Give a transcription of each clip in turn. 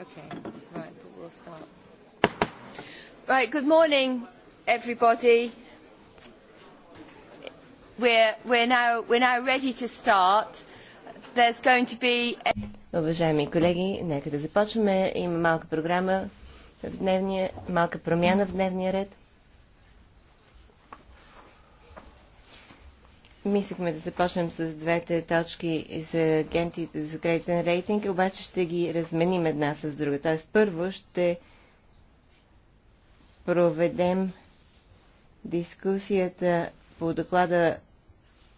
Okay, right, but we'll start. Right, good morning, everybody. We're, we're, now, we're now ready to start. There's going to be... A... Уважаеми колеги, нека да започваме. Има малка програма в дневния, малка промяна в дневния ред. Мислихме да започнем с двете точки за агентите за кредитен рейтинг, обаче ще ги разменим една с друга. Т.е. първо ще проведем дискусията по доклада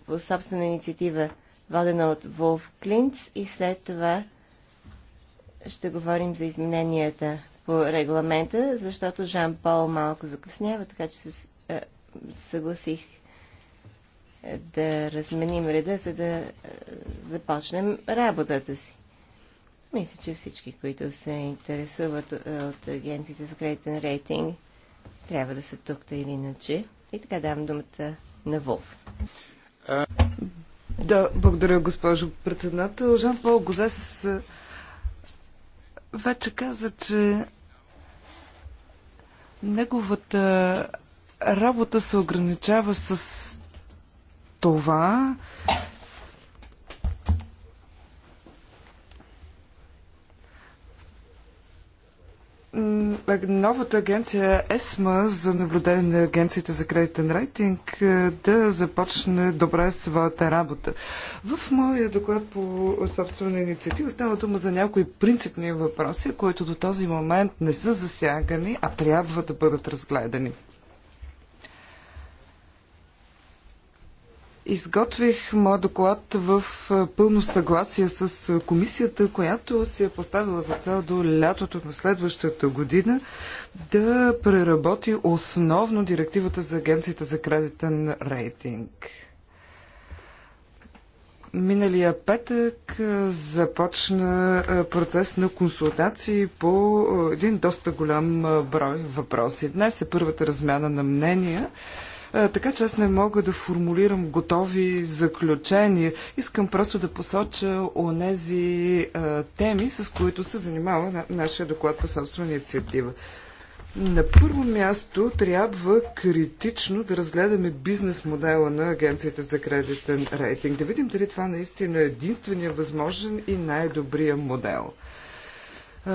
по собствена инициатива, водена от Волф Клинц и след това ще говорим за измененията по регламента, защото Жан Пол малко закъснява, така че се е, съгласих да разменим реда, за да е, започнем работата си. Мисля, че всички, които се интересуват е, от агентите за кредитен рейтинг, трябва да са тук, да или иначе. И така давам думата на А... Да, благодаря, госпожо председател. Жан Пол Гозес е, вече каза, че неговата работа се ограничава с това новата агенция ЕСМА за наблюдение на агенциите за кредитен рейтинг е, да започне добре своята работа. В моя доклад по собствена инициатива става дума за някои принципни въпроси, които до този момент не са засягани, а трябва да бъдат разгледани. Изготвих моя доклад в пълно съгласие с комисията, която си е поставила за цел до лятото на следващата година да преработи основно директивата за агенцията за кредитен рейтинг. Миналия петък започна процес на консултации по един доста голям брой въпроси. Днес е първата размяна на мнения е, така че аз не мога да формулирам готови заключения. Искам просто да посоча онези е, теми, с които се занимава нашия доклад по собствена инициатива. На първо място трябва критично да разгледаме бизнес модела на агенцията за кредитен рейтинг. Да видим дали това наистина е единствения възможен и най-добрия модел. Е,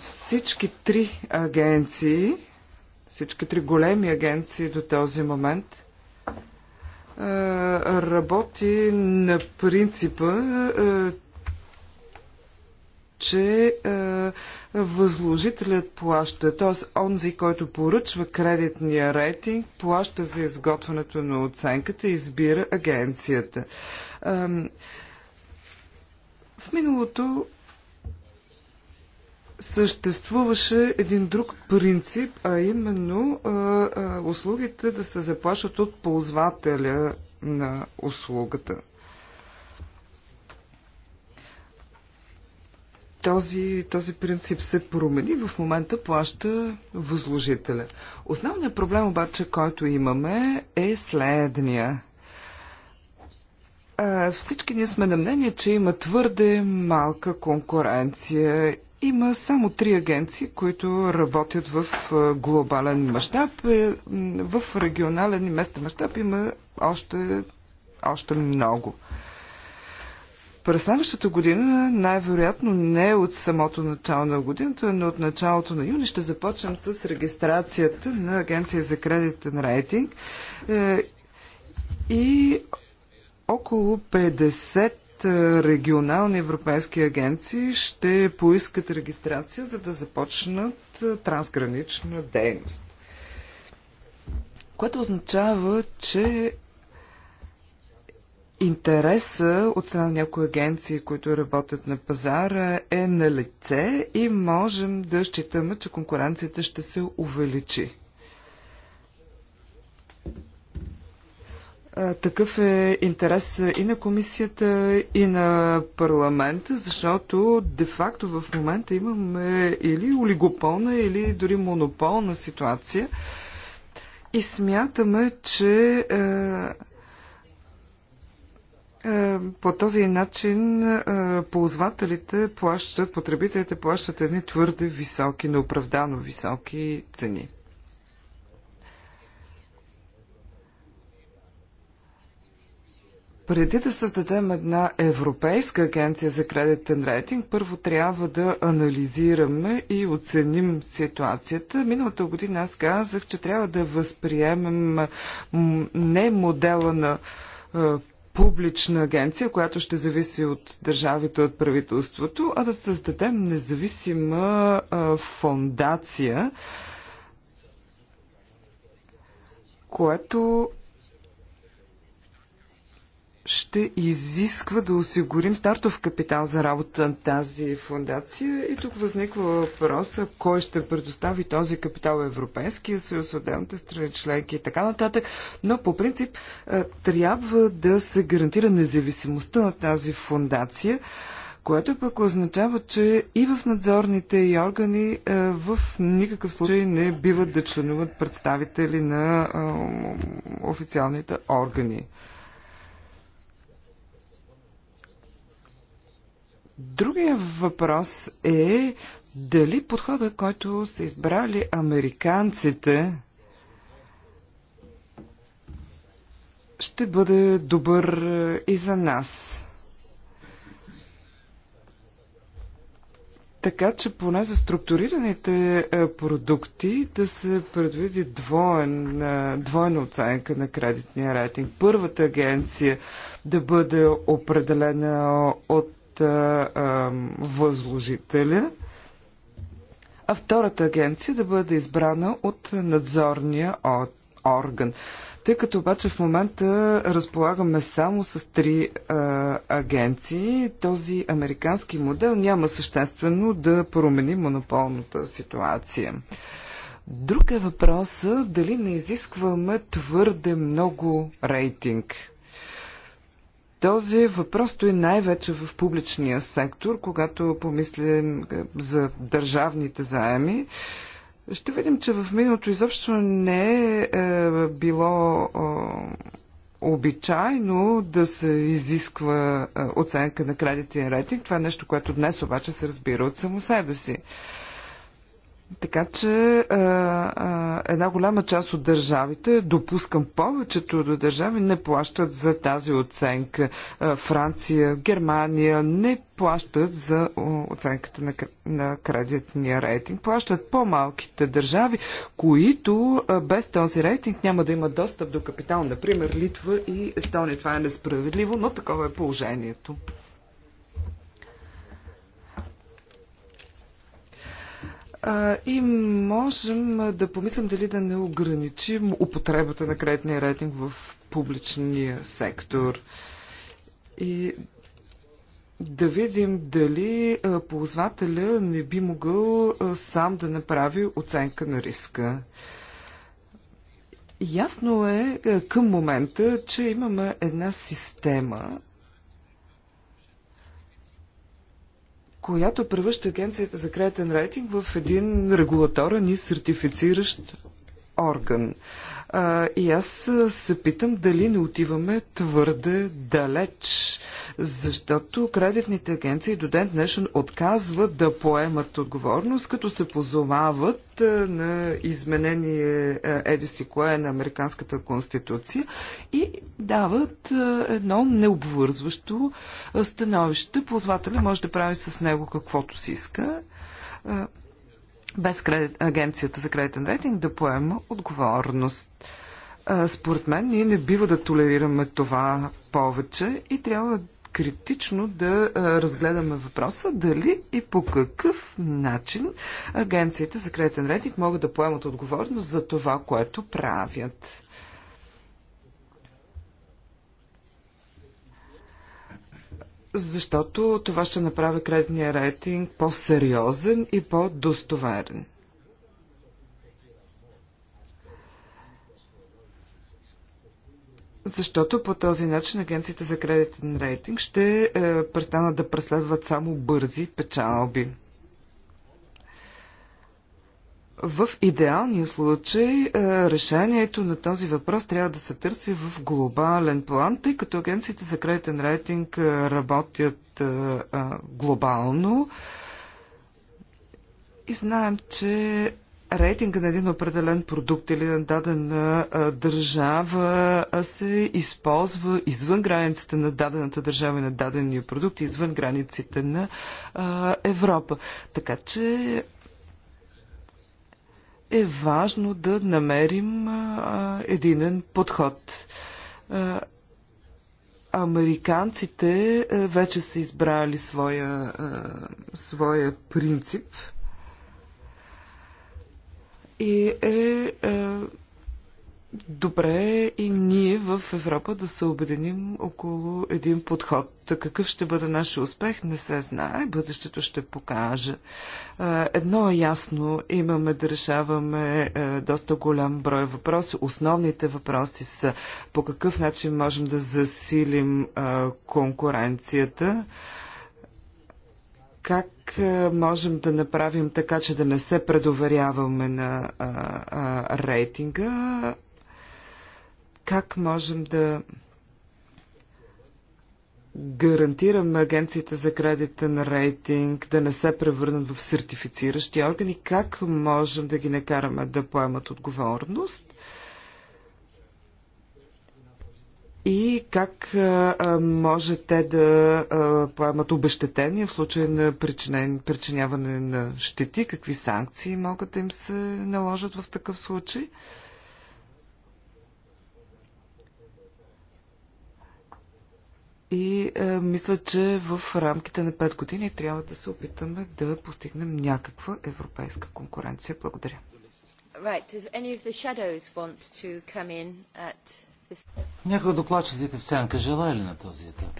всички три агенции всички три големи агенции до този момент, е, работи на принципа, е, че е, възложителят плаща, т.е. онзи, който поръчва кредитния рейтинг, плаща за изготвянето на оценката и избира агенцията. В миналото съществуваше един друг принцип, а именно а, а, услугите да се заплащат от ползвателя на услугата. Този, този принцип се промени, в момента плаща възложителя. Основният проблем обаче, който имаме е следния всички ние сме на мнение, че има твърде малка конкуренция има само три агенции, които работят в глобален мащаб. Е, в регионален и местен мащаб има още, още много. През следващата година, най-вероятно не от самото начало на годината, но от началото на юни ще започнем с регистрацията на Агенция за кредитен рейтинг е, и около 50 е, регионални европейски агенции ще поискат регистрация, за да започнат е, трансгранична дейност. Което означава, че интереса от страна на някои агенции, които работят на пазара, е на лице и можем да считаме, че конкуренцията ще се увеличи. Такъв е интерес и на комисията, и на парламента, защото де-факто в момента имаме или олигополна, или дори монополна ситуация. И смятаме, че е, е, по този начин е, ползвателите плащат, потребителите плащат едни твърде високи, неоправдано високи цени. преди да създадем една европейска агенция за кредитен рейтинг, първо трябва да анализираме и оценим ситуацията. Миналата година аз казах, че трябва да възприемем не модела на публична агенция, която ще зависи от държавите, от правителството, а да създадем независима фондация, което ще изисква да осигурим стартов капитал за работа на тази фундация. И тук възниква въпроса, кой ще предостави този капитал Европейския съюз, отделните страни членки и така нататък. Но по принцип е, трябва да се гарантира независимостта на тази фундация което пък означава, че и в надзорните и органи е, в никакъв случай не биват да членуват представители на е, официалните органи. Другия въпрос е дали подхода, който са избрали американците, ще бъде добър е, и за нас. Така че поне за структурираните е, продукти да се предвиди двоен, е, двойна оценка на кредитния рейтинг. Първата агенция да бъде определена от а, а, възложителя, а втората агенция да бъде избрана от надзорния орган. Тъй като обаче в момента разполагаме само с три а, агенции, този американски модел няма съществено да промени монополната ситуация. Друг е въпросът дали не изискваме твърде много рейтинг. Този въпрос стои най-вече в публичния сектор, когато помислим е, за държавните заеми. Ще видим, че в миналото изобщо не е, е било обичайно да се изисква е, оценка на кредитен рейтинг. Това е нещо, което днес обаче се разбира от само себе си. Така че а, а, една голяма част от държавите, допускам повечето държави, не плащат за тази оценка. А, Франция, Германия не плащат за оценката на, на кредитния рейтинг. Плащат по-малките държави, които а, без този рейтинг няма да имат достъп до капитал. Например, Литва и Естония. Това е несправедливо, но такова е положението. а, и можем да помислим дали да не ограничим употребата на кредитния рейтинг в публичния сектор. И да видим дали ползвателя не би могъл сам да направи оценка на риска. Ясно е към момента, че имаме една система, която превръща Агенцията за кредитен рейтинг в един регулаторен и сертифициращ орган. А, и аз се питам дали не отиваме твърде далеч, защото кредитните агенции до ден днешен отказват да поемат отговорност, като се позовават на изменение Едиси Кое на Американската конституция и дават едно необвързващо становище. Ползвателя може да прави с него каквото си иска без кредит, агенцията за кредитен рейтинг да поема отговорност. Според мен ние не бива да толерираме това повече и трябва критично да разгледаме въпроса дали и по какъв начин агенциите за кредитен рейтинг могат да поемат отговорност за това, което правят. защото това ще направи кредитния рейтинг по-сериозен и по-достоверен. Защото по този начин агенциите за кредитен рейтинг ще е, престанат да преследват само бързи печалби. В идеалния случай е, решението на този въпрос трябва да се търси в глобален план, тъй като агенциите за кредитен рейтинг е, работят е, глобално и знаем, че рейтинга на един определен продукт или на дадена държава се използва извън границите на дадената държава и на дадения продукт, извън границите на Европа. Така че е важно да намерим единен подход. Американците вече са избрали своя, своя принцип и е Добре е и ние в Европа да се обединим около един подход. Какъв ще бъде нашия успех, не се знае. Бъдещето ще покаже. Едно е ясно. Имаме да решаваме е, доста голям брой въпроси. Основните въпроси са по какъв начин можем да засилим конкуренцията как е, можем да направим така, че да не се предоверяваме на а, а, рейтинга, как можем да гарантираме агенциите за кредитен рейтинг да не се превърнат в сертифициращи органи? Как можем да ги накараме да поемат отговорност? И как може те да поемат обещетения в случай на причиняване на щети? Какви санкции могат да им се наложат в такъв случай? И е, мисля, че в рамките на 5 години трябва да се опитаме да постигнем някаква европейска конкуренция. Благодаря. Някой от докладчиците в сянка желая ли на този етап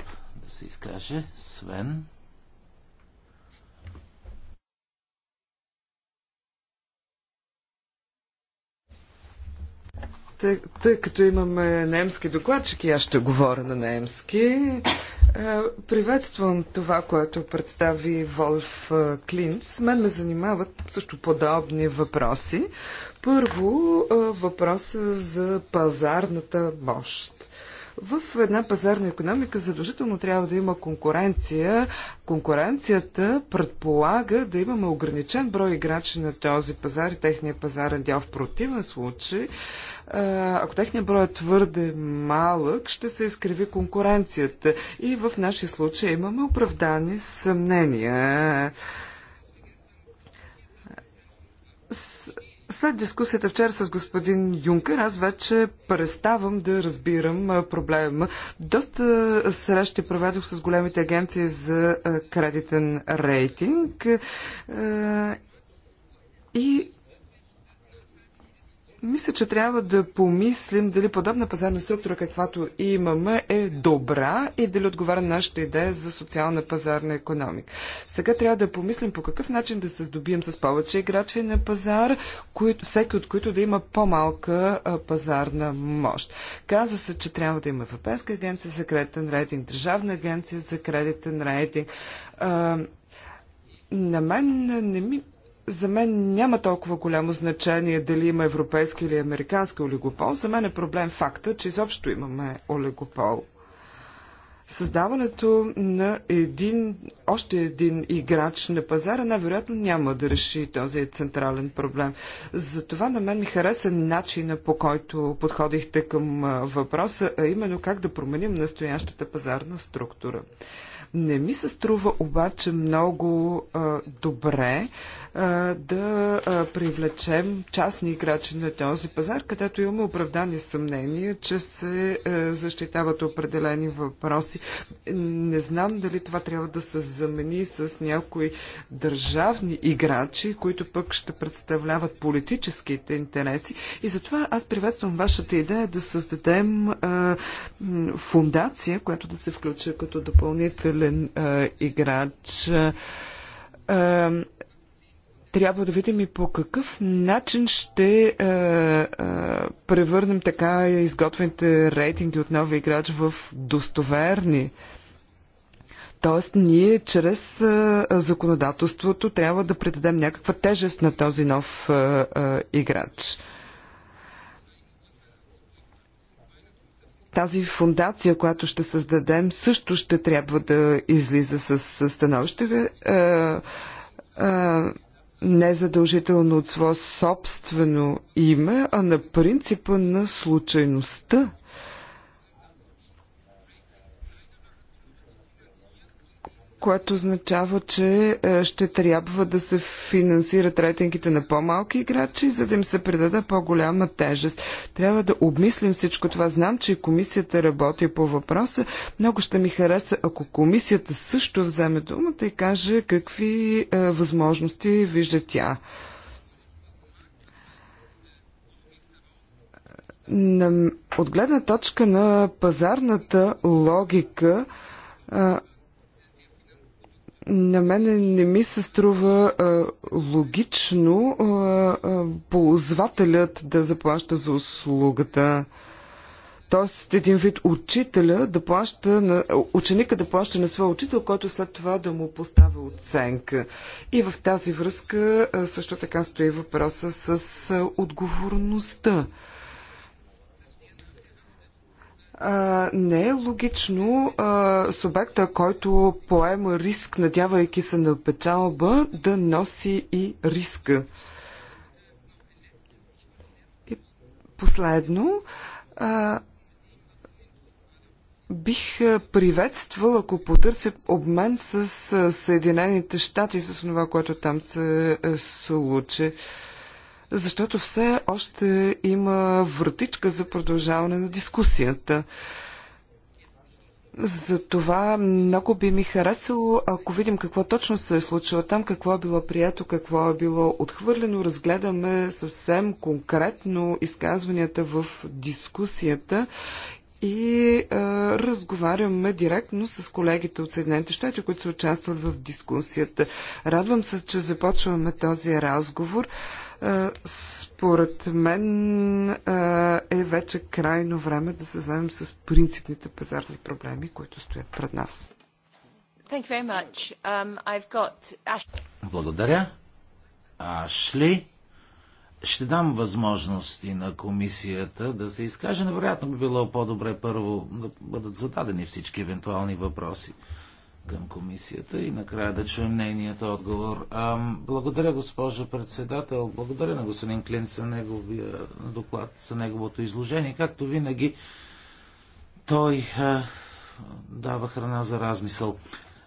да се изкаже? Свен? тъй, като имаме немски докладчик и аз ще говоря на немски, е, приветствам това, което представи Волф е, Клинц. Мен ме занимават също подобни въпроси. Първо, е, въпроса за пазарната мощ. В една пазарна економика задължително трябва да има конкуренция. Конкуренцията предполага да имаме ограничен брой играчи на този пазар и техния пазарен дял. В противен случай ако техният брой е твърде малък, ще се изкриви конкуренцията. И в нашия случай имаме оправдани съмнения. След дискусията вчера с господин Юнкер, аз вече преставам да разбирам проблема. Доста срещи проведох с големите агенции за кредитен рейтинг и мисля, че трябва да помислим дали подобна пазарна структура, каквато имаме, е добра и дали отговаря на нашата идея за социална пазарна економика. Сега трябва да помислим по какъв начин да се здобием с повече играчи на пазар, които, всеки от които да има по-малка пазарна мощ. Каза се, че трябва да има Европейска агенция за кредитен рейтинг, Държавна агенция за кредитен рейтинг. А, на мен не ми за мен няма толкова голямо значение дали има европейски или американски олигопол. За мен е проблем факта, че изобщо имаме олигопол. Създаването на един, още един играч на пазара най-вероятно няма да реши този централен проблем. Затова на мен ми хареса начина по който подходихте към въпроса, а именно как да променим настоящата пазарна структура. Не ми се струва обаче много а, добре да привлечем частни играчи на този пазар, където имаме оправдани съмнения, че се защитават определени въпроси. Не знам дали това трябва да се замени с някои държавни играчи, които пък ще представляват политическите интереси. И затова аз приветствам вашата идея да създадем фундация, която да се включи като допълнителен играч трябва да видим и по какъв начин ще е, е, превърнем така изготвените рейтинги от нови играч в достоверни. Тоест, ние чрез е, законодателството трябва да предадем някаква тежест на този нов е, е, играч. тази фундация, която ще създадем, също ще трябва да излиза с становище. Е, е, не задължително от свое собствено име, а на принципа на случайността. което означава, че е, ще трябва да се финансират рейтингите на по-малки играчи, за да им се придаде по-голяма тежест. Трябва да обмислим всичко това. Знам, че и комисията работи по въпроса. Много ще ми хареса, ако комисията също вземе думата и каже какви е, възможности вижда тя. От гледна точка на пазарната логика, е, на мен не ми се струва а, логично а, а, ползвателят да заплаща за услугата. Тоест, един вид учителя да плаща на, ученика да плаща на своя учител, който след това да му поставя оценка. И в тази връзка а, също така стои въпроса с а, отговорността. А, а, не е логично а, субекта, който поема риск, надявайки се на печалба, да носи и риска. И последно, а, бих приветствал, ако потърся обмен с Съединените щати, с това, което там се е, случи защото все още има вратичка за продължаване на дискусията. Затова много би ми харесало, ако видим какво точно се е случило там, какво е било прието, какво е било отхвърлено, разгледаме съвсем конкретно изказванията в дискусията и е, разговаряме директно с колегите от Съединените щати, които са участвали в дискусията. Радвам се, че започваме този разговор. Е, според мен е, е вече крайно време да се заемем с принципните пазарни проблеми, които стоят пред нас. Um, Благодаря. Ашли, ще дам възможности на комисията да се изкаже. Невероятно би било по-добре първо да бъдат зададени всички евентуални въпроси към комисията и накрая да чуем нейният отговор. А, благодаря, госпожо председател. Благодаря на господин Клин за неговия доклад, за неговото изложение. Както винаги, той а, дава храна за размисъл.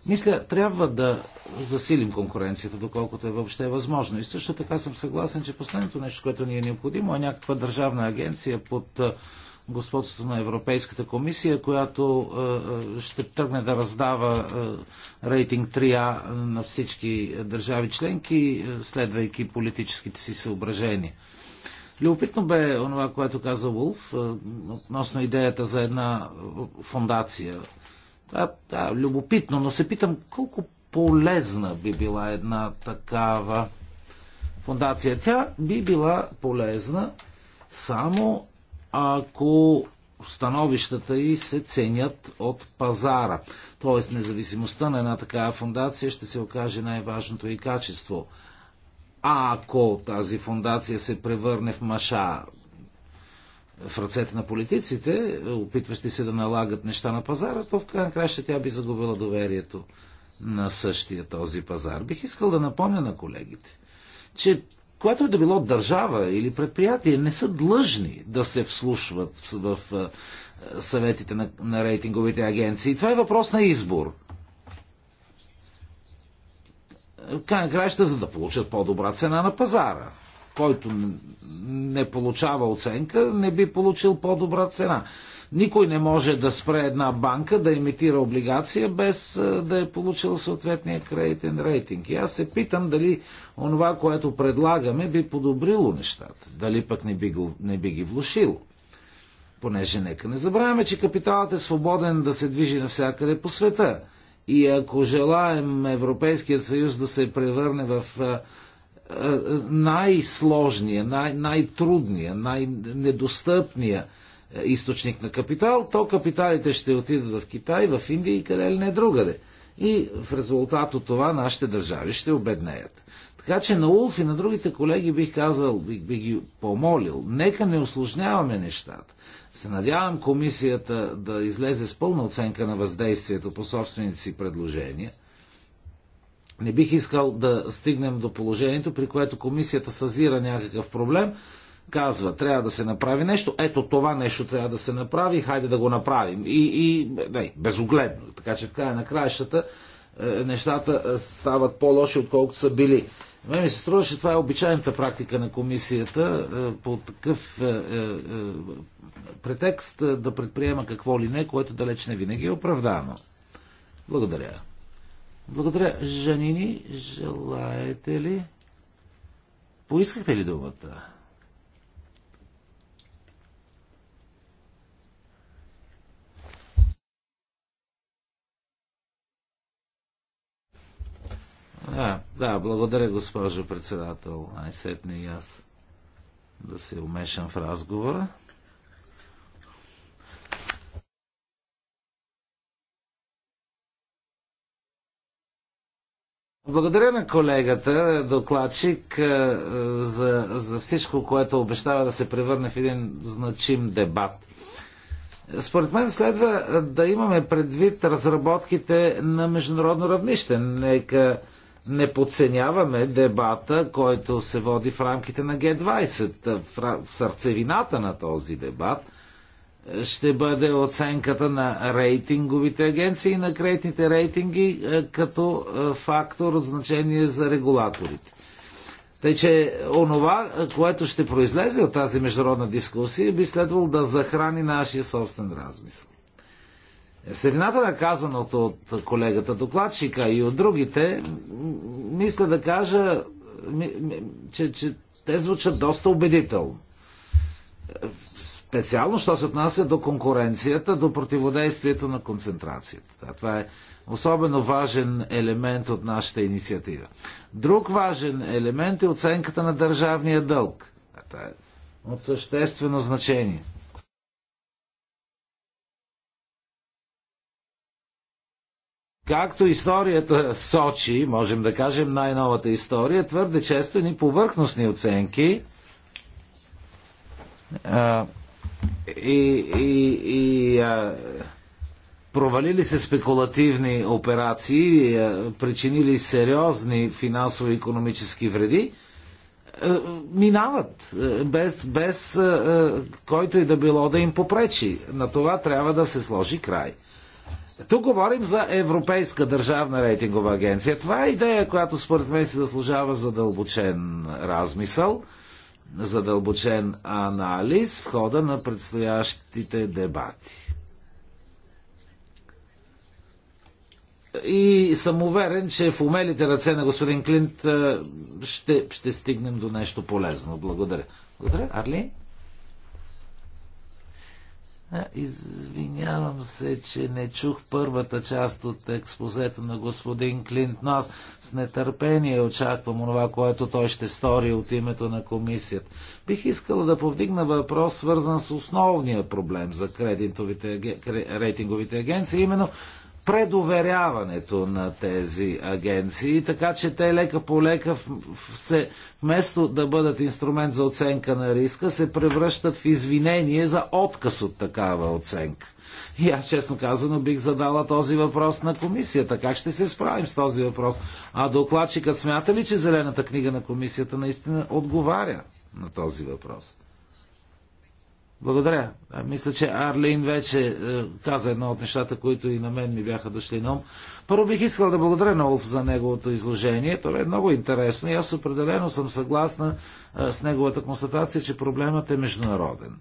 Мисля, трябва да засилим конкуренцията, доколкото е въобще възможно. И също така съм съгласен, че последното нещо, което ни е необходимо, е някаква държавна агенция под господството на Европейската комисия, която е, е, ще тръгне да раздава е, рейтинг 3А на всички държави членки, следвайки политическите си съображения. Любопитно бе онова, което каза Вулф относно идеята за една фундация. Да, да, любопитно, но се питам колко полезна би била една такава фундация. Тя би била полезна само ако становищата и се ценят от пазара. Тоест независимостта на една такава фундация ще се окаже най-важното и качество. А ако тази фундация се превърне в маша в ръцете на политиците, опитващи се да налагат неща на пазара, то в крайна краща тя би загубила доверието на същия този пазар. Бих искал да напомня на колегите, че което е да било държава или предприятие, не са длъжни да се вслушват в, в съветите на, на рейтинговите агенции. Това е въпрос на избор. Край на краища, за да получат по-добра цена на пазара. Който не получава оценка, не би получил по-добра цена. Никой не може да спре една банка да имитира облигация без да е получил съответния кредитен рейтинг. И аз се питам дали онова, което предлагаме, би подобрило нещата. Дали пък не би, го, не би ги влушило. Понеже нека не забравяме, че капиталът е свободен да се движи навсякъде по света. И ако желаем Европейският съюз да се превърне в най-сложния, най- сложния най най-недостъпния е, източник на капитал, то капиталите ще отидат в Китай, в Индия и къде ли не другаде. И в резултат от това нашите държави ще обеднеят. Така че на Улф и на другите колеги бих казал, бих, бих ги помолил, нека не осложняваме нещата. Се надявам комисията да излезе с пълна оценка на въздействието по собствените си предложения. Не бих искал да стигнем до положението, при което комисията съзира някакъв проблем, казва, трябва да се направи нещо, ето това нещо трябва да се направи, хайде да го направим. И, и не, безогледно. Така че в края на краищата е, нещата е, стават по-лоши, отколкото са били. Мен ми се струва, че това е обичайната практика на комисията е, по такъв претекст да предприема какво ли не, което далеч не винаги е оправдано. Благодаря. Благодаря. Жанини, желаете ли? Поискахте ли думата? А, да, благодаря, госпожо председател. Най-сетне и аз да се умешам в разговора. Благодаря на колегата, докладчик, за, за всичко, което обещава да се превърне в един значим дебат. Според мен следва да имаме предвид разработките на международно равнище. Нека не подценяваме дебата, който се води в рамките на Г-20. В сърцевината на този дебат е, ще бъде оценката на рейтинговите агенции и на кредитните рейтинги е, като е, фактор от значение за регулаторите. Тъй, че онова, което ще произлезе от тази международна дискусия, би следвало да захрани нашия собствен размисъл. Средината на казаното от колегата докладчика и от другите, мисля да кажа, че, че те звучат доста убедително. Специално, що се отнася до конкуренцията, до противодействието на концентрацията. Това е особено важен елемент от нашата инициатива. Друг важен елемент е оценката на държавния дълг. Това е от съществено значение – Както историята сочи, можем да кажем най-новата история, твърде често ни повърхностни оценки а, и, и, и а, провалили се спекулативни операции, а, причинили сериозни финансово-економически вреди, а, минават без, без а, който и да било да им попречи. На това трябва да се сложи край. Тук говорим за Европейска държавна рейтингова агенция. Това е идея, която според мен си заслужава задълбочен размисъл, задълбочен анализ в хода на предстоящите дебати. И съм уверен, че в умелите ръце на господин Клинт ще, ще стигнем до нещо полезно. Благодаря. Благодаря. Арли? Извинявам се, че не чух първата част от експозета на господин Клинт, но аз с нетърпение очаквам това, което той ще стори от името на комисията. Бих искала да повдигна въпрос, свързан с основния проблем за кредитовите, рейтинговите агенции, именно предоверяването на тези агенции, така че те лека по лека се, вместо да бъдат инструмент за оценка на риска, се превръщат в извинение за отказ от такава оценка. И аз честно казано бих задала този въпрос на комисията. Как ще се справим с този въпрос? А докладчикът смята ли, че зелената книга на комисията наистина отговаря на този въпрос? Благодаря. Мисля, че Арлин вече е, каза едно от нещата, които и на мен ми бяха дошли на ум. Първо бих искал да благодаря на Олф за неговото изложение. То е много интересно и аз определено съм съгласна е, с неговата констатация, че проблемът е международен.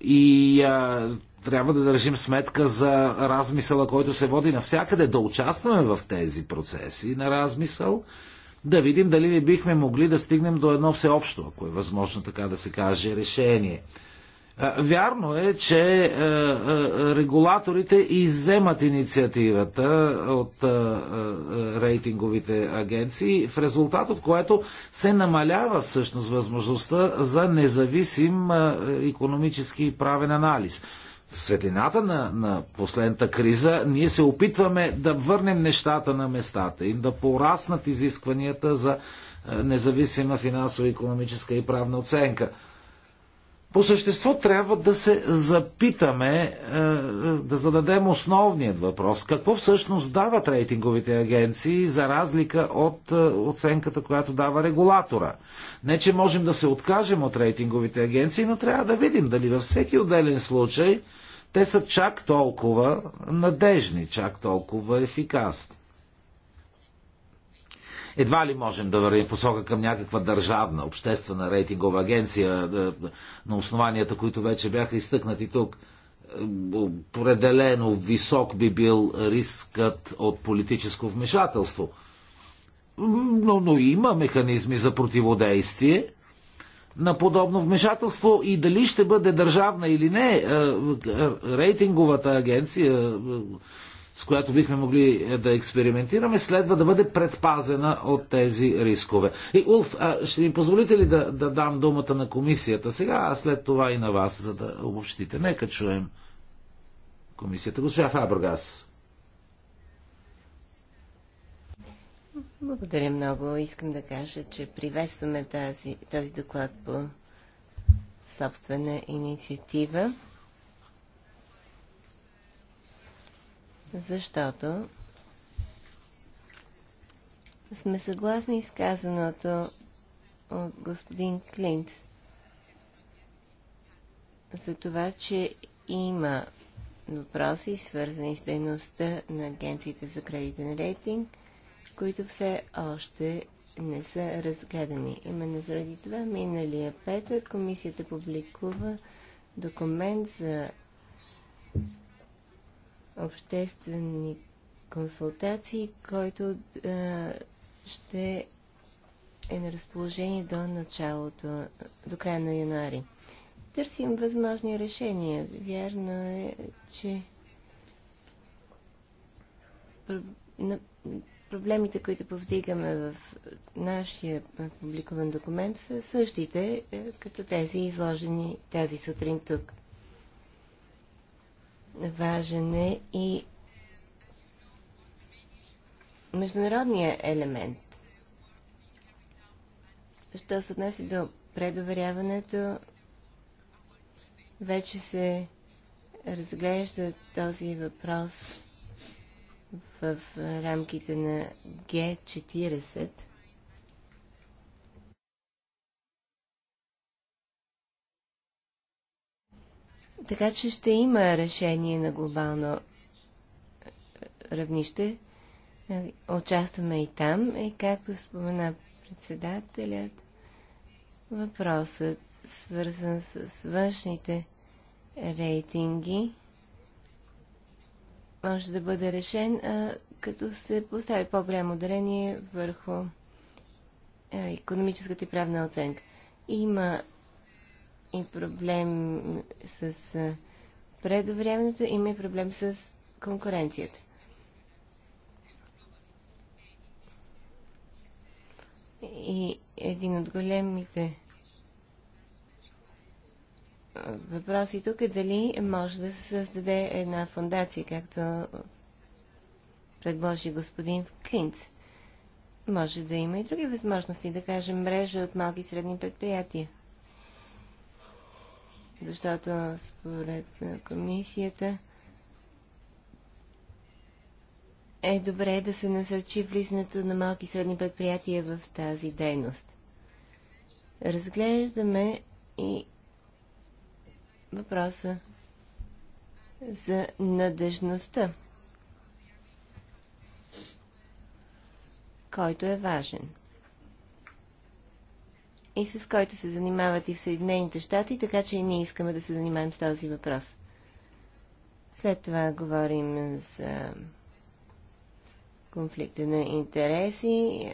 И а, трябва да държим сметка за размисъла, който се води навсякъде, да участваме в тези процеси на размисъл, да видим дали не бихме могли да стигнем до едно всеобщо, ако е възможно така да се каже, решение. Е, вярно е, че е, е, регулаторите изземат инициативата от рейтинговите агенции, в резултат от което се намалява всъщност възможността за независим економически и правен анализ. В светлината на, на последната криза ние се опитваме да върнем нещата на местата им, да пораснат изискванията за независима финансово-економическа и правна оценка – по същество трябва да се запитаме, е, е, да зададем основният въпрос. Какво всъщност дават рейтинговите агенции за разлика от е, оценката, която дава регулатора? Не, че можем да се откажем от рейтинговите агенции, но трябва да видим дали във всеки отделен случай те са чак толкова надежни, чак толкова ефикасни. Едва ли можем да вървим посока към някаква държавна, обществена рейтингова агенция на основанията, които вече бяха изтъкнати тук. Определено висок би бил рискът от политическо вмешателство. Но, но има механизми за противодействие на подобно вмешателство и дали ще бъде държавна или не, е, е, рейтинговата агенция е, с която бихме могли е, да експериментираме, следва да бъде предпазена от тези рискове. И, Улф, ще ми позволите ли да, да дам думата на комисията сега, а след това и на вас, за да обобщите? Нека чуем комисията. Госпожа Фабргас. Благодаря много. Искам да кажа, че приветстваме тази, този доклад по собствена инициатива. защото сме съгласни с казаното от господин Клинт за това, че има въпроси, свързани с дейността на агенциите за кредитен рейтинг, които все още не са разгледани. Именно заради това миналия петък комисията публикува документ за обществени консултации, който а, ще е на разположение до началото, до края на януари. Търсим възможни решения. Вярно е, че проблемите, които повдигаме в нашия публикуван документ, са същите, е, като тези изложени тази сутрин тук важен е и международния елемент. Що се отнася до предоверяването, вече се разглежда този въпрос в рамките на Г-40. Така че ще има решение на глобално равнище. Участваме и там. И както спомена председателят, въпросът свързан с външните рейтинги може да бъде решен, като се постави по-голямо ударение върху економическата и правна оценка. Има и проблем с а, предовремето, има и проблем с конкуренцията. И един от големите въпроси тук е дали може да се създаде една фундация, както предложи господин Клинц. Може да има и други възможности, да кажем мрежа от малки и средни предприятия – защото според комисията е добре да се насърчи влизането на малки и средни предприятия в тази дейност. Разглеждаме и въпроса за надежността, който е важен и с който се занимават и в Съединените щати, така че и ние искаме да се занимаем с този въпрос. След това говорим за конфликта на интереси,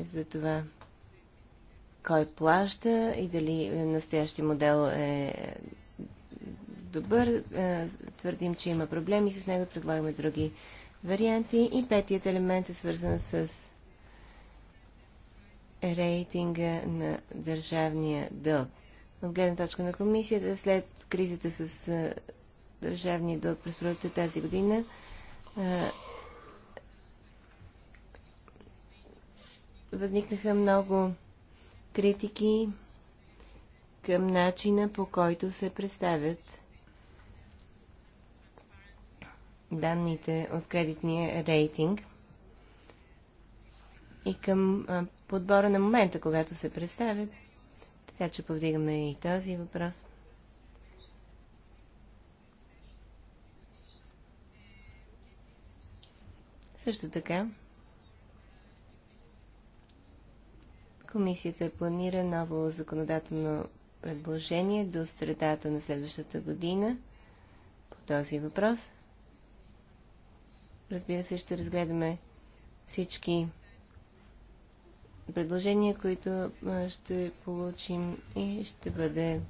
за това кой плаща и дали настоящия модел е добър. Е, твърдим, че има проблеми с него, предлагаме други варианти. И петият елемент е свързан с рейтинга на държавния дълг. От гледна точка на комисията, след кризата с държавния дълг през пролетта тази година, възникнаха много критики към начина по който се представят данните от кредитния рейтинг и към подбора на момента, когато се представят. Така че повдигаме и този въпрос. Също така, комисията планира ново законодателно предложение до средата на следващата година по този въпрос. Разбира се, ще разгледаме всички предложения, които ще получим и ще бъде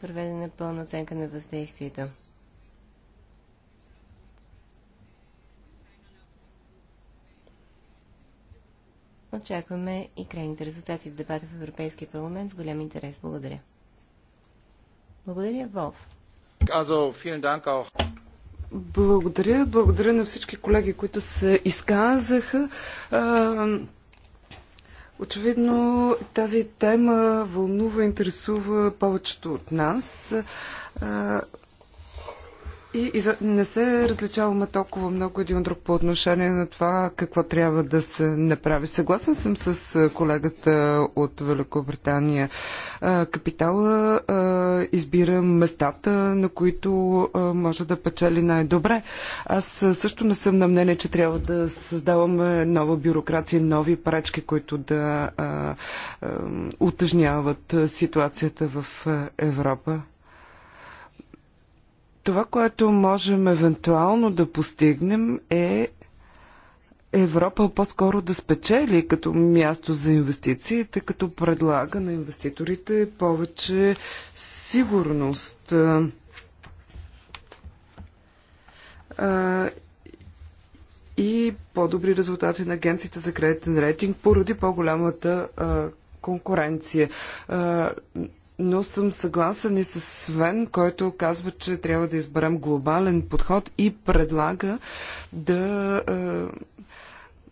проведена пълна оценка на въздействието. Очакваме и крайните резултати в дебата в Европейския парламент с голям интерес. Благодаря. Благодаря, Волф. Благодаря. Благодаря на всички колеги, които се изказаха. Очевидно тази тема вълнува, интересува повечето от нас. И, за не се различаваме толкова много един от друг по отношение на това какво трябва да се направи. Съгласен съм с колегата от Великобритания. Капитала избира местата, на които може да печели най-добре. Аз също не съм на мнение, че трябва да създаваме нова бюрокрация, нови пречки, които да утъжняват ситуацията в Европа. Това, което можем евентуално да постигнем е Европа по-скоро да спечели като място за инвестиции, тъй като предлага на инвеститорите повече сигурност. и по-добри резултати на агенциите за кредитен рейтинг поради по-голямата конкуренция но съм съгласен и с Свен, който казва, че трябва да изберем глобален подход и предлага да е,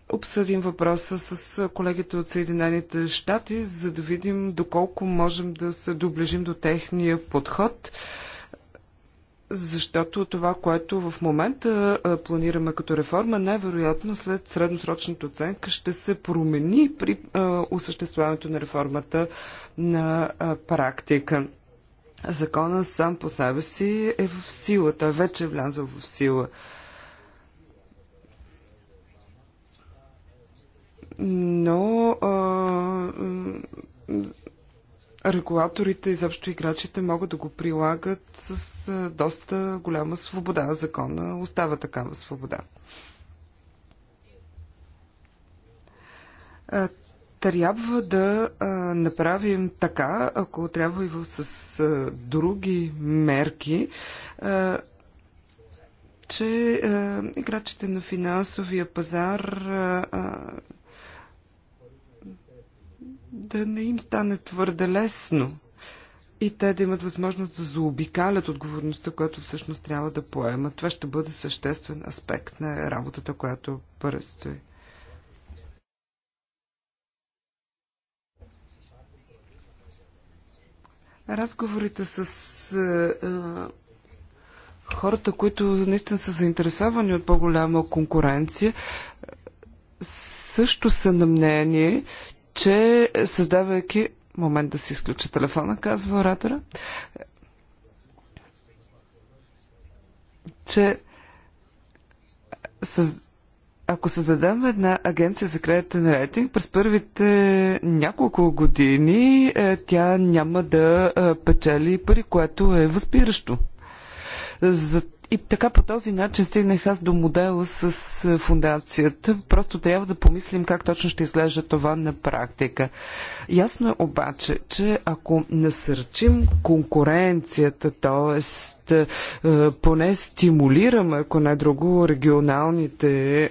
обсъдим въпроса с колегите от Съединените щати, за да видим доколко можем да се доближим до техния подход. Е, защото това, което в момента планираме като реформа, най-вероятно след средносрочната оценка ще се промени при осъществяването на реформата на практика. Закона сам по себе си е в сила. Той вече е влязъл в сила. Но а, регулаторите и заобщо играчите могат да го прилагат с доста голяма свобода. Закона остава такава свобода. Трябва да направим така, ако трябва и с други мерки, че играчите на финансовия пазар да не им стане твърде лесно и те да имат възможност да заобикалят отговорността, която всъщност трябва да поемат. Това ще бъде съществен аспект на работата, която предстои. Разговорите с а, е, е, хората, които наистина са заинтересовани от по-голяма конкуренция, също са на мнение, че създавайки... Момент да си изключа телефона, казва оратора. Че съз... Ако създадем една агенция за кредитен рейтинг, през първите няколко години е, тя няма да е, печели пари, което е възпиращо. За и така по този начин стигнах аз до модела с е, фундацията. Просто трябва да помислим как точно ще изглежда това на практика. Ясно е обаче, че ако насърчим конкуренцията, т.е. поне стимулираме, ако не друго, регионалните е,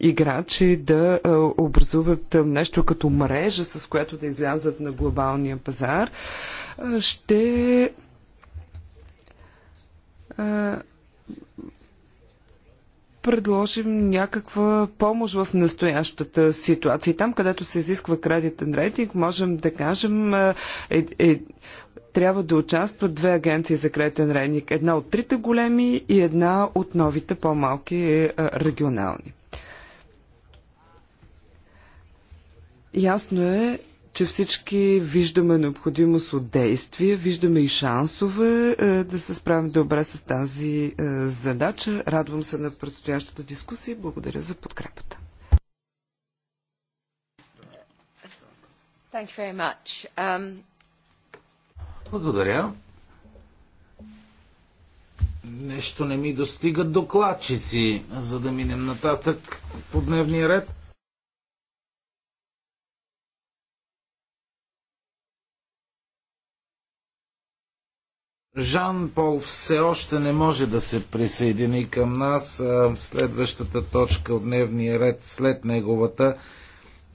играчи да е, образуват нещо като мрежа, с която да излязат на глобалния пазар, ще предложим някаква помощ в настоящата ситуация. Там, където се изисква кредитен рейтинг, можем да кажем е, е, е, трябва да участват две агенции за кредитен рейтинг. Една от трите големи и една от новите по-малки е, е регионални. Ясно е, че всички виждаме необходимост от действия, виждаме и шансове е, да се справим добре с тази е, задача. Радвам се на предстоящата дискусия и благодаря за подкрепата. Um... Благодаря. Нещо не ми достигат докладчици, за да минем нататък по дневния ред. Жан Пол все още не може да се присъедини към нас. Следващата точка от дневния ред след неговата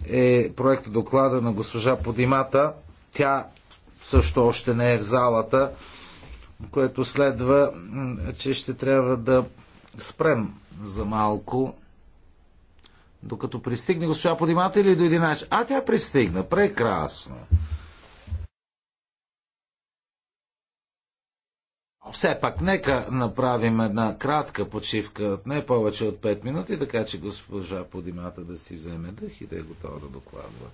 е проект доклада на госпожа Подимата. Тя също още не е в залата, което следва, че ще трябва да спрем за малко. Докато пристигне госпожа Подимата или до 11. А тя пристигна. Прекрасно. все пак нека направим една кратка почивка, не повече от 5 минути, така че госпожа Подимата да си вземе дъх и да е готова да докладва.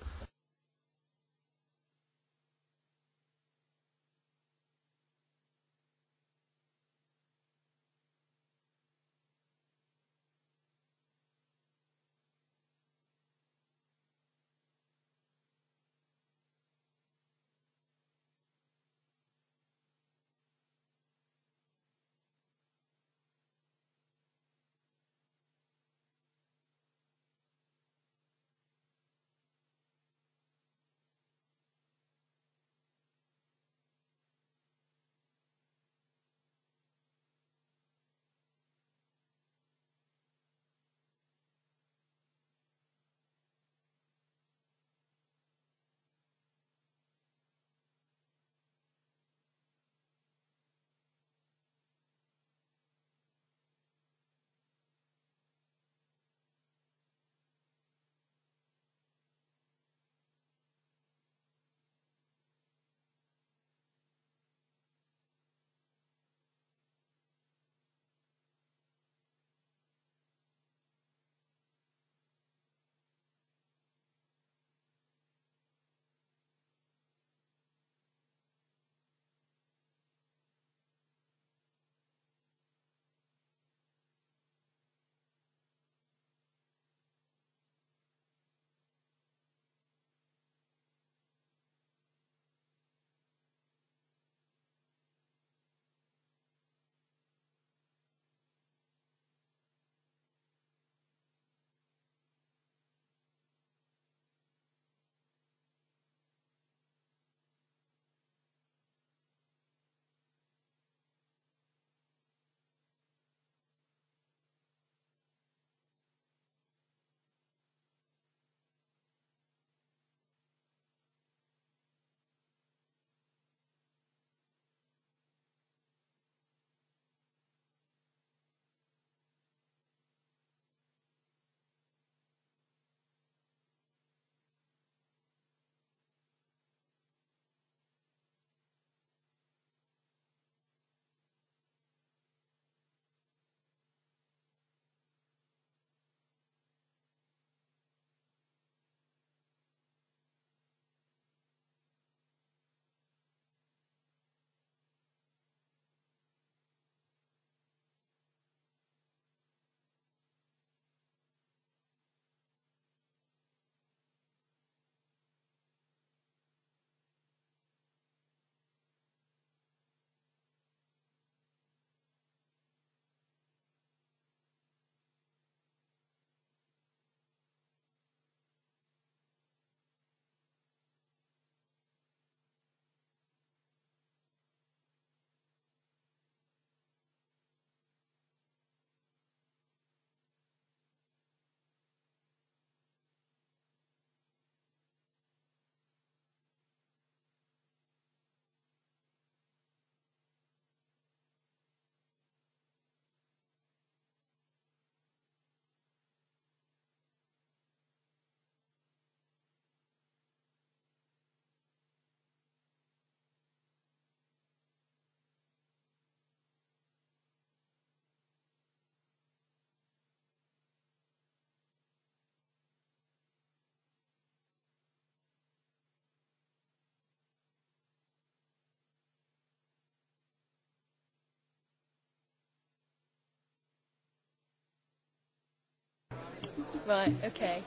Right, okay.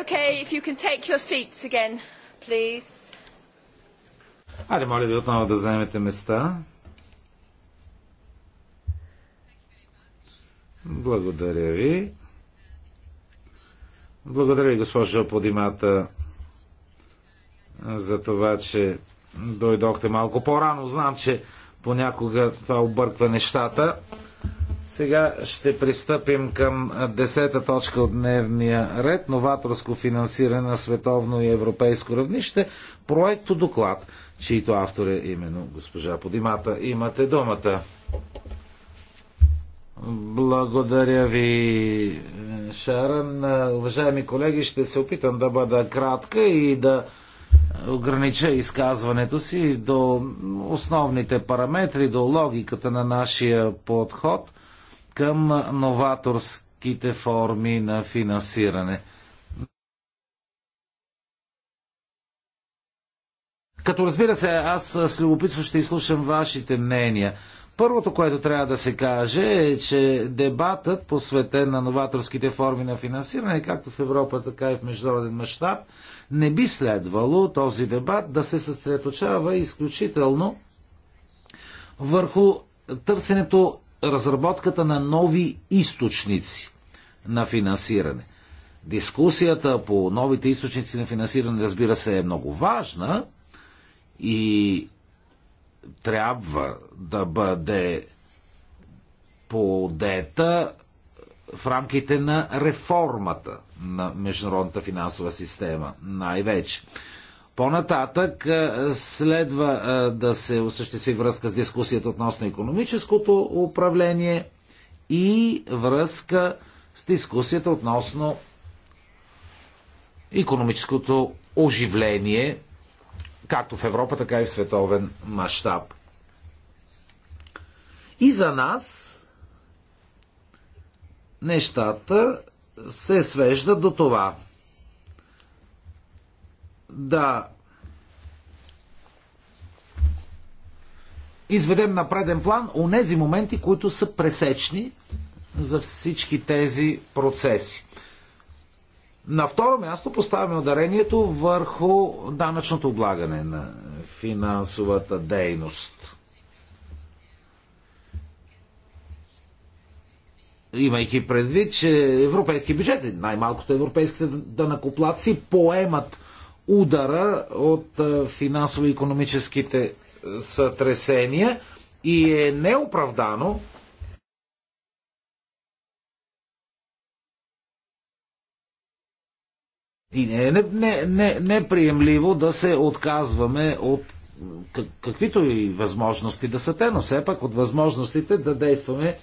Okay, if you can take your seats again, please. Айде, моля ви отново да заемете места. Благодаря ви. Благодаря ви, госпожо Подимата, за това, че дойдохте малко по-рано. Знам, че понякога това обърква нещата. Сега ще пристъпим към 10-та точка от дневния ред новаторско финансиране на световно и европейско равнище. Проекто доклад, чийто автор е именно госпожа Подимата. Имате думата. Благодаря ви, Шаран. Уважаеми колеги, ще се опитам да бъда кратка и да огранича изказването си до основните параметри, до логиката на нашия подход – към новаторските форми на финансиране. Като разбира се, аз с любопитство ще изслушам вашите мнения. Първото, което трябва да се каже е, че дебатът, посветен на новаторските форми на финансиране, както в Европа, така и в международен мащаб, не би следвало този дебат да се съсредоточава изключително върху търсенето разработката на нови източници на финансиране. Дискусията по новите източници на финансиране, разбира се, е много важна и трябва да бъде подета в рамките на реформата на международната финансова система най-вече. По-нататък е, следва е, да се осъществи връзка с дискусията относно економическото управление и връзка с дискусията относно економическото оживление, както в Европа, така и в световен мащаб. И за нас нещата се свеждат до това – да изведем на преден план онези моменти, които са пресечни за всички тези процеси. На второ място поставяме ударението върху данъчното облагане на финансовата дейност. Имайки предвид, че европейски бюджети, най-малкото европейските данакоплаци, поемат удара от финансово-економическите е, сътресения и е неоправдано И не е не, не, неприемливо да се отказваме от каквито и възможности да са те, но все пак от възможностите да действаме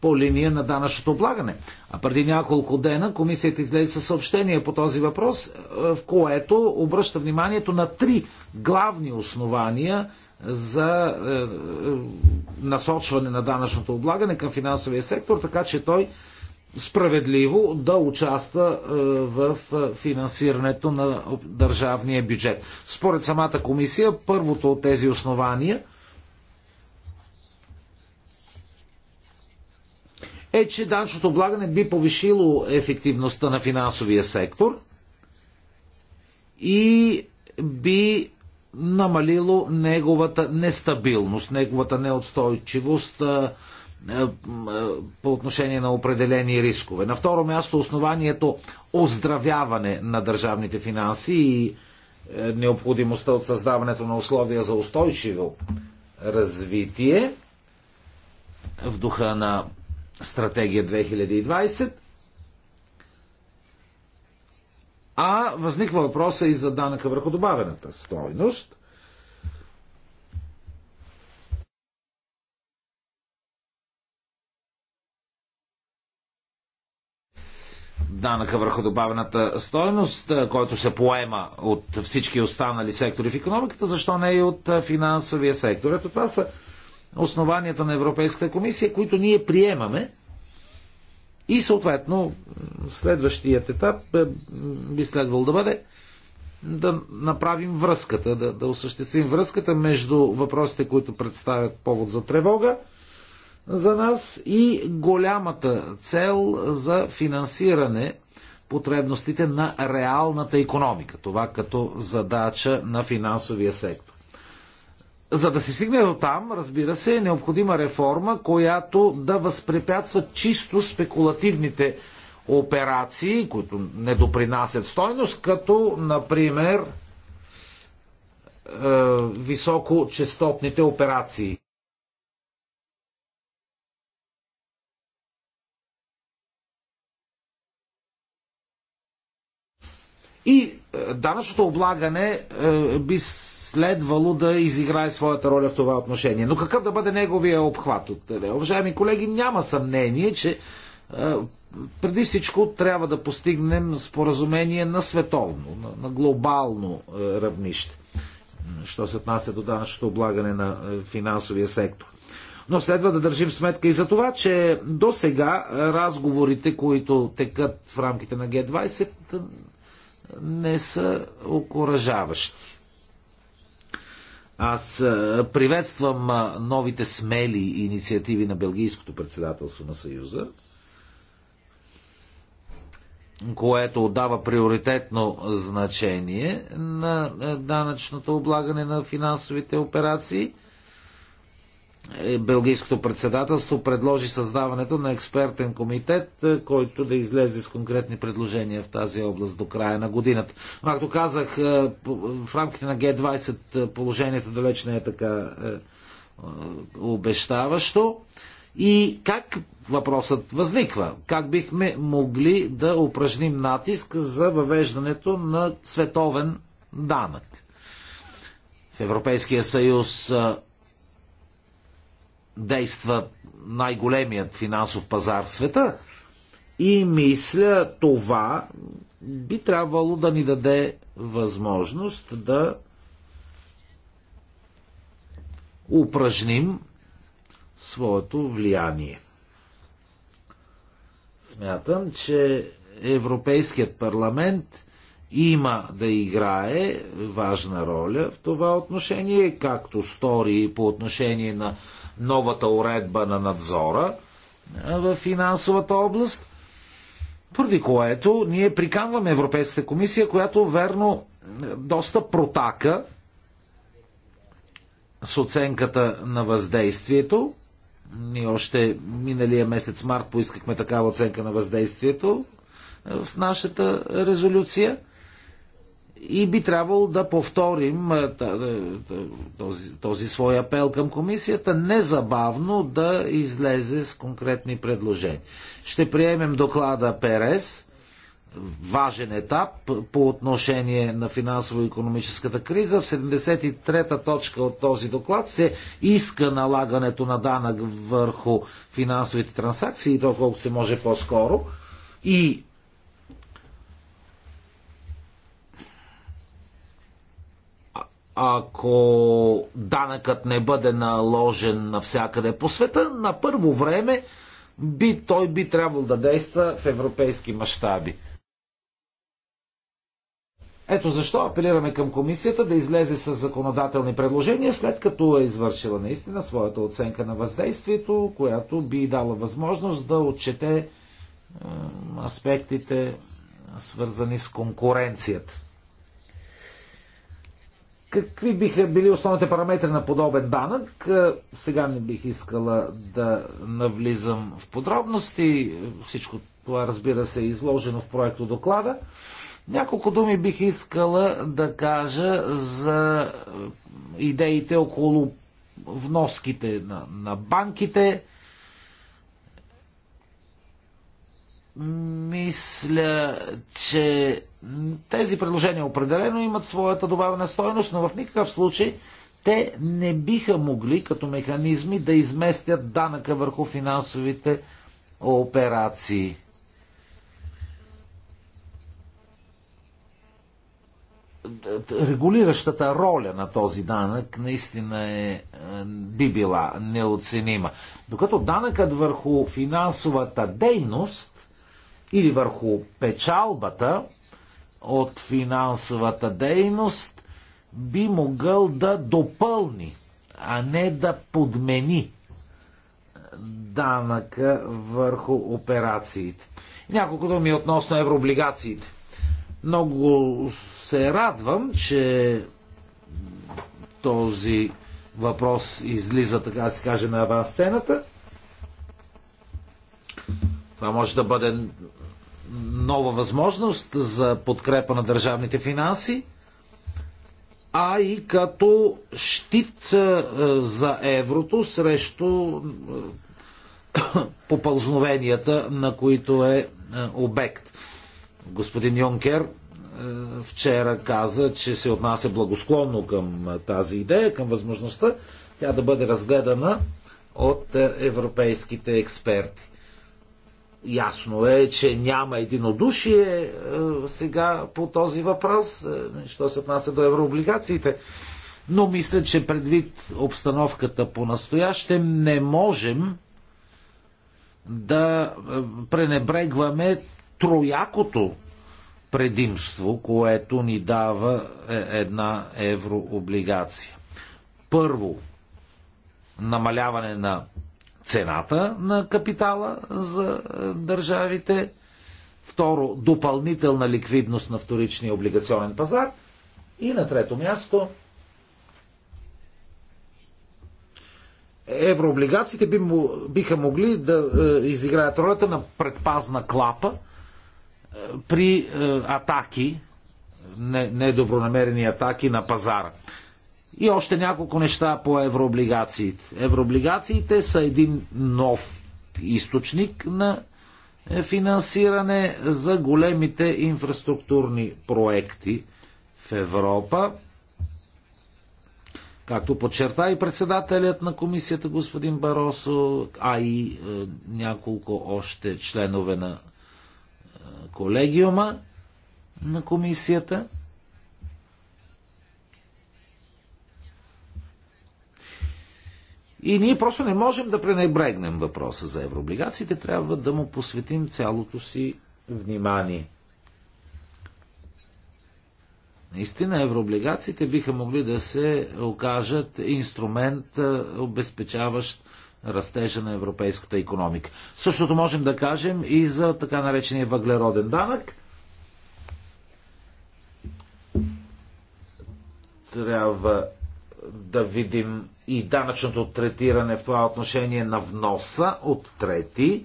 по линия на данъчното облагане. А преди няколко дена комисията излезе със съобщение по този въпрос, е, в което обръща вниманието на три главни основания за е, е, насочване на данъчното облагане към финансовия сектор, така че той справедливо да участва в финансирането на държавния бюджет. Според самата комисия, първото от тези основания е, че данчното облагане би повишило ефективността на финансовия сектор и би намалило неговата нестабилност, неговата неотстойчивост по отношение на определени рискове. На второ място основанието оздравяване на държавните финанси и е, необходимостта от създаването на условия за устойчиво развитие в духа на стратегия 2020. А възниква въпроса и за данъка върху добавената стойност. данъка върху добавената стойност, който се поема от всички останали сектори в економиката, защо не и от финансовия сектор. Ето това са основанията на Европейската комисия, които ние приемаме. И съответно следващият етап е, би следвал да бъде да направим връзката, да, да осъществим връзката между въпросите, които представят повод за тревога за нас и голямата цел за финансиране потребностите на реалната економика. Това като задача на финансовия сектор. За да се стигне до там, разбира се, е необходима реформа, която да възпрепятства чисто спекулативните операции, които не допринасят стойност, като, например, е, високочастотните операции. И е, данъчното облагане е, би следвало да изиграе своята роля в това отношение. Но какъв да бъде неговия обхват? От, уважаеми колеги, няма съмнение, че е, преди всичко трябва да постигнем споразумение на световно, на, глобално е, равнище, що се отнася до данъчното облагане на е, финансовия сектор. Но следва да държим сметка и за това, че до сега разговорите, които текат в рамките на Г20, не са окоръжаващи. Аз е, приветствам е, новите смели инициативи на Белгийското председателство на Съюза, което отдава приоритетно значение на е, данъчното облагане на финансовите операции – е, Белгийското председателство предложи създаването на експертен комитет, е, който да излезе с конкретни предложения в тази област до края на годината. Както казах, е, в рамките на Г20 положението далеч не е така обещаващо. И как въпросът възниква? Как бихме могли да упражним натиск за въвеждането на световен данък? В Европейския съюз действа най-големият финансов пазар в света. И мисля, това би трябвало да ни даде възможност да упражним своето влияние. Смятам, че Европейският парламент има да играе важна роля в това отношение, както стори по отношение на новата уредба на надзора в финансовата област, поради което ние приканваме Европейската комисия, която верно доста протака с оценката на въздействието. Ние още миналия месец март поискахме такава оценка на въздействието в нашата резолюция – и би трябвало да повторим този, този свой апел към комисията незабавно да излезе с конкретни предложения. Ще приемем доклада Перес, важен етап по отношение на финансово-економическата криза. В 73-та точка от този доклад се иска налагането на данък върху финансовите транзакции, и то колко се може по-скоро. И ако данъкът не бъде наложен навсякъде по света, на първо време би, той би трябвало да действа в европейски мащаби. Ето защо апелираме към комисията да излезе с законодателни предложения, след като е извършила наистина своята оценка на въздействието, която би дала възможност да отчете аспектите, свързани с конкуренцията. Какви биха били основните параметри на подобен данък? Е, сега не бих искала да навлизам в подробности. Всичко това, разбира се, е изложено в проекто доклада. Няколко думи бих искала да кажа за е, идеите около вноските на, на банките, мисля, че тези предложения определено имат своята добавена стоеност, но в никакъв случай те не биха могли като механизми да изместят данъка върху финансовите операции. регулиращата роля на този данък наистина е, е би била неоценима. Докато данъкът върху финансовата дейност или върху печалбата от финансовата дейност би могъл да допълни, а не да подмени данъка върху операциите. Няколко думи относно еврооблигациите. Много се радвам, че този въпрос излиза, така да се каже, на авансцената. Това може да бъде нова възможност за подкрепа на държавните финанси, а и като щит е, е, за еврото срещу е, попълзновенията, на които е обект. Господин Йонкер вчера каза, че се отнася благосклонно към тази идея, към възможността тя да бъде разгледана от европейските експерти. Ясно е, че няма единодушие е, сега по този въпрос, е, що се отнася до еврооблигациите. Но мисля, че предвид обстановката по настояще не можем да е, пренебрегваме троякото предимство, което ни дава една еврооблигация. Първо, намаляване на цената на капитала за е, държавите, второ, допълнителна ликвидност на вторичния облигационен пазар и на трето място еврооблигациите би, биха могли да е, изиграят ролята на предпазна клапа е, при атаки, недобронамерени атаки на пазара. И още няколко неща по еврооблигациите. Еврооблигациите са един нов източник на е, финансиране за големите инфраструктурни проекти в Европа. Както подчерта и председателят на комисията господин Баросо, а и е, няколко още членове на е, колегиума на комисията – И ние просто не можем да пренебрегнем въпроса за еврооблигациите, трябва да му посветим цялото си внимание. Наистина еврооблигациите биха могли да се окажат инструмент, обезпечаващ растежа на европейската економика. Същото можем да кажем и за така наречения въглероден данък. Трябва да видим и данъчното третиране в това отношение на вноса от трети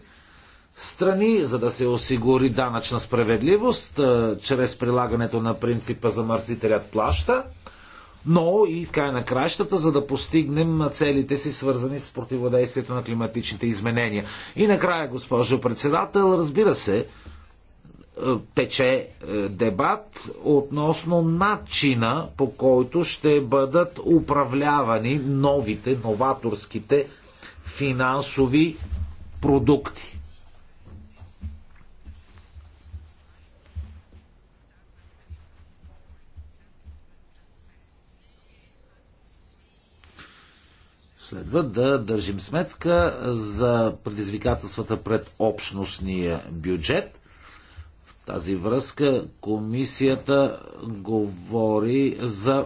страни, за да се осигури данъчна справедливост чрез прилагането на принципа замърсителят плаща, но и в край на кращата, за да постигнем целите си, свързани с противодействието на климатичните изменения. И накрая, госпожо председател, разбира се, е, тече е, дебат относно начина по който ще бъдат управлявани новите, новаторските финансови продукти. Следва да държим сметка за предизвикателствата пред общностния бюджет – тази връзка комисията говори за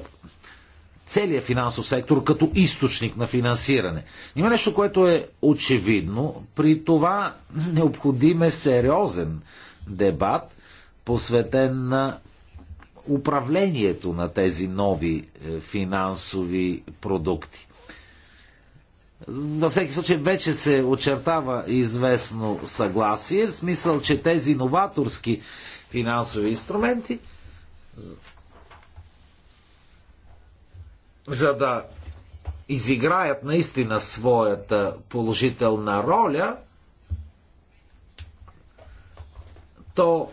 целият финансов сектор като източник на финансиране. Има нещо, което е очевидно. При това необходим е сериозен дебат, посветен на управлението на тези нови е, финансови продукти. Във всеки случай вече се очертава известно съгласие, в смисъл, че тези новаторски финансови инструменти, за да изиграят наистина своята положителна роля, то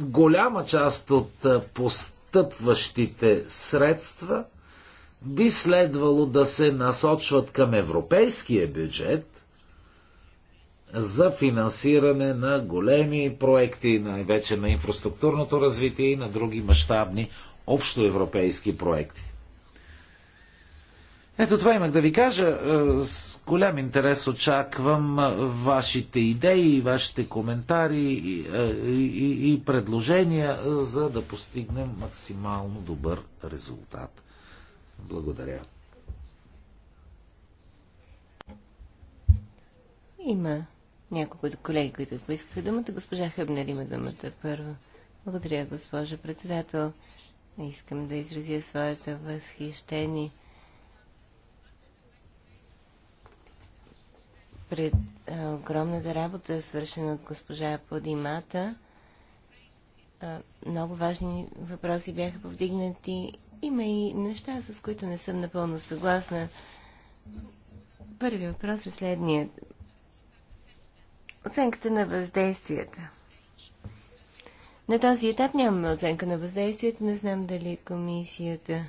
голяма част от постъпващите средства – би следвало да се насочват към европейския бюджет за финансиране на големи проекти, най-вече на инфраструктурното развитие и на други мащабни общоевропейски проекти. Ето това имах да ви кажа. Е, с голям интерес очаквам е, вашите идеи, вашите коментари е, и, и, и предложения, за да постигнем максимално добър резултат. Благодаря. Има няколко колеги, които поискаха думата. Госпожа Хъбнер има думата първо. Благодаря, госпожа председател. Искам да изразя своето възхищение пред а, огромната работа, свършена от госпожа Подимата. А, много важни въпроси бяха повдигнати има и неща, с които не съм напълно съгласна. Първият въпрос е следният. Оценката на въздействията. На този етап нямаме оценка на въздействието. Не знам дали комисията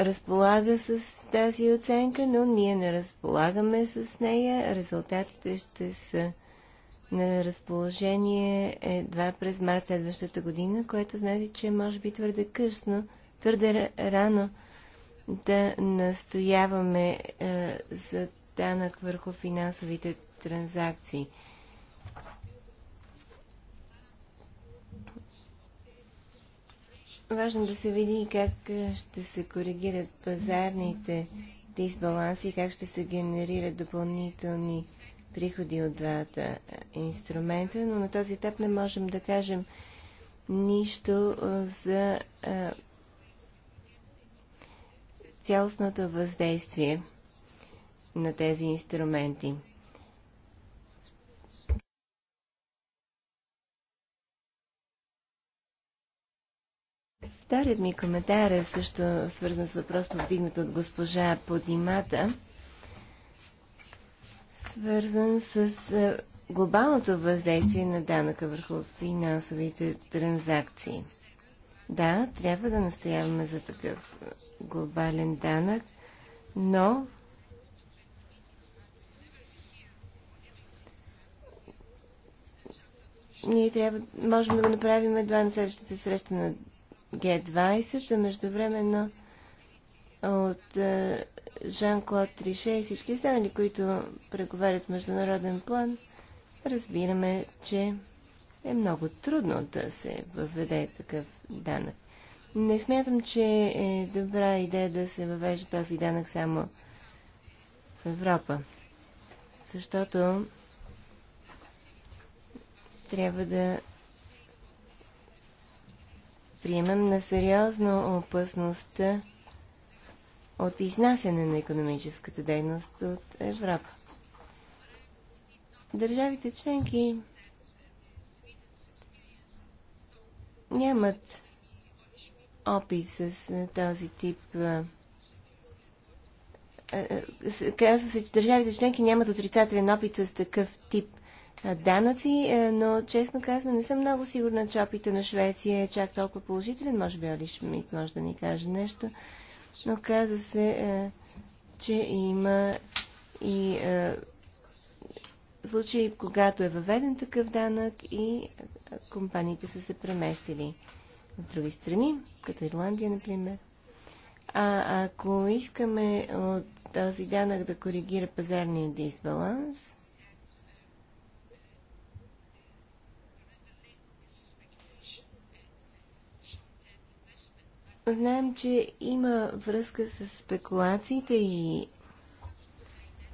разполага с тази оценка, но ние не разполагаме с нея. Резултатите ще са на разположение едва през март следващата година, което знаете, че може би твърде късно, твърде рано да настояваме е, за данък върху финансовите транзакции. Важно да се види как е, ще се коригират пазарните дисбаланси, как ще се генерират допълнителни приходи от двата е, инструмента, но на този етап не можем да кажем нищо е, за е, цялостното въздействие на тези инструменти. Вторият ми коментар е също свързан с въпрос, повдигнат от госпожа Подимата свързан с глобалното въздействие на данъка върху финансовите транзакции. Да, трябва да настояваме за такъв глобален данък, но ние трябва, можем да го направим едва на следващата среща на Г20, а междувременно от е, Жан-Клод Трише и всички останали, които преговарят в международен план, разбираме, че е много трудно да се въведе такъв данък. Не смятам, че е добра идея да се въвежда този данък само в Европа, защото трябва да приемем на сериозно опасността от изнасяне на економическата дейност от Европа. Държавите членки нямат опит с този тип. Казва се, че държавите членки нямат отрицателен опит с такъв тип данъци, но честно казано не съм много сигурна, че опита на Швеция е чак толкова положителен. Може би Олиш мит може да ни каже нещо но каза се, е, че има и е, случаи, когато е въведен такъв данък и компаниите са се преместили в други страни, като Ирландия, например. А ако искаме от този данък да коригира пазарния дисбаланс, знаем, че има връзка с спекулациите и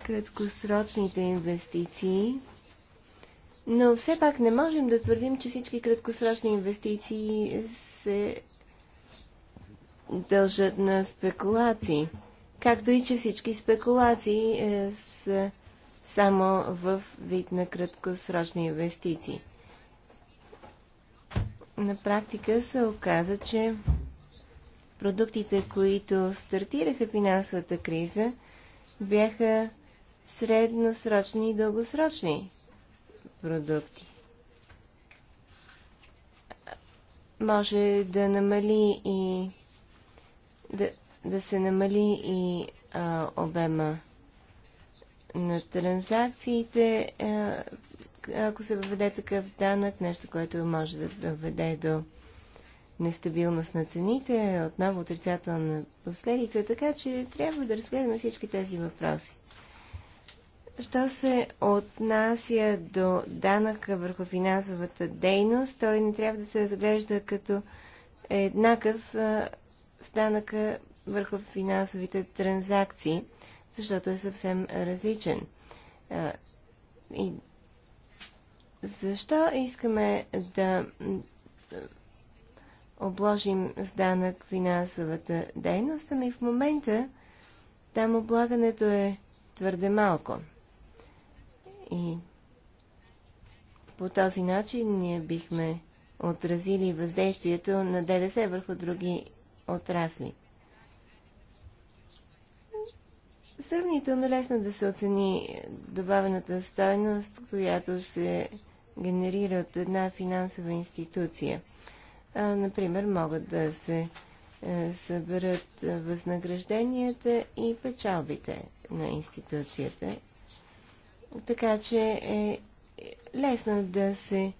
краткосрочните инвестиции, но все пак не можем да твърдим, че всички краткосрочни инвестиции се дължат на спекулации, както и че всички спекулации е, са само в вид на краткосрочни инвестиции. На практика се оказа, че продуктите, които стартираха финансовата криза, бяха средносрочни и дългосрочни продукти. Може да намали и да, да се намали и а, обема на транзакциите, а, ако се въведе такъв данък, нещо, което може да доведе до нестабилност на цените, отново отрицателна последица, така че трябва да разгледаме всички тези въпроси. Що се отнася до данъка върху финансовата дейност, той не трябва да се разглежда като еднакъв с данъка върху финансовите транзакции, защото е съвсем различен. И защо искаме да обложим с данък финансовата дейност, ами в момента там облагането е твърде малко. И по този начин ние бихме отразили въздействието на ДДС върху други отрасли. Сравнително лесно да се оцени добавената стойност, която се генерира от една финансова институция – Например, могат да се е, съберат възнагражденията и печалбите на институцията. Така че е лесно да се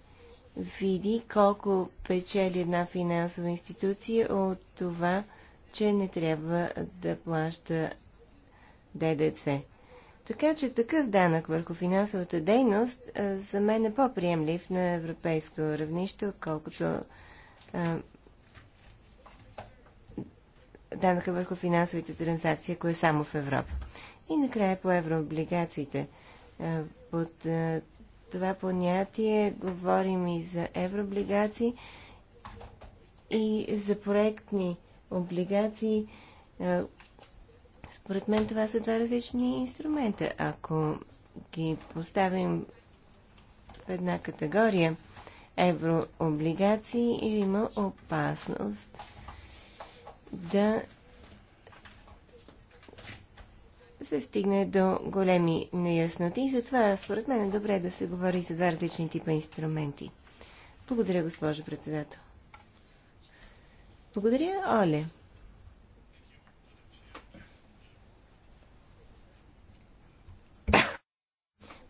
види колко печели една финансова институция от това, че не трябва да плаща ДДС. Така че такъв данък върху финансовата дейност е, за мен е по-приемлив на европейско равнище, отколкото данъка върху финансовите транзакции, ако е само в Европа. И накрая по еврооблигациите. Под това понятие говорим и за еврооблигации и за проектни облигации. Според мен това са два различни инструмента. Ако ги поставим в една категория, еврооблигации и има опасност да се стигне до големи неясноти. Затова, според мен, е добре да се говори за два различни типа инструменти. Благодаря, госпожо председател. Благодаря, Оле.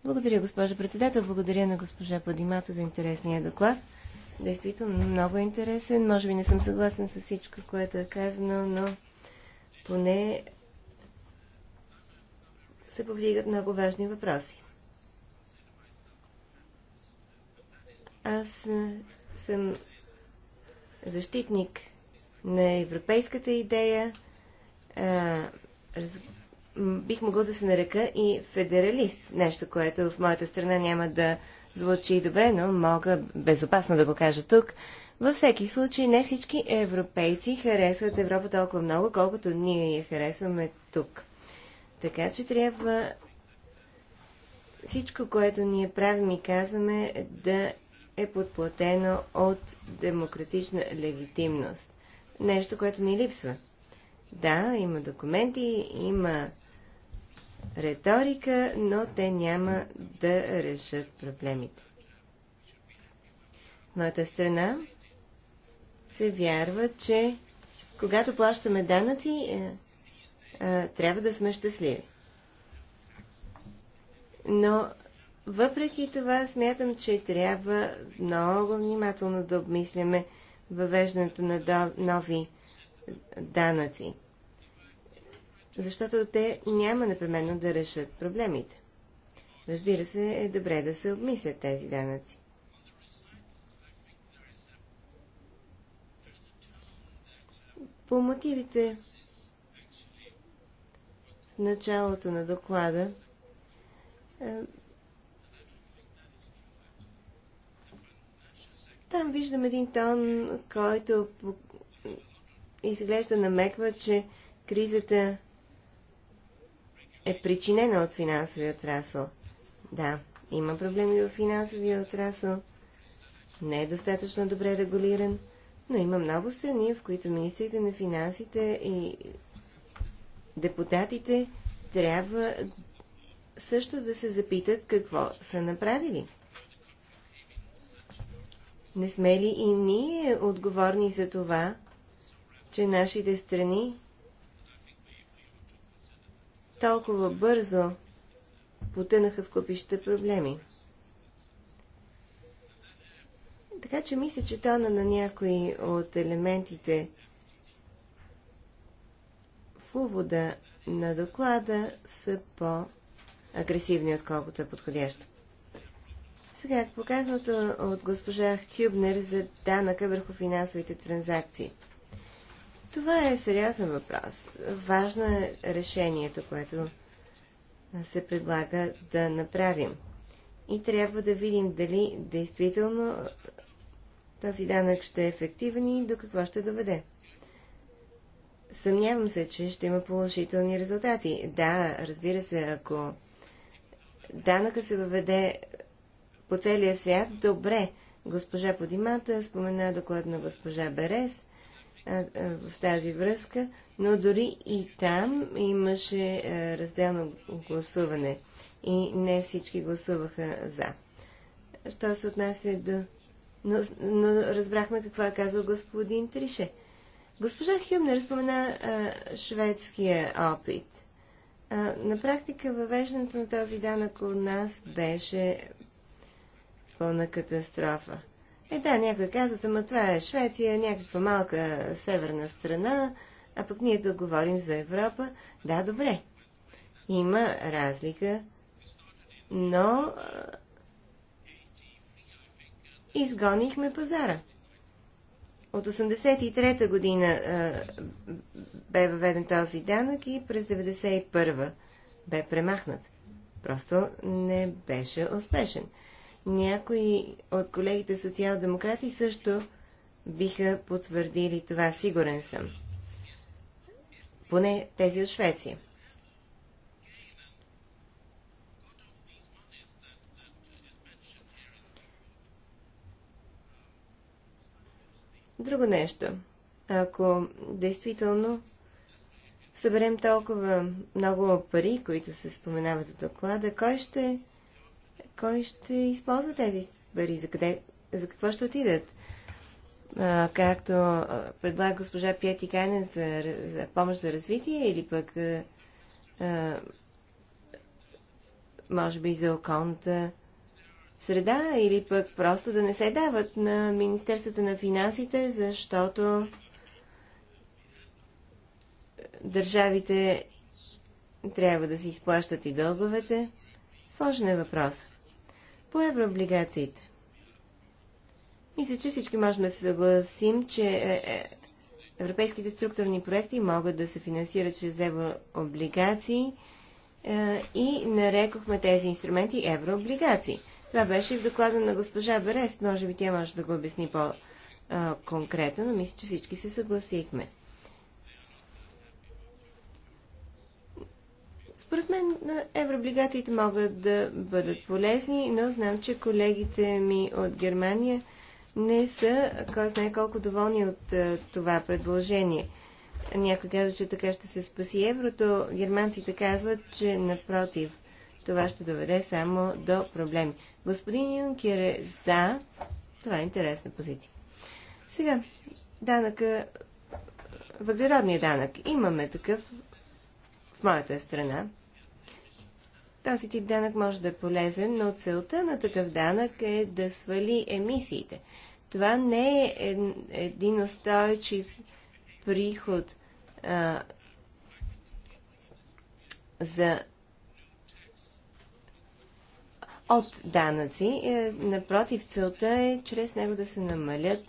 Благодаря, госпожа председател. Благодаря на госпожа Падимата за интересния доклад. Действително много е интересен. Може би не съм съгласен с всичко, което е казано, но поне се повдигат много важни въпроси. Аз е, съм защитник на европейската идея. Е, бих могъл да се нарека и федералист. Нещо, което в моята страна няма да звучи добре, но мога безопасно да го кажа тук. Във всеки случай, не всички европейци харесват Европа толкова много, колкото ние я харесваме тук. Така че трябва всичко, което ние правим и казваме, да е подплатено от демократична легитимност. Нещо, което ни липсва. Да, има документи, има риторика, но те няма да решат проблемите. В моята страна се вярва, че когато плащаме данъци, е, е, трябва да сме щастливи. Но въпреки това смятам, че трябва много внимателно да обмисляме въвеждането на нови данъци защото те няма непременно да решат проблемите. Разбира се, е добре да се обмислят тези данъци. По мотивите в началото на доклада е, там виждам един тон, който изглежда намеква, че кризата е причинена от финансовия отрасъл. Да, има проблеми в финансовия отрасъл. Не е достатъчно добре регулиран, но има много страни, в които министрите на финансите и депутатите трябва също да се запитат какво са направили. Не сме ли и ние отговорни за това, че нашите страни толкова бързо потънаха в купища проблеми. Така че мисля, че тона на някои от елементите в увода на доклада са по-агресивни, отколкото е подходящо. Сега, показаното от госпожа Хюбнер за данъка върху финансовите транзакции – това е сериозен въпрос. Важно е решението, което се предлага да направим. И трябва да видим дали действително този данък ще е ефективен и до какво ще доведе. Съмнявам се, че ще има положителни резултати. Да, разбира се, ако данъка се въведе по целия свят, добре. Госпожа Подимата спомена доклад на госпожа Берес – в тази връзка, но дори и там имаше разделно гласуване и не всички гласуваха за. Що се отнася до... Но, но разбрахме какво е казал господин Трише. Госпожа Хюмнер спомена а, шведския опит. А, на практика въвеждането на този данък у нас беше пълна катастрофа. Е, да, някой казват, ама това е Швеция, някаква малка северна страна, а пък ние да говорим за Европа. Да, добре. Има разлика, но изгонихме пазара. От 83-та година а, бе въведен този данък и през 91-та бе премахнат. Просто не беше успешен. Някои от колегите социал-демократи също биха потвърдили това, сигурен съм. Поне тези от Швеция. Друго нещо. Ако действително съберем толкова много пари, които се споменават от доклада, кой ще кой ще използва тези пари, за, къде, за какво ще отидат. А, както предлага госпожа Пети Кайнен за, за помощ за развитие или пък а, а, може би за околната среда или пък просто да не се дават на Министерството на финансите, защото държавите трябва да се изплащат и дълговете. Сложен е въпрос. По еврооблигациите. Мисля, че всички можем да се съгласим, че е, е, европейските структурни проекти могат да се финансират чрез еврооблигации е, и нарекохме тези инструменти еврооблигации. Това беше и в доклада на госпожа Берест. Може би тя може да го обясни по-конкретно, но мисля, че всички се съгласихме. Според мен еврооблигациите могат да бъдат полезни, но знам, че колегите ми от Германия не са кой знае колко доволни от това предложение. Някой казва, че така ще се спаси еврото. Германците казват, че напротив, това ще доведе само до проблеми. Господин Юнкер е за. Това е интересна позиция. Сега, данъка, въглеродния данък. Имаме такъв в моята страна. Този тип данък може да е полезен, но целта на такъв данък е да свали емисиите. Това не е един устойчив приход а, за от данъци. Е, напротив, целта е чрез него да се намалят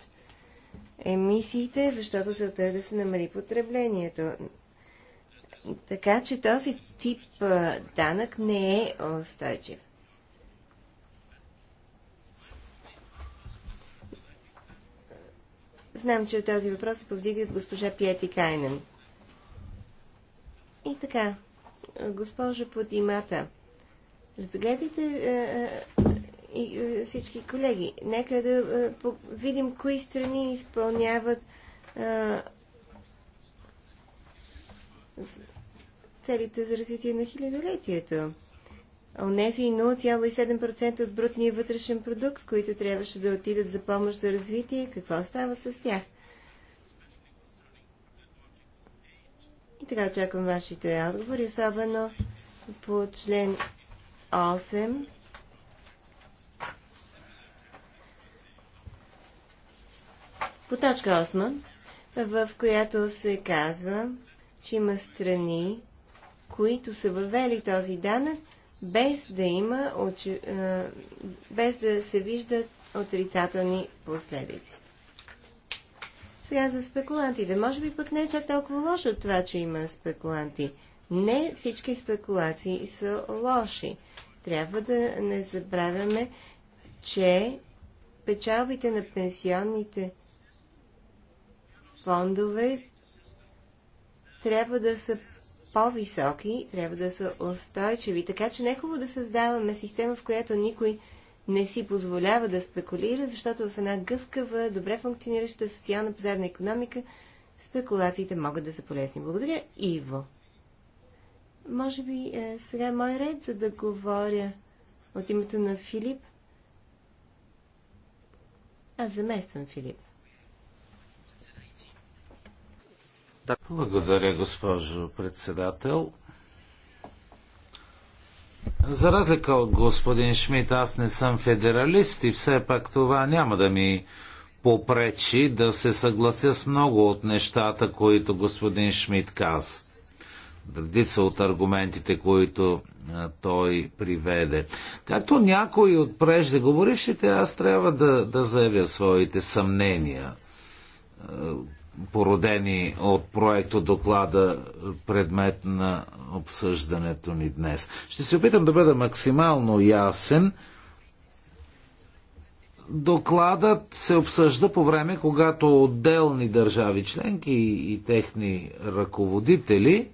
емисиите, защото целта е да се намали потреблението. Така че този тип данък не е устойчив. Знам, че този въпрос се повдига от госпожа Пиети Кайнен. И така, госпожа Подимата, разгледайте и всички колеги. Нека да видим кои страни изпълняват целите за развитие на хилядолетието. Унеси 0,7% от брутния вътрешен продукт, които трябваше да отидат за помощ за развитие, какво става с тях? И така очаквам вашите отговори, особено по член 8. По точка 8, в която се казва, че има страни, които са въвели този данък, без да има, е, без да се виждат отрицателни последици. Сега за спекулантите. Може би пък не е чак толкова лошо от това, че има спекуланти. Не всички спекулации са лоши. Трябва да не забравяме, че печалбите на пенсионните фондове трябва да са по-високи, трябва да са устойчиви. Така че не е хубаво да създаваме система, в която никой не си позволява да спекулира, защото в една гъвкава, добре функционираща социална пазарна економика спекулациите могат да са полезни. Благодаря, Иво. Може би е, сега е мой ред, за да говоря от името на Филип. Аз замествам Филип. Благодаря, госпожо председател. За разлика от господин Шмидт, аз не съм федералист и все пак това няма да ми попречи да се съглася с много от нещата, които господин Шмидт каза. Редица от аргументите, които той приведе. Както някои от преждеговорившите, аз трябва да, да заявя своите съмнения породени от проекто доклада предмет на обсъждането ни днес. Ще се опитам да бъда максимално ясен. Докладът се обсъжда по време, когато отделни държави членки и техни ръководители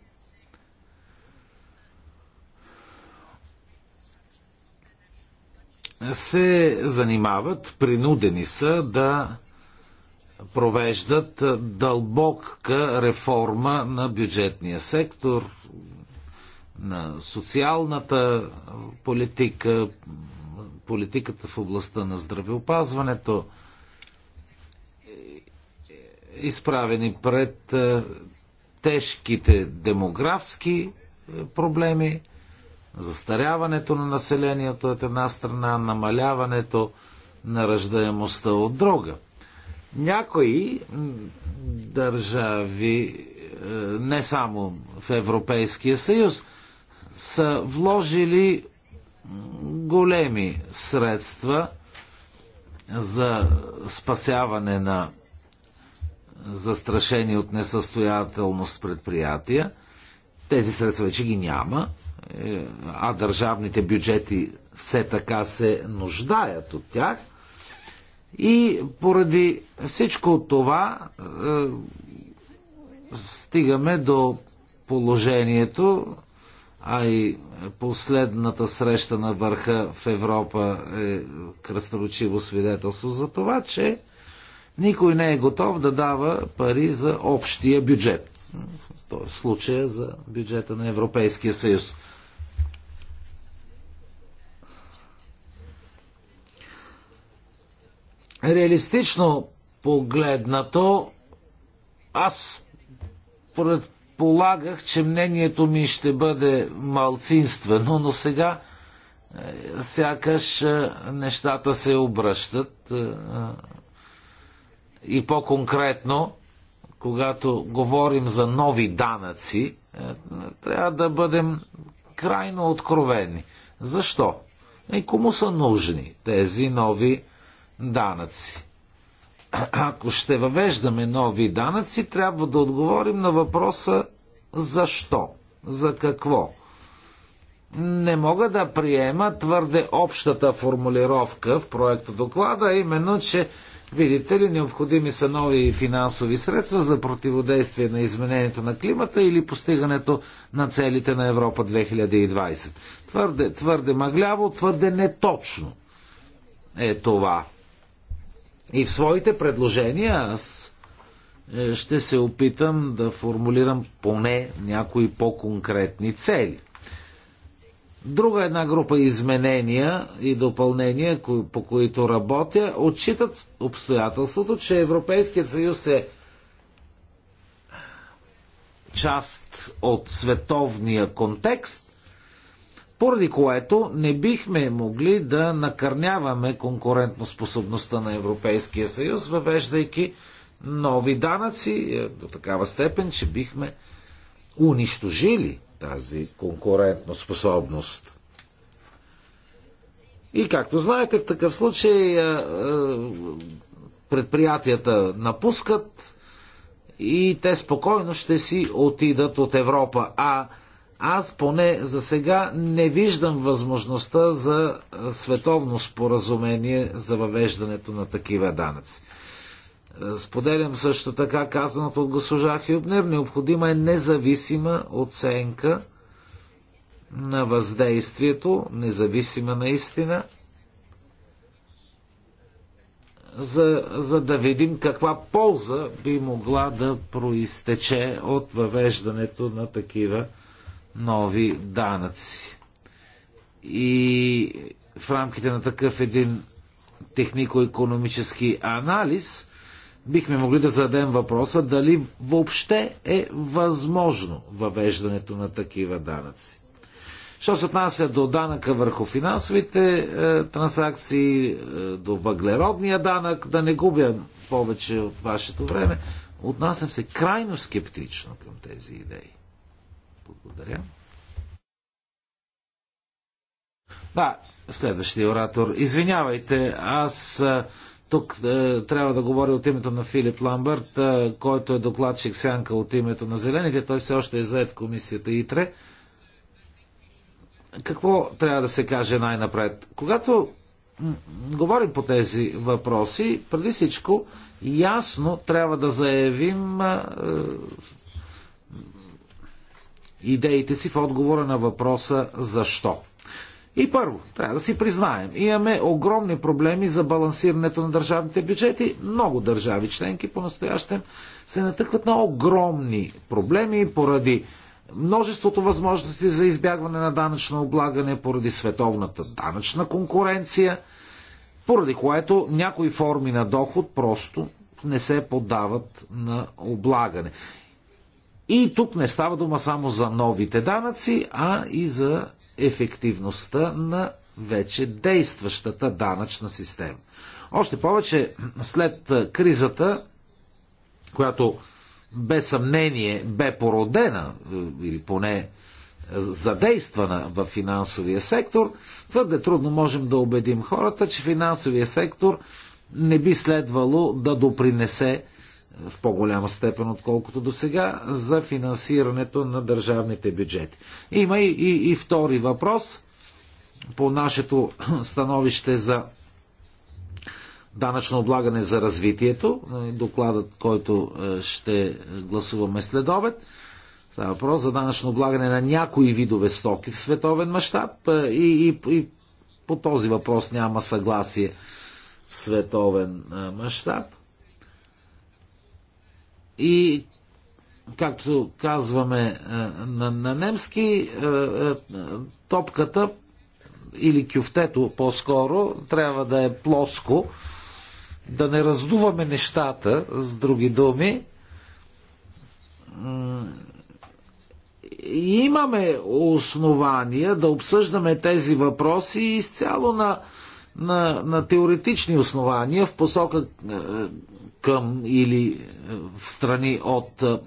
се занимават, принудени са да провеждат дълбока реформа на бюджетния сектор, на социалната политика, политиката в областта на здравеопазването, изправени пред е, тежките демографски е, проблеми, застаряването на населението от една страна, намаляването на ръждаемостта от друга – някои държави, е, не само в Европейския съюз, са вложили големи средства за спасяване на застрашени от несъстоятелност предприятия. Тези средства вече ги няма, е, а държавните бюджети все така се нуждаят от тях – и поради всичко това е, стигаме до положението, а и последната среща на върха в Европа е кръсторечиво свидетелство за това, че никой не е готов да дава пари за общия бюджет. В е случая за бюджета на Европейския съюз. Реалистично погледнато, аз предполагах, че мнението ми ще бъде малцинствено, но сега е, сякаш е, нещата се обръщат е, и по-конкретно, когато говорим за нови данъци, трябва да бъдем крайно откровени. Защо? И кому са нужни тези нови данъци. Ако ще въвеждаме нови данъци, трябва да отговорим на въпроса защо, за какво. Не мога да приема твърде общата формулировка в проекта доклада, именно, че видите ли, необходими са нови финансови средства за противодействие на изменението на климата или постигането на целите на Европа 2020. Твърде, твърде мъгляво, твърде неточно е това. И в своите предложения аз е, ще се опитам да формулирам поне някои по-конкретни цели. Друга една група изменения и допълнения, по които работя, отчитат обстоятелството, че Европейският съюз е част от световния контекст поради което не бихме могли да накърняваме конкурентоспособността на Европейския съюз, въвеждайки нови данъци е, до такава степен, че бихме унищожили тази конкурентоспособност. И както знаете, в такъв случай е, е, предприятията напускат и те спокойно ще си отидат от Европа. А аз поне за сега не виждам възможността за световно споразумение за въвеждането на такива данъци. Споделям също така казаното от госпожа Хюбнер. Необходима е независима оценка на въздействието, независима наистина, за, за да видим каква полза би могла да проистече от въвеждането на такива нови данъци. И в рамките на такъв един технико-економически анализ бихме могли да зададем въпроса дали въобще е възможно въвеждането на такива данъци. Що се отнася до данъка върху финансовите е, транзакции, е, до въглеродния данък, да не губя повече от вашето време, отнасям се крайно скептично към тези идеи. Благодаря. Да, следващия оратор. Извинявайте, аз тук е, трябва да говоря от името на Филип Ламбърт, е, който е докладчик сянка от името на Зелените. Той все още е заед в комисията ИТРЕ. Какво трябва да се каже най-напред? Когато говорим по тези въпроси, преди всичко ясно трябва да заявим е, идеите си в отговора на въпроса защо. И първо, трябва да си признаем, имаме огромни проблеми за балансирането на държавните бюджети. Много държави членки по-настоящем се натъкват на огромни проблеми поради множеството възможности за избягване на данъчно облагане, поради световната данъчна конкуренция, поради което някои форми на доход просто не се поддават на облагане. И тук не става дума само за новите данъци, а и за ефективността на вече действащата данъчна система. Още повече след кризата, която без съмнение бе породена или поне задействана в финансовия сектор, твърде трудно можем да убедим хората, че финансовия сектор не би следвало да допринесе в по-голяма степен, отколкото до сега, за финансирането на държавните бюджети. Има и, и, и втори въпрос по нашето становище за данъчно облагане за развитието, докладът, който е, ще гласуваме след обед. Става въпрос за данъчно облагане на някои видове стоки в световен мащаб е, и, и, и по този въпрос няма съгласие в световен е, мащаб. И както казваме е, на, на немски, е, е, топката или кюфтето по-скоро трябва да е плоско, да не раздуваме нещата, с други думи. И имаме основания да обсъждаме тези въпроси изцяло на, на, на теоретични основания в посока към или в страни от е,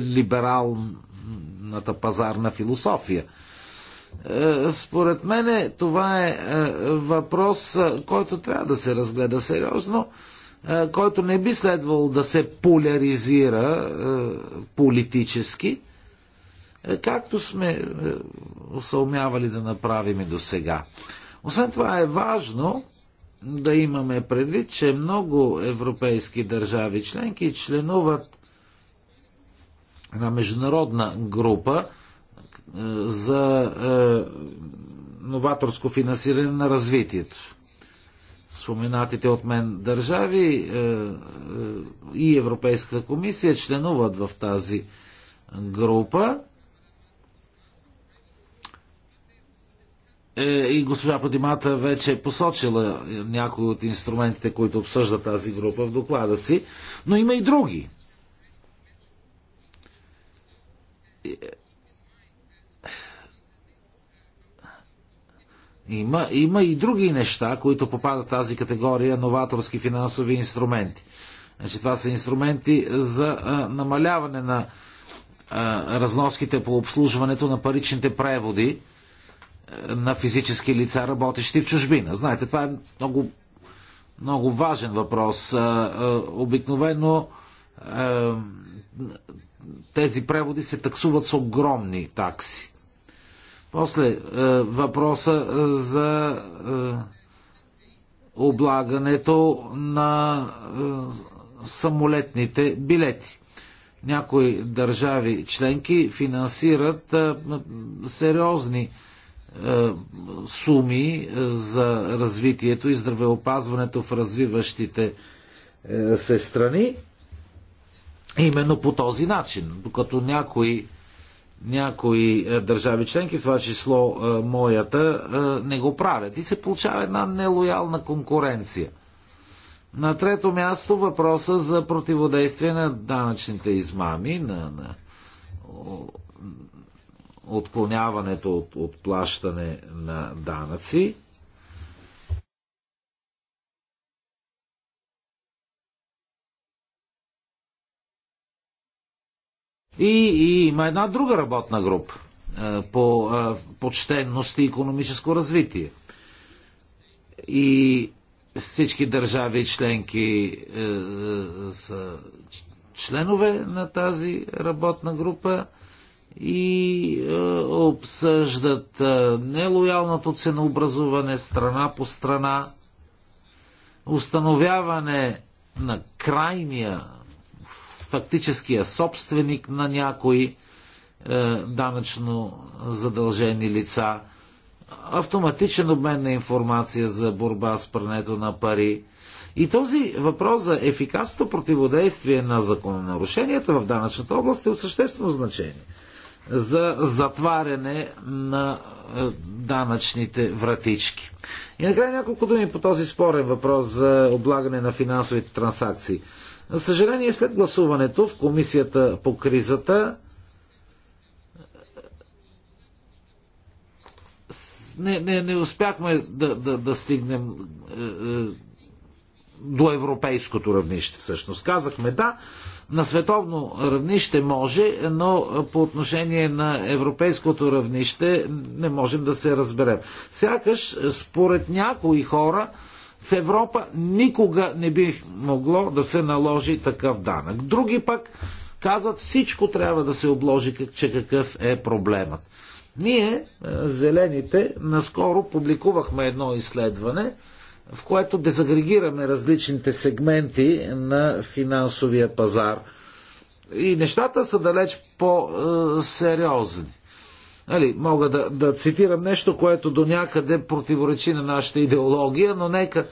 либералната пазарна философия. Е, според мен това е, е въпрос, който трябва да се разгледа сериозно, който не би следвал да се поляризира политически, както сме усълмявали да направим и до сега. Освен това е важно да имаме предвид, че много европейски държави членки членуват на международна група е, за е, новаторско финансиране на развитието. Споменатите от мен държави е, и Европейската комисия членуват в тази група Е, и госпожа Подимата вече е посочила някои от инструментите, които обсъжда тази група в доклада си, но има и други. Има, има и други неща, които попадат в тази категория новаторски финансови инструменти. Значи, това са инструменти за а, намаляване на а, разноските по обслужването на паричните преводи, на физически лица, работещи в чужбина. Знаете, това е много, много важен въпрос. Обикновено тези преводи се таксуват с огромни такси. После въпроса за облагането на самолетните билети. Някои държави членки финансират сериозни е, суми е, за развитието и здравеопазването в развиващите е, се страни. Именно по този начин, докато някои, някои държави членки, в това число моята, не го правят. И се получава една нелоялна конкуренция. На трето място въпроса за противодействие на данъчните измами, на, на отклоняването от, от плащане на данъци. И, и има една друга работна група е, по е, почтенност и економическо развитие. И всички държави и членки е, е, са членове на тази работна група и е, обсъждат е, нелоялното ценообразуване страна по страна, установяване на крайния, фактическия собственик на някои е, данъчно задължени лица, автоматичен обмен на информация за борба с прането на пари. И този въпрос за ефикасното противодействие на закононарушенията в данъчната област е от съществено значение – за затваряне на е, данъчните вратички. И накрая няколко думи по този спорен въпрос за облагане на финансовите транзакции. За съжаление, след гласуването в комисията по кризата не, не, не успяхме да, да, да стигнем е, е, до европейското равнище. Всъщност казахме да, на световно равнище може, но по отношение на европейското равнище не можем да се разберем. Сякаш, според някои хора, в Европа никога не би могло да се наложи такъв данък. Други пък казват всичко трябва да се обложи, че какъв е проблемът. Ние, е, зелените, наскоро публикувахме едно изследване, в което дезагрегираме различните сегменти на финансовия пазар. И нещата са далеч по-сериозни. Нали, мога да, да цитирам нещо, което до някъде противоречи на нашата идеология, но нека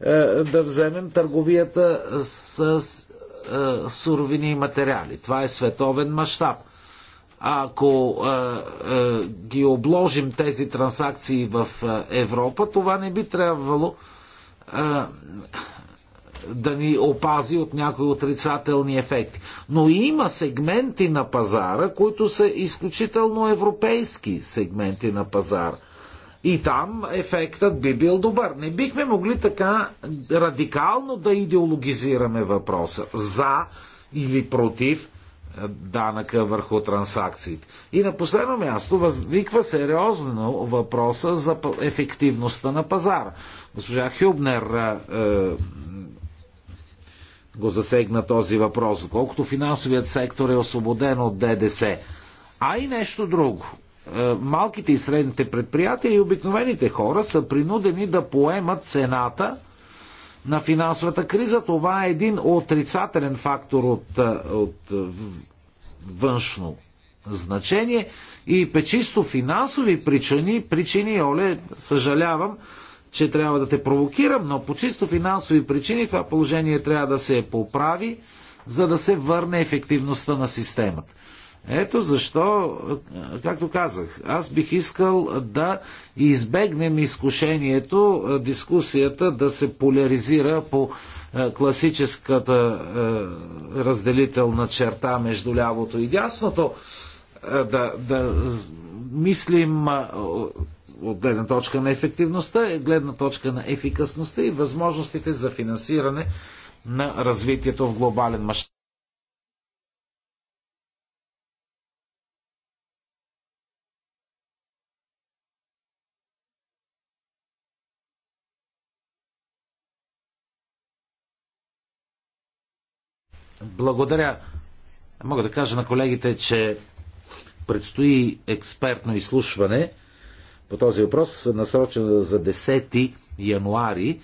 е, да вземем търговията с е, суровини и материали. Това е световен мащаб ако а, е, а, е, ги обложим тези транзакции в е, Европа, това не би трябвало а, да ни опази от някои отрицателни ефекти. Но има сегменти на пазара, които са изключително европейски сегменти на пазара. И там ефектът би бил добър. Не бихме могли така радикално да идеологизираме въпроса за или против данъка върху транзакциите. И на последно място възниква сериозно въпроса за ефективността на пазара. Госпожа Хюбнер е, е го засегна този въпрос. Колкото финансовият сектор е освободен от ДДС, а и нещо друго. Е, малките и средните предприятия и обикновените хора са принудени да поемат цената на финансовата криза. Това е един отрицателен фактор от, от външно значение и по чисто финансови причини, причини, Оле, съжалявам, че трябва да те провокирам, но по чисто финансови причини това положение трябва да се поправи, за да се върне ефективността на системата. Ето защо, както казах, аз бих искал да избегнем изкушението дискусията да се поляризира по класическата разделителна черта между лявото и дясното, да, да мислим от гледна точка на ефективността, гледна точка на ефикасността и възможностите за финансиране на развитието в глобален мащаб. Благодаря. Мога да кажа на колегите, че предстои експертно изслушване по този въпрос, насрочено за 10 януари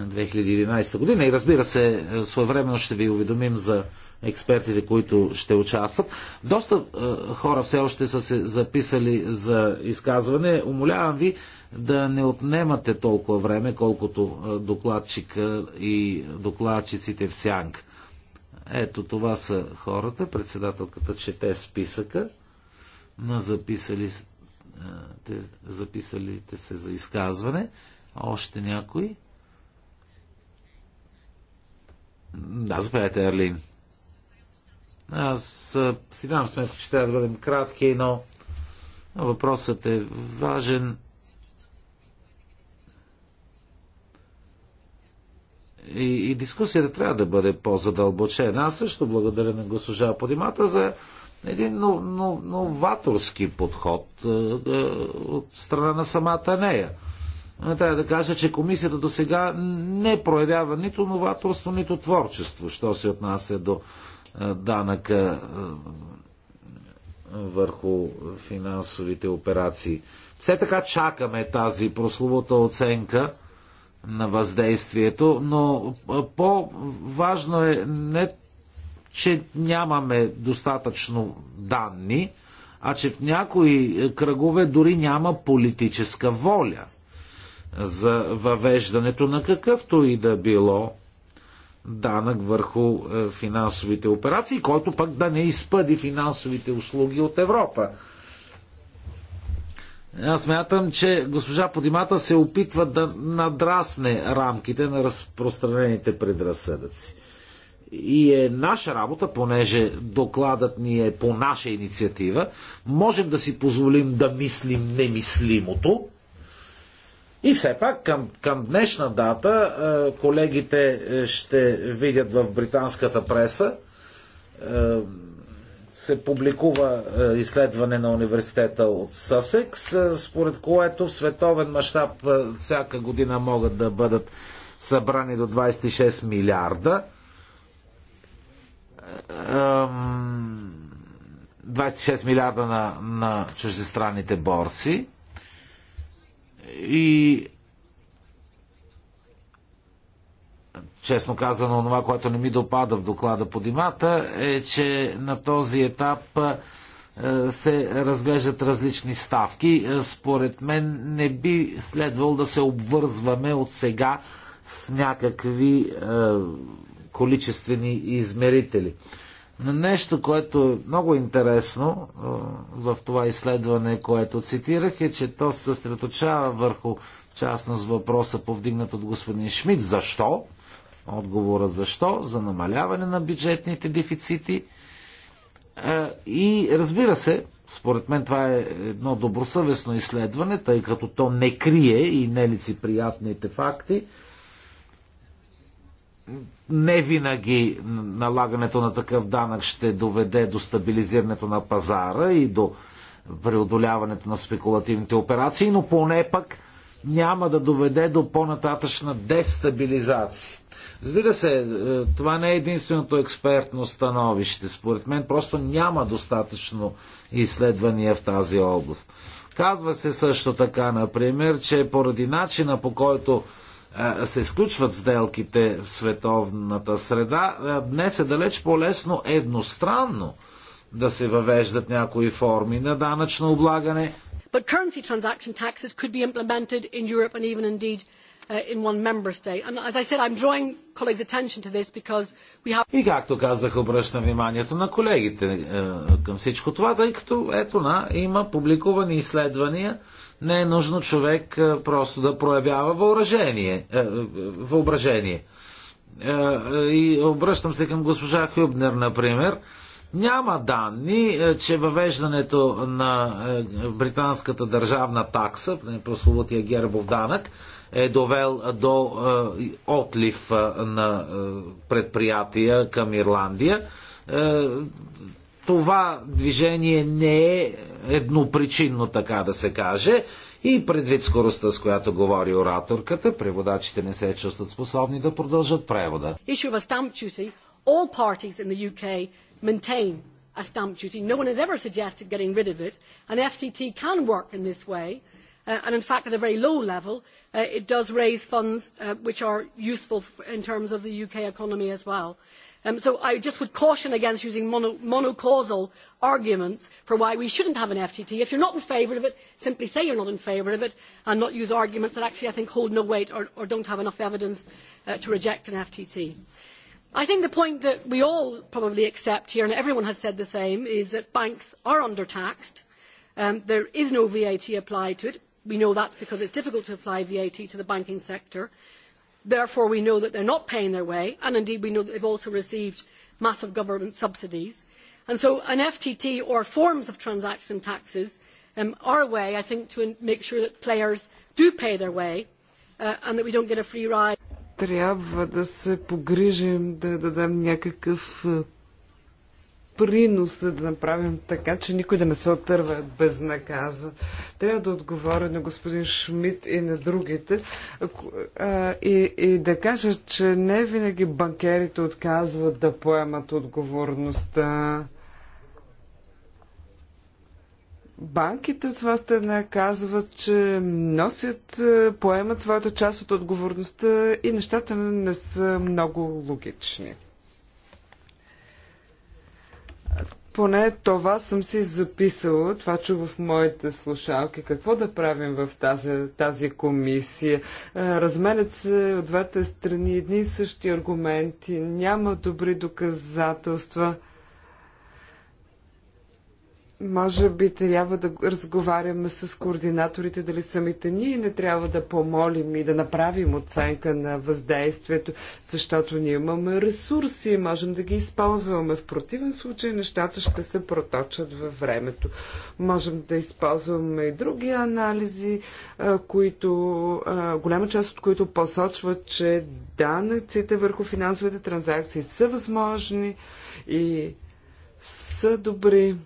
2011 е, година. И разбира се, е, своевременно ще ви уведомим за експертите, които ще участват. Доста е, хора все още са се записали за изказване. Умолявам ви да не отнемате толкова време, колкото е, докладчика и докладчиците в сянка. Ето това са хората. Председателката чете списъка на записали, те, записалите се за изказване. Още някой? Да, заповядайте, Арлин. Аз си дам сметка, че трябва да бъдем кратки, но въпросът е важен. И, и дискусията трябва да бъде по-задълбочена. Аз също благодаря на госпожа Подимата за един но, но, новаторски подход е, е от страна на самата нея. Е, трябва да кажа, че комисията до сега не проявява нито новаторство, нито творчество, що се отнася до е, данъка е, върху финансовите операции. Все така чакаме тази прословута оценка на въздействието, но по-важно е не, че нямаме достатъчно данни, а че в някои кръгове дори няма политическа воля за въвеждането на какъвто и да било данък върху е, финансовите операции, който пък да не изпъди финансовите услуги от Европа. Аз смятам, че госпожа Подимата се опитва да надрасне рамките на разпространените предразсъдъци. И е наша работа, понеже докладът ни е по наша инициатива, можем да си позволим да мислим немислимото. И все пак към, към днешна дата е, колегите ще видят в британската преса е, се публикува е, изследване на университета от Съсекс, е, според което в световен мащаб е, всяка година могат да бъдат събрани до 26 милиарда. 26 милиарда на, на чуждестранните борси. И честно казано, това, което не ми допада в доклада по димата, е, че на този етап е, се разглеждат различни ставки. Е, според мен не би следвало да се обвързваме от сега с някакви е, количествени измерители. Но нещо, което е много интересно е, в това изследване, което цитирах, е, че то се съсредоточава върху частност въпроса, повдигнат от господин Шмидт. Защо? Отговора защо? За намаляване на бюджетните дефицити. И разбира се, според мен това е едно добросъвестно изследване, тъй като то не крие и нелицеприятните факти. Не винаги налагането на такъв данък ще доведе до стабилизирането на пазара и до преодоляването на спекулативните операции, но поне пък няма да доведе до по-нататъчна дестабилизация. Разбира се, е, това не е единственото експертно становище. Според мен просто няма достатъчно изследвания в тази област. Казва се също така, например, че поради начина по който е, се изключват сделките в световната среда, е, днес е далеч по-лесно едностранно да се въвеждат някои форми на данъчно облагане. But currency transaction taxes could be implemented in Europe and even indeed Uh, in one member state. And as I said, I'm drawing colleagues' attention to this because we have... И както казах, обръщам вниманието на колегите е, към всичко това, тъй като ето на, има публикувани изследвания, не е нужно човек е, просто да проявява въоръжение, е, въображение. и обръщам се към госпожа Хюбнер, например, няма данни, че въвеждането на британската държавна такса, прословутия гербов данък, е довел до е, отлив е, на е, предприятия към Ирландия. Това движение не е еднопричинно, така да се каже. И предвид скоростта, с която говори ораторката, преводачите не се чувстват способни да продължат превода. maintain a stamp duty. No one has ever suggested getting rid of it. An FTT can work in this way and in fact at a very low level it does raise funds which are useful in terms of the UK economy as well. so I just would caution against using monocausal arguments for why we should not have an FTT. If you are not in favour of it, simply say you are not in favour of it and not use arguments that actually I think hold no weight or, do not have enough evidence to reject an FTT. I think the point that we all probably accept here, and everyone has said the same, is that banks are under taxed. there is no VAT applied to it We know that is because it is difficult to apply VAT to the banking sector. Therefore, we know that they are not paying their way, and indeed we know that they have also received massive government subsidies. And so an FTT or forms of transaction taxes are a way, I think, to make sure that players do pay their way and that we don't get a free ride. Трябва да се погрижим да дадем някакъв приноса да направим така, че никой да не се отърва наказа. Трябва да отговоря на господин Шмидт и на другите и, и да кажа, че не винаги банкерите отказват да поемат отговорността. Банките от вас те наказват, че носят, поемат своята част от отговорността и нещата не са много логични. Поне това съм си записала, това чу в моите слушалки. Какво да правим в тази, тази комисия? Е, разменят се от двете страни едни и същи аргументи, няма добри доказателства може би трябва да разговаряме с координаторите, дали самите ние не трябва да помолим и да направим оценка на въздействието, защото ние имаме ресурси и можем да ги използваме. В противен случай нещата ще се проточат във времето. Можем да използваме и други анализи, които, голяма част от които посочват, че данъците върху финансовите транзакции са възможни и са добри.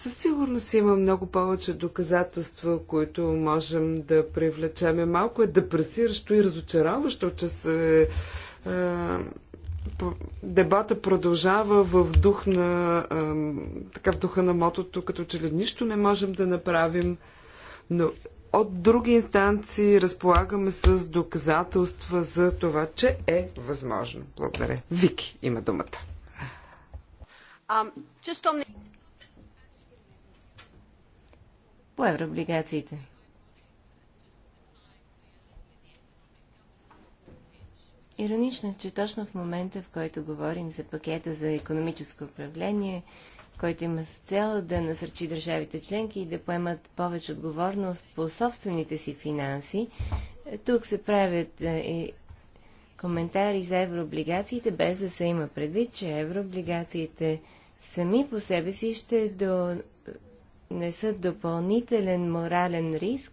Със сигурност има много повече доказателства, които можем да привлечем. Малко е депресиращо и разочароващо, че се е, дебата продължава в дух на, така в духа на мотото, като че ли нищо не можем да направим, но от други инстанции разполагаме с доказателства за това, че е възможно. Благодаря. Вики има думата. Um, on по еврооблигациите. Иронично е, че точно в момента, в който говорим за пакета за економическо управление, който има с цел да насърчи държавите членки и да поемат повече отговорност по собствените си финанси, тук се правят е, и коментари за еврооблигациите, без да се има предвид, че еврооблигациите сами по себе си ще до, несат допълнителен морален риск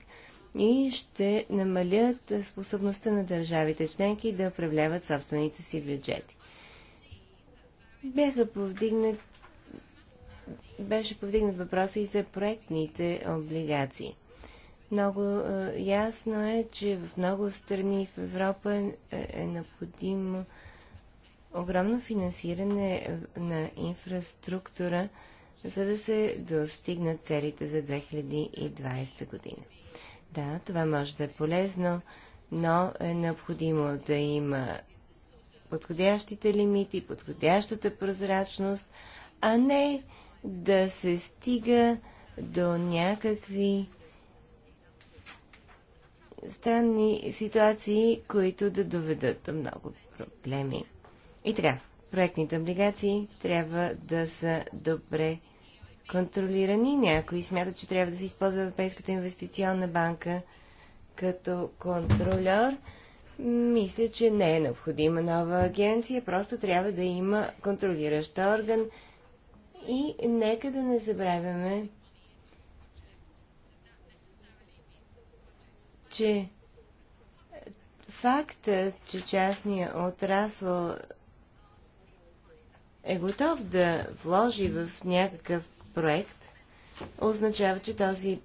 и ще намалят способността на държавите членки да управляват собствените си бюджети. Бяха повдигнат, беше повдигнат въпроса и за проектните облигации. Много е, ясно е, че в много страни в Европа е, е необходимо огромно финансиране е, на инфраструктура, за да се достигнат целите за 2020 година. Да, това може да е полезно, но е необходимо да има подходящите лимити, подходящата прозрачност, а не да се стига до някакви странни ситуации, които да доведат до много проблеми. И така, проектните облигации трябва да са добре контролирани. Някои смятат, че трябва да се използва Европейската инвестиционна банка като контролер. Мисля, че не е необходима нова агенция, просто трябва да има контролиращ орган. И нека да не забравяме, че факта, че частния отрасъл е готов да вложи в някакъв проект, означава, че този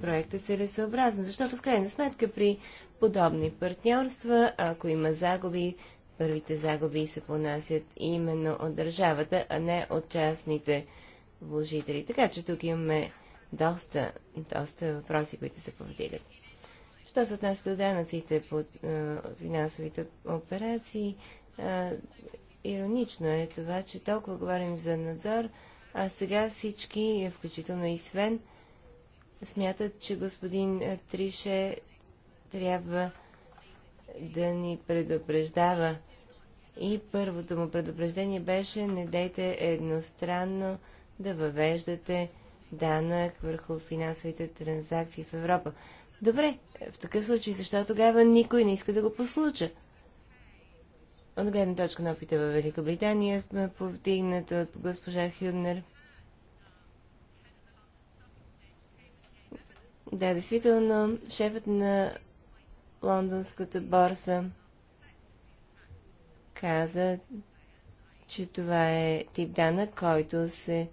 проект е целесообразен. Защото в крайна сметка при подобни партньорства, ако има загуби, първите загуби се понасят именно от държавата, а не от частните вложители. Така че тук имаме доста, доста въпроси, които се повдигат. Що се отнася до данъците под, от финансовите операции, а, иронично е това, че толкова говорим за надзор, а сега всички, включително и Свен, смятат, че господин Трише трябва да ни предупреждава. И първото му предупреждение беше не дейте едностранно да въвеждате данък върху финансовите транзакции в Европа. Добре, в такъв случай, защо тогава никой не иска да го послуча? От гледна точка на опита във Великобритания, повдигнат от госпожа Хюбнер. Да, действително, шефът на лондонската борса каза, че това е тип данък, който се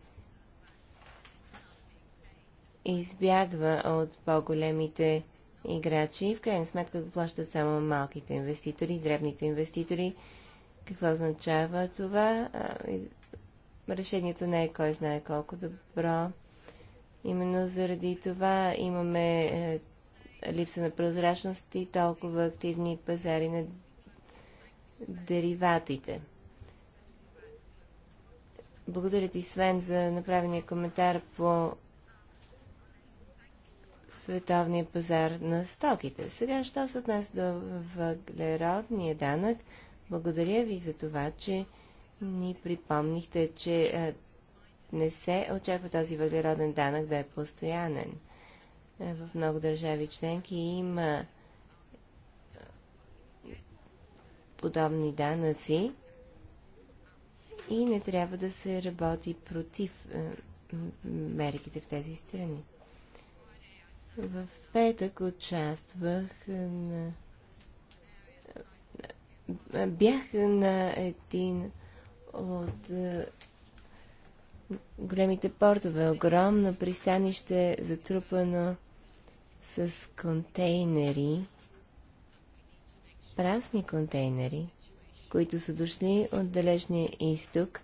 избягва от по-големите играчи. В крайна сметка го плащат само малките инвеститори, дребните инвеститори. Какво означава това? Решението не е кой знае колко добро. Именно заради това имаме е, липса на прозрачност и толкова активни пазари на дериватите. Благодаря ти, Свен, за направения коментар по световния пазар на стоките. Сега, що се отнася до въглеродния данък, благодаря ви за това, че ни припомнихте, че не се очаква този въглероден данък да е постоянен. В много държави членки има подобни данъци и не трябва да се работи против мерките в тези страни. В петък участвах на... Бях на един от е, големите портове. Огромно пристанище, затрупано с контейнери, прасни контейнери, които са дошли от далечния изток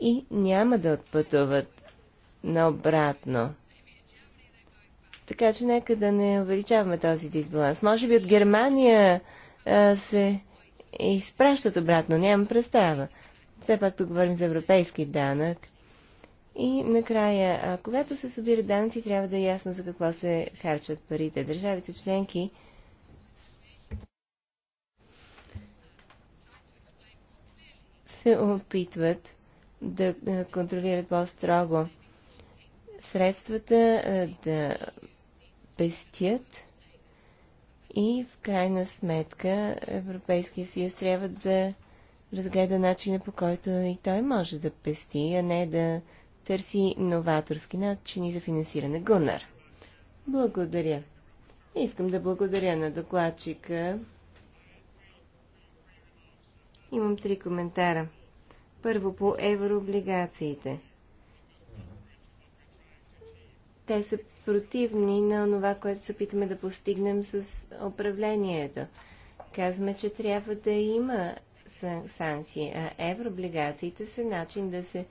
и няма да отпътуват наобратно. обратно така че нека да не увеличаваме този дисбаланс. Може би от Германия а, се изпращат обратно, нямам представа. Все пак тук говорим за европейски данък. И накрая, а, когато се събират данъци, трябва да е ясно за какво се харчат парите. Държавите членки се опитват да контролират по-строго средствата, да пестят и в крайна сметка Европейския съюз трябва да разгледа начина по който и той може да пести, а не да търси новаторски начини за финансиране. Гунар. Благодаря. Искам да благодаря на докладчика. Имам три коментара. Първо по еврооблигациите. Те са противни на това, което се опитаме да постигнем с управлението. Казваме, че трябва да има санкции, а еврооблигациите са начин да се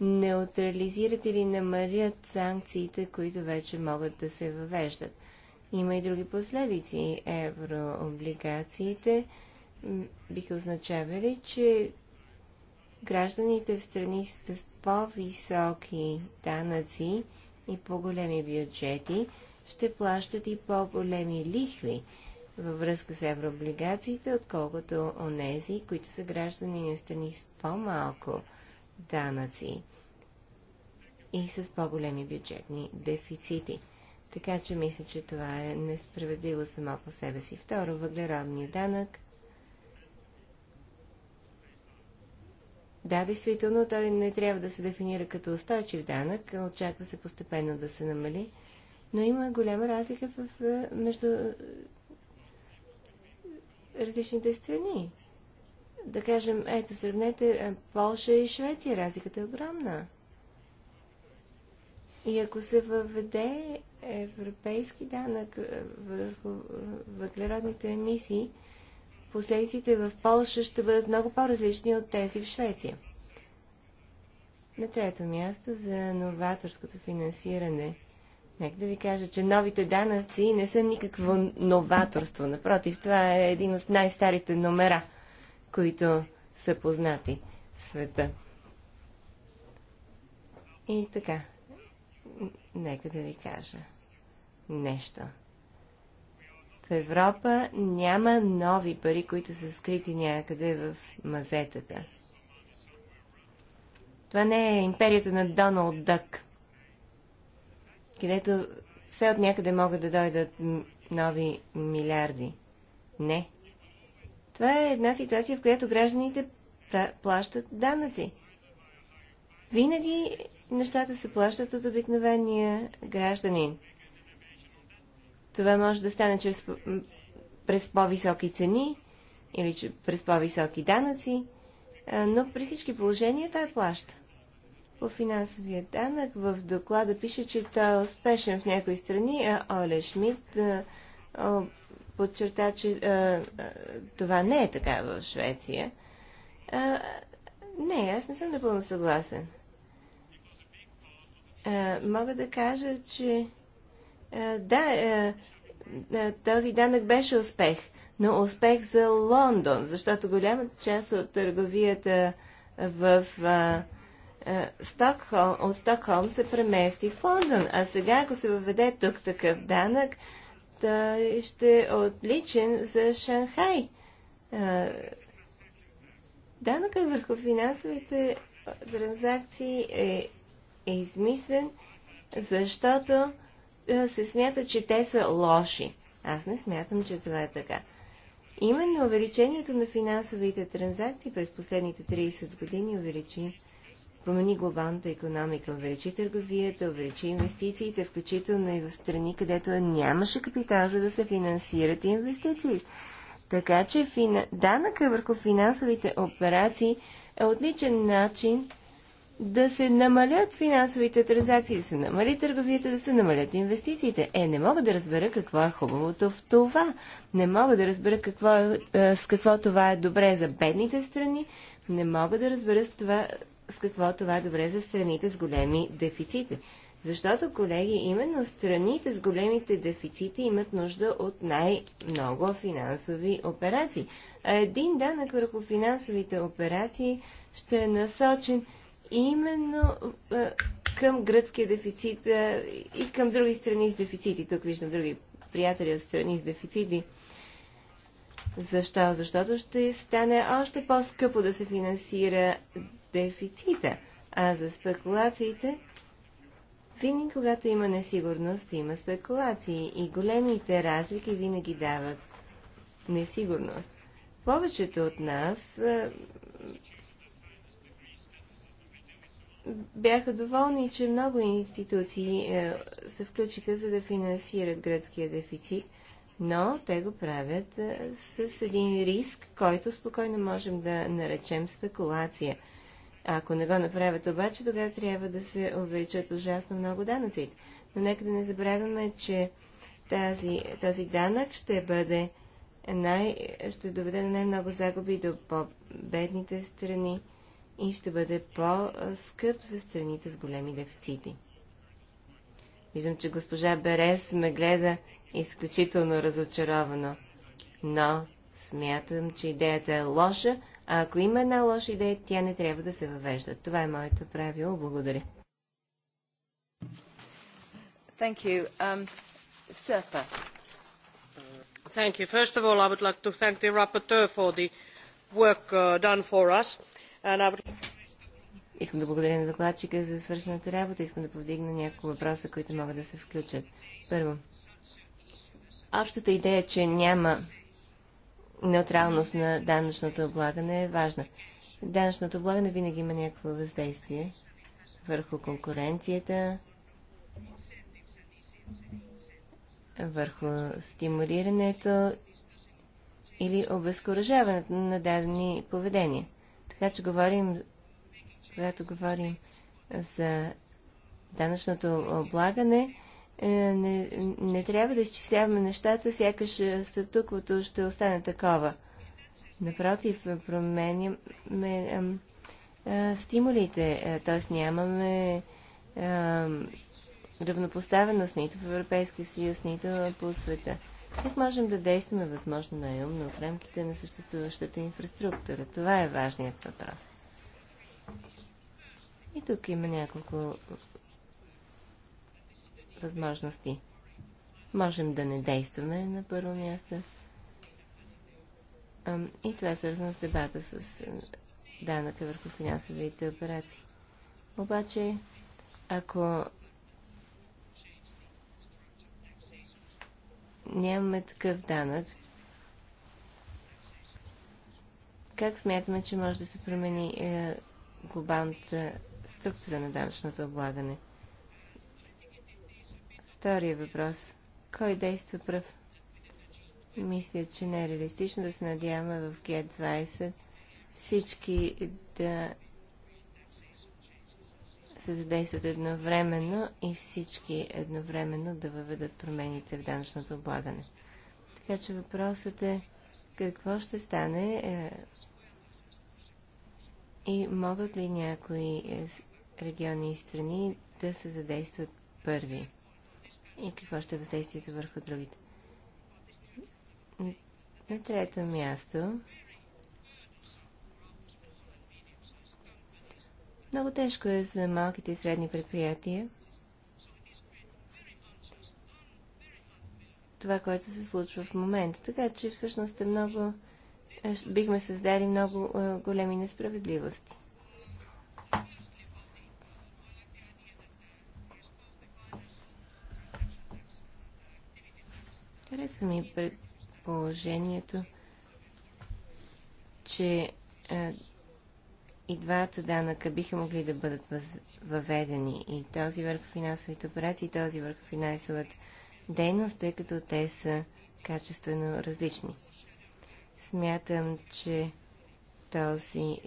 неутрализират или намалят санкциите, които вече могат да се въвеждат. Има и други последици. Еврооблигациите биха означавали, че гражданите в страни с по-високи данъци и по-големи бюджети ще плащат и по-големи лихви във връзка с еврооблигациите, отколкото онези, които са граждани на страни с по-малко данъци и с по-големи бюджетни дефицити. Така че мисля, че това е несправедливо само по себе си. Второ, въглеродния данък – Да, действително, той не трябва да се дефинира като устойчив данък, очаква се постепенно да се намали, но има голяма разлика в, в, между различните страни. Да кажем, ето, сравнете е, Полша и Швеция, разликата е огромна. И ако се въведе европейски данък е, върху е, въглеродните емисии, последиците в Польша ще бъдат много по-различни от тези в Швеция. На трето място за новаторското финансиране. Нека да ви кажа, че новите данъци не са никакво новаторство. Напротив, това е един от най-старите номера, които са познати в света. И така, нека да ви кажа нещо. Европа няма нови пари, които са скрити някъде в мазетата. Това не е империята на Доналд Дък, където все от някъде могат да дойдат нови милиарди. Не. Това е една ситуация, в която гражданите плащат данъци. Винаги нещата се плащат от обикновения гражданин. Това може да стане чрез, през по-високи цени или през по-високи данъци, но при всички положения той плаща. По финансовия данък в доклада пише, че той е успешен в някои страни, а Оле Шмидт подчерта, че това не е така в Швеция. Не, аз не съм напълно съгласен. Мога да кажа, че е, да, е, е, този данък беше успех, но успех за Лондон, защото голяма част от търговията в Стокхолм, от Стокхолм се премести в Лондон. А сега, ако се въведе тук такъв данък, той ще е отличен за Шанхай. Данъка върху финансовите транзакции е измислен, защото се смята, че те са лоши. Аз не смятам, че това е така. Именно увеличението на финансовите транзакции през последните 30 години увеличи, промени глобалната економика, увеличи търговията, увеличи инвестициите, включително и в страни, където нямаше капитал, за да се финансират инвестиции. Така че фина... данъка върху финансовите операции е отличен начин да се намалят финансовите транзакции, да се намали търговията, да се намалят инвестициите. Е, не мога да разбера какво е хубавото в това. Не мога да разбера какво е, е, с какво това е добре за бедните страни. Не мога да разбера с, това, с какво това е добре за страните с големи дефицити. Защото, колеги, именно страните с големите дефицити имат нужда от най-много финансови операции. А един данък върху финансовите операции ще е насочен именно към гръцкия дефицит и към други страни с дефицити. Тук виждам други приятели от страни с дефицити. Защо? Защото ще стане още по-скъпо да се финансира дефицита. А за спекулациите, винаги когато има несигурност, има спекулации и големите разлики винаги дават несигурност. Повечето от нас бяха доволни, че много институции е, се включиха за да финансират гръцкия дефицит, но те го правят е, с един риск, който спокойно можем да наречем спекулация. Ако не го направят обаче, тогава трябва да се увеличат ужасно много данъците. Но нека да не забравяме, че тази, този данък ще бъде най, ще доведе до най-много загуби до по-бедните страни и ще бъде по-скъп за страните с големи дефицити. Виждам, че госпожа Берес ме гледа изключително разочаровано, но смятам, че идеята е лоша, а ако има една лоша идея, тя не трябва да се въвежда. Това е моето правило. Благодаря. Thank you. Um, Serpa. Thank you. First of all, I would like to thank the rapporteur for the work uh, done for us Искам да благодаря на докладчика за свършената работа. Искам да повдигна няколко въпроса, които могат да се включат. Първо, общата идея, че няма неутралност на данъчното облагане е важна. Данъчното облагане винаги има някакво въздействие върху конкуренцията, върху стимулирането или обезкуражаването на дадени поведения. Когато говорим, когато говорим за данъчното облагане, е, не, не трябва да изчисляваме нещата, сякаш е, статуквото ще остане такова. Напротив, променяме стимулите, т.е. нямаме равнопоставеност нито в Европейския съюз, нито по света. Как можем да действаме възможно най-умно в рамките на съществуващата инфраструктура? Това е важният въпрос. И тук има няколко възможности. Можем да не действаме на първо място. И това е свързано с дебата с данъка върху финансовите операции. Обаче, ако нямаме такъв данък, как смятаме, че може да се промени е, глобалната структура на данъчното облагане? Втория въпрос. Кой действа пръв? Мисля, че не е реалистично да се надяваме в Г20 всички да се задействат едновременно и всички едновременно да въведат промените в данъчното облагане. Така че въпросът е какво ще стане е, и могат ли някои региони и страни да се задействат първи и какво ще е въздействието върху другите. На трето място Много тежко е за малките и средни предприятия. Това, което се случва в момента. Така че всъщност е много. Е, бихме създали много е, големи несправедливости. Харесва ми предположението, че е, и двата данъка биха могли да бъдат въведени. И този върху финансовите операции, и този върху финансовата дейност, тъй като те са качествено различни. Смятам, че този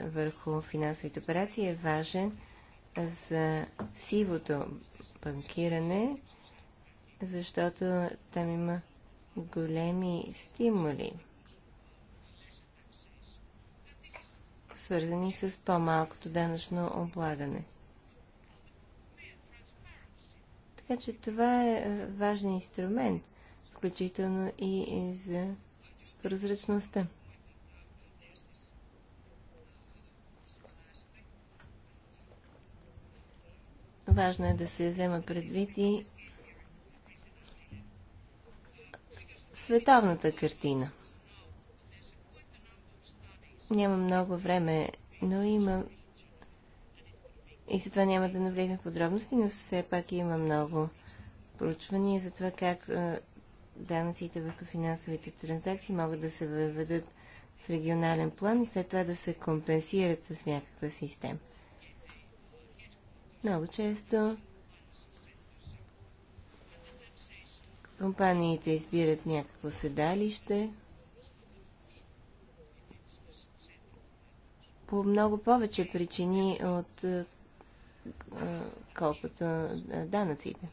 върху финансовите операции е важен за сивото банкиране, защото там има големи стимули. свързани с по-малкото данъчно облагане. Така че това е, е важен инструмент, включително и за прозрачността. Важно е да се взема предвид и световната картина – няма много време, но има... И затова няма да навлизам в подробности, но все пак има много проучвания за това как е, данъците върху финансовите транзакции могат да се въведат в регионален план и след това да се компенсират с някаква система. Много често компаниите избират някакво седалище, по много повече причини от е, е, колкото е, данъците.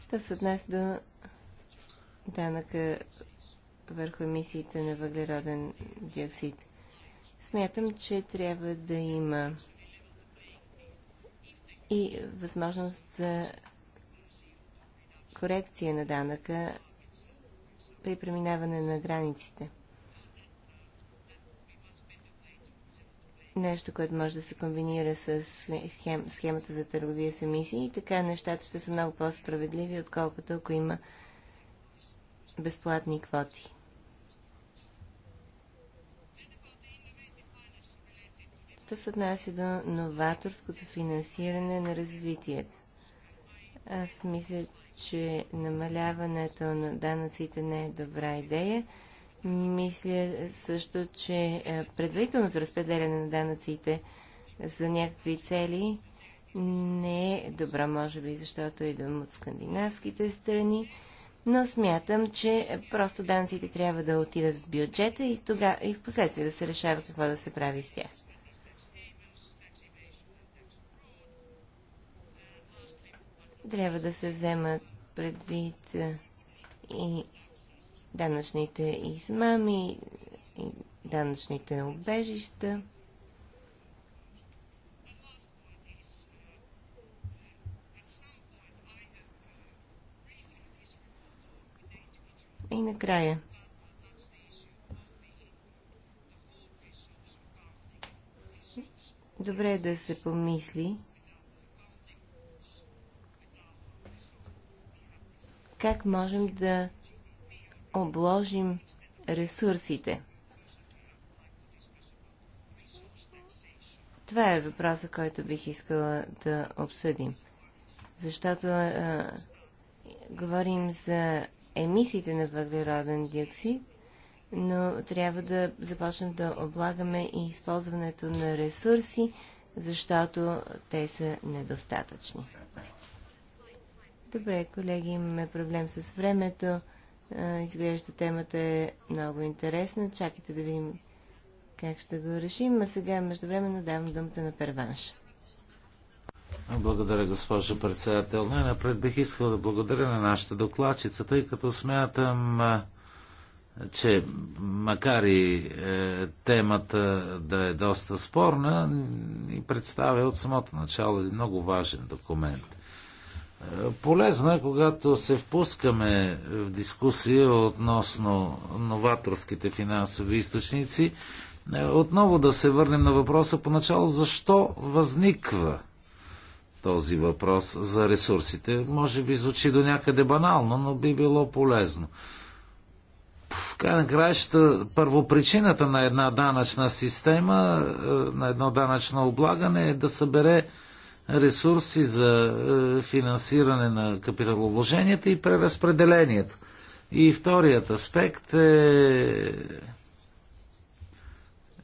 Що се днес до данъка върху емисиите на въглероден диоксид? Смятам, че трябва да има и възможност за корекция на данъка, при преминаване на границите. Нещо, което може да се комбинира с схем, схемата за търговия с емисии и така нещата ще са много по-справедливи, отколкото ако има безплатни квоти. Що се отнася до новаторското финансиране на развитието? Аз мисля, че намаляването на данъците не е добра идея. Мисля също, че е, предварителното разпределяне на данъците за някакви цели не е добра, може би, защото идвам от скандинавските страни, но смятам, че просто данците трябва да отидат в бюджета и, тога, и в последствие да се решава какво да се прави с тях. трябва да се вземат предвид е, и данъчните измами, и данъчните обежища. И накрая. Добре е да се помисли как можем да обложим ресурсите. Това е въпроса, който бих искала да обсъдим. Защото а, говорим за емисиите на въглероден диоксид, но трябва да започнем да облагаме и използването на ресурси, защото те са недостатъчни. Добре, колеги, имаме проблем с времето. Изглежда темата е много интересна. Чакайте да видим как ще го решим. А сега междувременно давам думата на перванш. Благодаря, госпожо председател. Най-напред бих искал да благодаря на нашата докладчица, тъй като смятам, че макар и е, темата да е доста спорна, ни представя от самото начало един много важен документ полезна, е, когато се впускаме в дискусия относно новаторските финансови източници, е, отново да се върнем на въпроса поначало, защо възниква този въпрос за ресурсите. Може би звучи до някъде банално, но би било полезно. В край на краища, първопричината на една данъчна система, е, на едно данъчно облагане е да събере ресурси за е, финансиране на капиталовложенията и преразпределението. И вторият аспект е,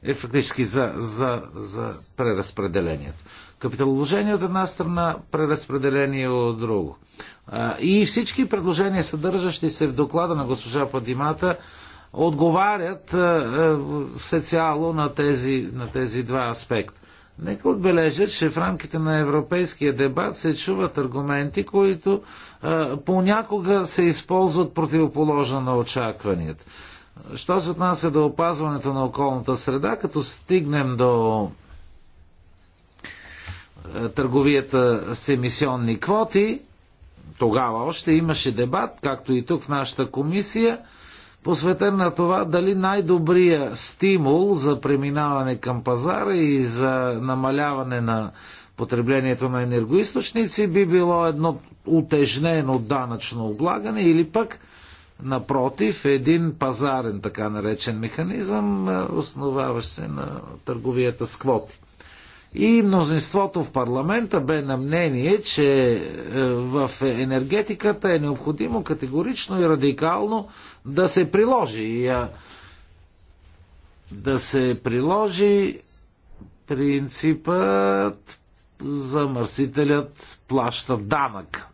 е фактически за, за, за преразпределението. Капиталовложение от една страна, преразпределение от друго. И всички предложения, съдържащи се в доклада на госпожа Падимата, отговарят е, е, всецяло на тези, на тези два аспекта. Нека отбележа, че в рамките на европейския дебат се чуват аргументи, които а, понякога се използват противоположно на очакванията. Що се отнася до опазването на околната среда, като стигнем до е, търговията с емисионни квоти, тогава още имаше дебат, както и тук в нашата комисия – посветен на това дали най-добрия стимул за преминаване към пазара и за намаляване на потреблението на енергоисточници би било едно утежнено данъчно облагане или пък напротив един пазарен така наречен механизъм, е, основаващ се на търговията с квоти. И мнозинството в парламента бе на мнение, че е, в енергетиката е необходимо категорично и радикално да се приложи. Да се приложи принципът замърсителят плаща данък.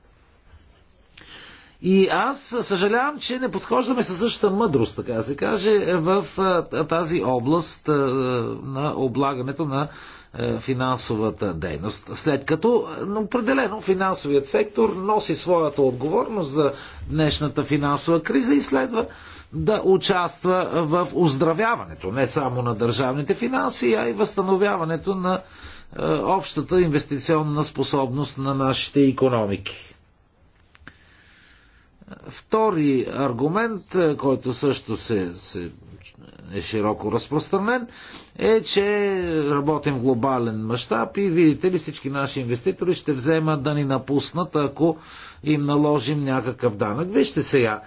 И аз съжалявам, че не подхождаме със същата мъдрост, така да се каже, в тази област на облагането на е, финансовата дейност. След като е, определено финансовият сектор носи своята отговорност за днешната финансова криза и следва да участва в оздравяването не само на държавните финанси, а и възстановяването на е, общата инвестиционна способност на нашите економики. Втори аргумент, който също се, се е широко разпространен, е, че работим в глобален мащаб и видите ли всички наши инвеститори ще вземат да ни напуснат, ако им наложим някакъв данък. Вижте сега,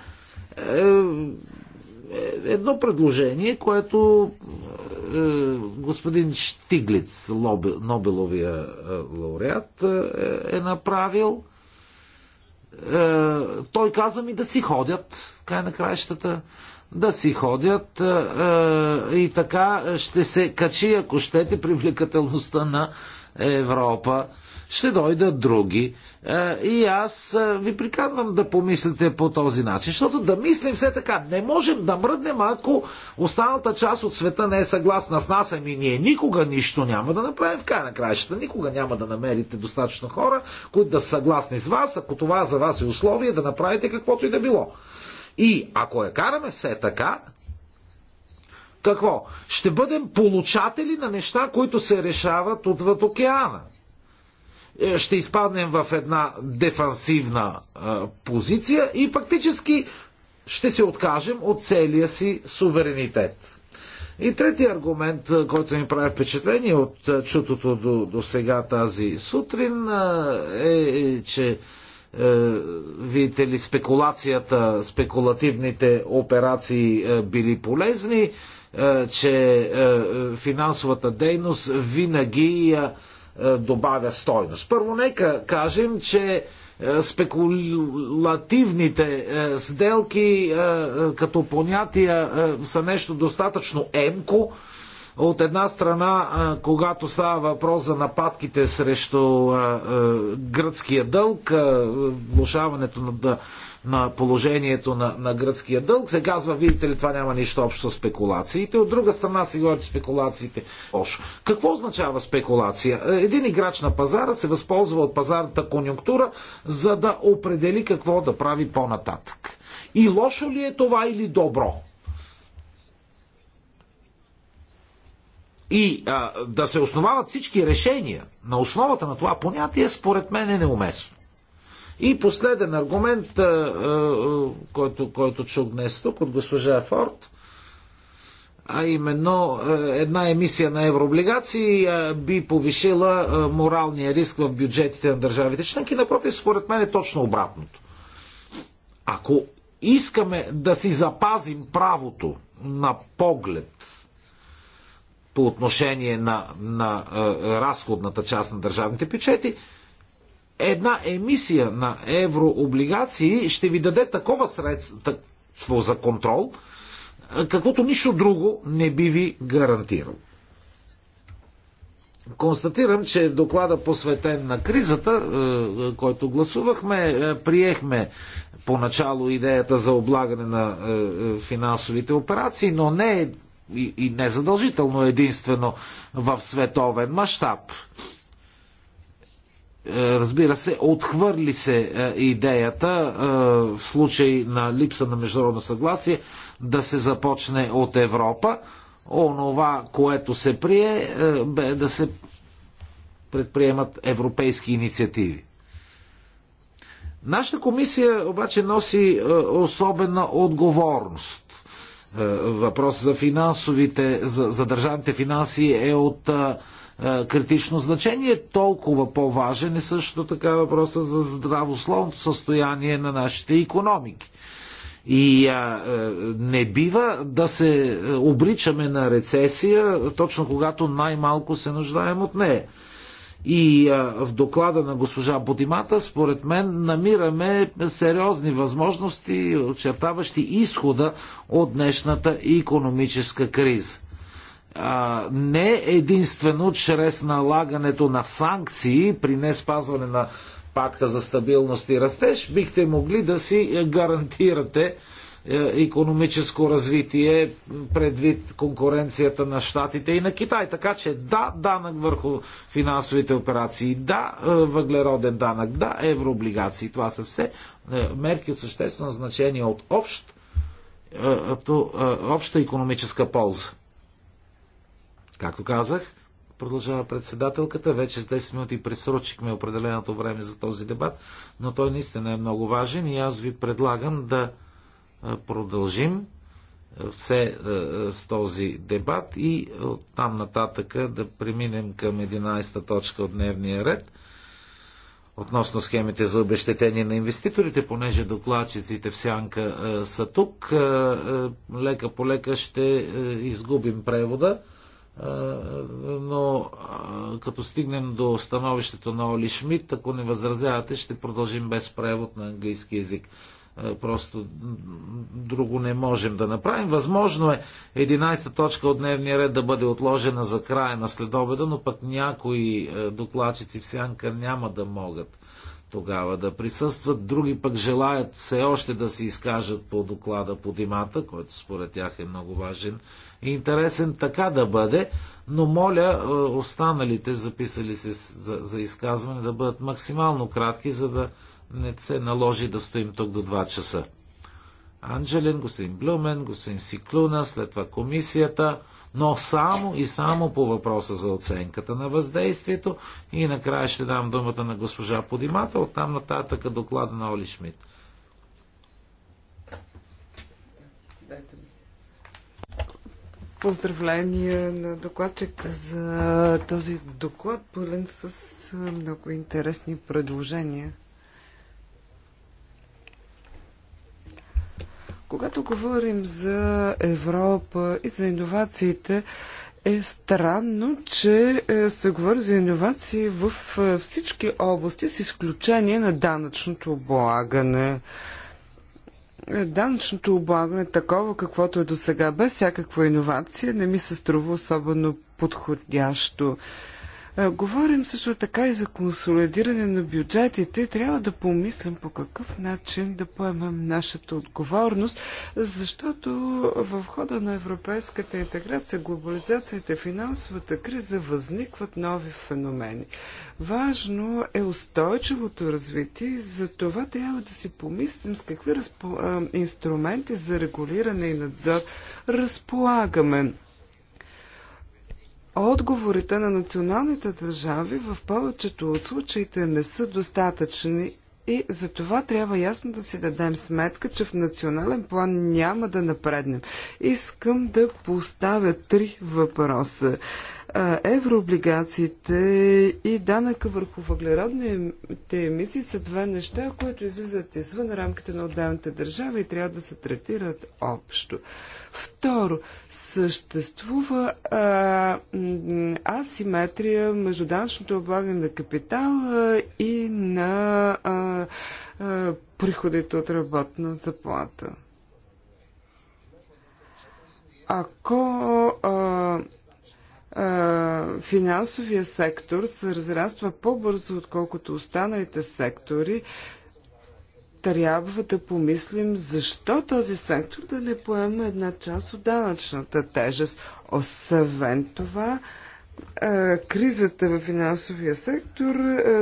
е, е, едно предложение, което е, господин Штиглиц, Нобеловия лауреат, е направил – е, той каза ми да си ходят, край на краищата, да си ходят е, е, и така ще се качи, ако щете, привлекателността на Европа, ще дойдат други. Е, и аз е, ви приканвам да помислите по този начин, защото да мислим все така. Не можем да мръднем, ако останалата част от света не е съгласна с нас, ами ние никога нищо няма да направим в край на краищата. Никога няма да намерите достатъчно хора, които да са съгласни с вас, ако това за вас е условие да направите каквото и да било. И ако я караме все така, какво? Ще бъдем получатели на неща, които се решават отвъд океана. Е, ще изпаднем в една дефансивна е, позиция и практически ще се откажем от целия си суверенитет. И третия аргумент, е, който ми прави впечатление от чутото до, до сега тази сутрин, е, е че видите ли, спекулацията, спекулативните операции били полезни. Е, че е, финансовата дейност винаги е, добавя стойност. Първо нека кажем, че спекулативните сделки като понятия са нещо достатъчно емко. От една страна, когато става въпрос за нападките срещу гръцкия дълг, влушаването на на положението на, на гръцкия дълг, се казва, видите ли, това няма нищо общо с спекулациите. От друга страна се говори, спекулациите лошо. Какво означава спекулация? Е, един играч на пазара се възползва от пазарната конюнктура, за да определи какво да прави по-нататък. И лошо ли е това или добро? И а, да се основават всички решения на основата на това понятие, според мен е неуместно. И последен аргумент, който, който чух днес тук от госпожа Форд, а именно една емисия на еврооблигации би повишила моралния риск в бюджетите на държавите членки. Напротив, според мен е точно обратното. Ако искаме да си запазим правото на поглед по отношение на, на разходната част на държавните бюджети, една емисия на еврооблигации ще ви даде такова средство за контрол, каквото нищо друго не би ви гарантирало. Констатирам, че доклада посветен на кризата, е, който гласувахме, е, приехме поначало идеята за облагане на е, финансовите операции, но не и не задължително единствено в световен мащаб. Е, разбира се, отхвърли се е, идеята е, в случай на липса на международно съгласие да се започне от Европа. Онова, което се прие, бе да се предприемат европейски инициативи. Нашата комисия обаче носи особена отговорност. Въпрос за финансовите, за, за държавните финанси е от е, критично значение. Толкова по-важен е също така въпроса за здравословното състояние на нашите економики. И а, е, е, не бива да се обричаме на рецесия, точно когато най-малко се нуждаем от нея. И а, в доклада на госпожа Бодимата, според мен, намираме сериозни възможности, очертаващи изхода от днешната економическа криза а, не единствено чрез налагането на санкции при не спазване на пакта за стабилност и растеж, бихте могли да си гарантирате економическо развитие предвид конкуренцията на Штатите и на Китай. Така че да, данък върху финансовите операции, да, е, въглероден данък, да, еврооблигации. Това са все е, мерки от съществено значение от общ, е, обща економическа полза. Както казах, продължава председателката, вече с 10 минути пресрочихме определеното време за този дебат, но той наистина е много важен и аз ви предлагам да е, продължим е, все е, с този дебат и от там нататъка да преминем към 11-та точка от дневния ред относно схемите за обещетение на инвеститорите, понеже докладчиците в сянка са тук. Лека по лека ще изгубим превода. Е, е, но като стигнем до становището на Оли Шмидт, ако не възразявате, ще продължим без превод на английски язик. Е, просто друго не можем да направим. Възможно е 11-та точка от дневния ред да бъде отложена за края на следобеда, но пък някои докладчици в сянка няма да могат тогава да присъстват. Други пък желаят все още да се изкажат по доклада по димата, който според тях е много важен и интересен. Така да бъде, но моля е, останалите, записали се за, за изказване, да бъдат максимално кратки, за да не се наложи да стоим тук до 2 часа. Анджелин, господин Блюмен, господин Сиклуна, след това комисията но само и само по въпроса за оценката на въздействието. И накрая ще дам думата на госпожа Подимата, оттам нататък доклада на Оли Шмидт. Поздравления на докладчик за този доклад, пълен с много интересни предложения. Когато говорим за Европа и за иновациите, е странно, че е, се говори за иновации в е, всички области, с изключение на данъчното облагане. Е, данъчното облагане такова, каквото е до сега, без всякаква иновация, не ми се струва особено подходящо. Е, говорим също така и за консолидиране на бюджетите. Трябва да помислим по какъв начин да поемем нашата отговорност, защото в хода на европейската интеграция, глобализацията и финансовата криза възникват нови феномени. Важно е устойчивото развитие, за това трябва да си помислим с какви разпо... инструменти за регулиране и надзор разполагаме отговорите на националните държави в повечето от случаите не са достатъчни и за това трябва ясно да си дадем сметка, че в национален план няма да напреднем. Искам да поставя три въпроса еврооблигациите и данъка върху въглеродните емисии са две неща, които излизат извън рамките на отделните държави и трябва да се третират общо. Второ, съществува а, асиметрия между данъчното облагане на капитала и на а, а, приходите от работна заплата. Ако а, финансовия сектор се разраства по-бързо, отколкото останалите сектори, трябва да помислим защо този сектор да не поема една част от данъчната тежест. Освен това, кризата в финансовия сектор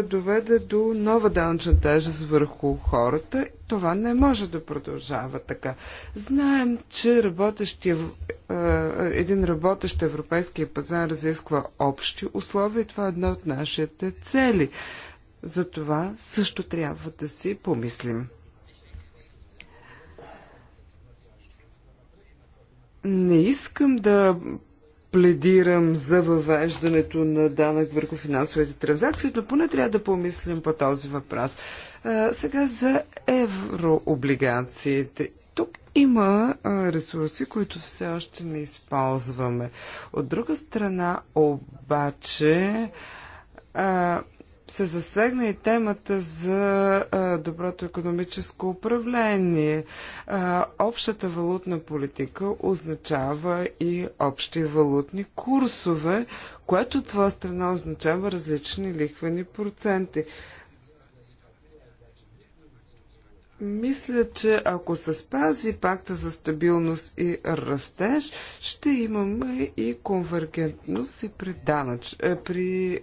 доведе до нова данъчна тежест върху хората. Това не може да продължава така. Знаем, че работещи, един работещ европейски пазар изисква общи условия и това е една от нашите цели. За това също трябва да си помислим. Не искам да пледирам за въвеждането на данък върху финансовите транзакции, но поне трябва да помислим по този въпрос. А, сега за еврооблигациите. Тук има ресурси, които все още не използваме. От друга страна, обаче, а, се засегна и темата за доброто економическо управление. Общата валутна политика означава и общи валутни курсове, което от своя страна означава различни лихвени проценти. Мисля, че ако се спази пакта за стабилност и растеж, ще имаме и конвергентност и при, данъч, е, при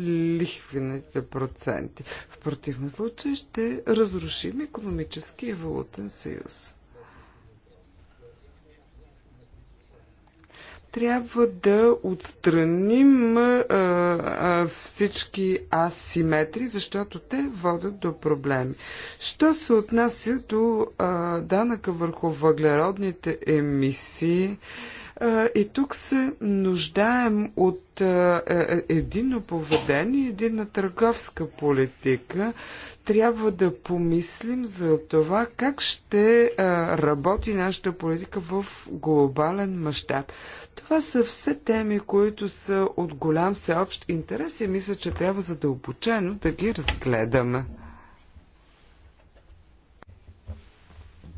лихвените проценти. В противен случай ще разрушим економически и валутен съюз. трябва да отстраним а, а, всички асиметрии, защото те водят до проблеми. Що се отнася до а, данъка върху въглеродните емисии, а, и тук се нуждаем от е, е, едино поведение, една търговска политика. Трябва да помислим за това как ще работи нашата политика в глобален мащаб. Това са все теми, които са от голям всеобщ интерес и мисля, че трябва задълбочено да ги разгледаме.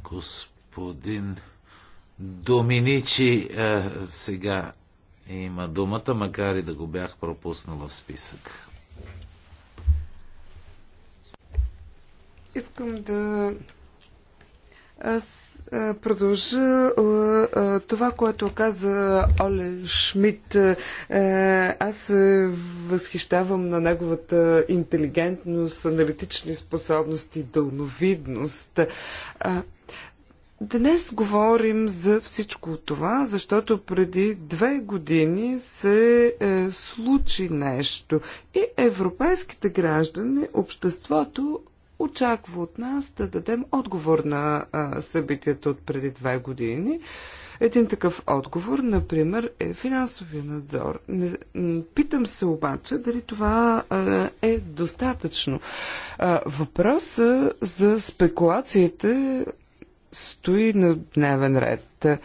Господин Доминичи а, е, сега има думата, макар и да го бях пропуснала в списък. Искам да аз е, продължа е, това, което каза Оле Шмидт. Аз се възхищавам на неговата интелигентност, аналитични способности, дълновидност. Днес говорим за всичко това, защото преди две години се е, случи нещо и европейските граждани, обществото очаква от нас да дадем отговор на е, събитията от преди две години. Един такъв отговор, например, е финансовия надзор. Не, питам се обаче дали това а, е достатъчно. А, въпроса за спекулациите стои на дневен ред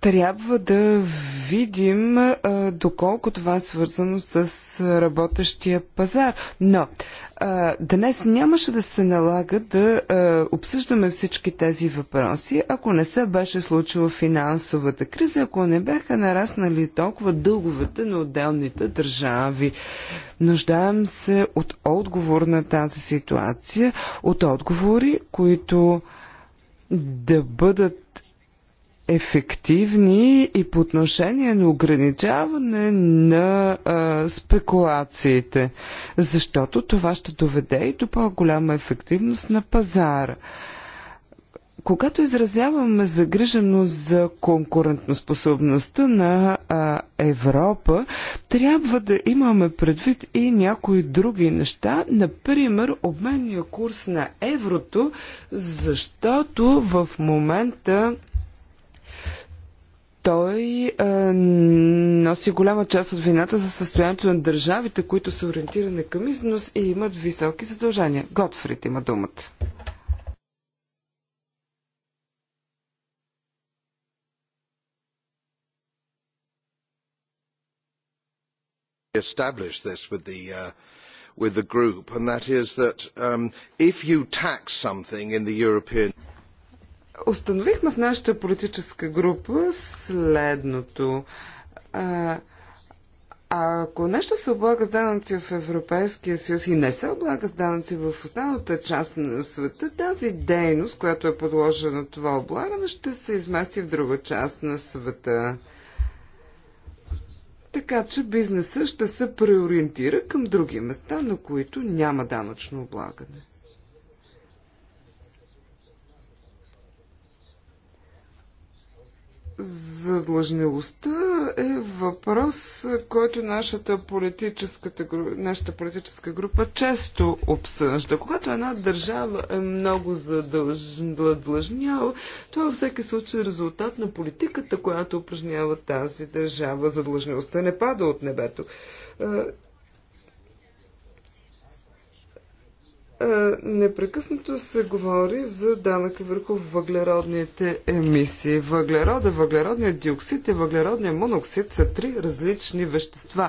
трябва да видим а, доколко това е свързано с работещия пазар. Но а, днес нямаше да се налага да а, обсъждаме всички тези въпроси, ако не се беше случила финансовата криза, ако не бяха нараснали толкова дълговете на отделните държави. Нуждаем се от отговор на тази ситуация, от отговори, които да бъдат ефективни и по отношение на ограничаване на а, спекулациите, защото това ще доведе и до по-голяма ефективност на пазара. Когато изразяваме загриженост за конкурентноспособността на а, Европа, трябва да имаме предвид и някои други неща, например обменния курс на еврото, защото в момента той е, носи голяма част от вината за състоянието на държавите, които са ориентирани към износ и имат високи задължения. Готфрид има думата. established this with the uh, with the group and that is that um, if you tax something in the European установихме в нашата политическа група следното. А, ако нещо се облага с данъци в Европейския съюз и не се облага с данъци в останалата част на света, тази дейност, която е подложена на това облагане, ще се измести в друга част на света. Така че бизнесът ще се преориентира към други места, на които няма данъчно облагане. Задлъжнилостта е въпрос, който нашата, нашата политическа група често обсъжда. Когато една държава е много задлъжняла, това във всеки случай е резултат на политиката, която упражнява тази държава. Задлъжнилостта не пада от небето. Е, Е, непрекъснато се говори за данъка върху въглеродните емисии. Въглерода, въглеродният диоксид и въглеродният моноксид са три различни вещества.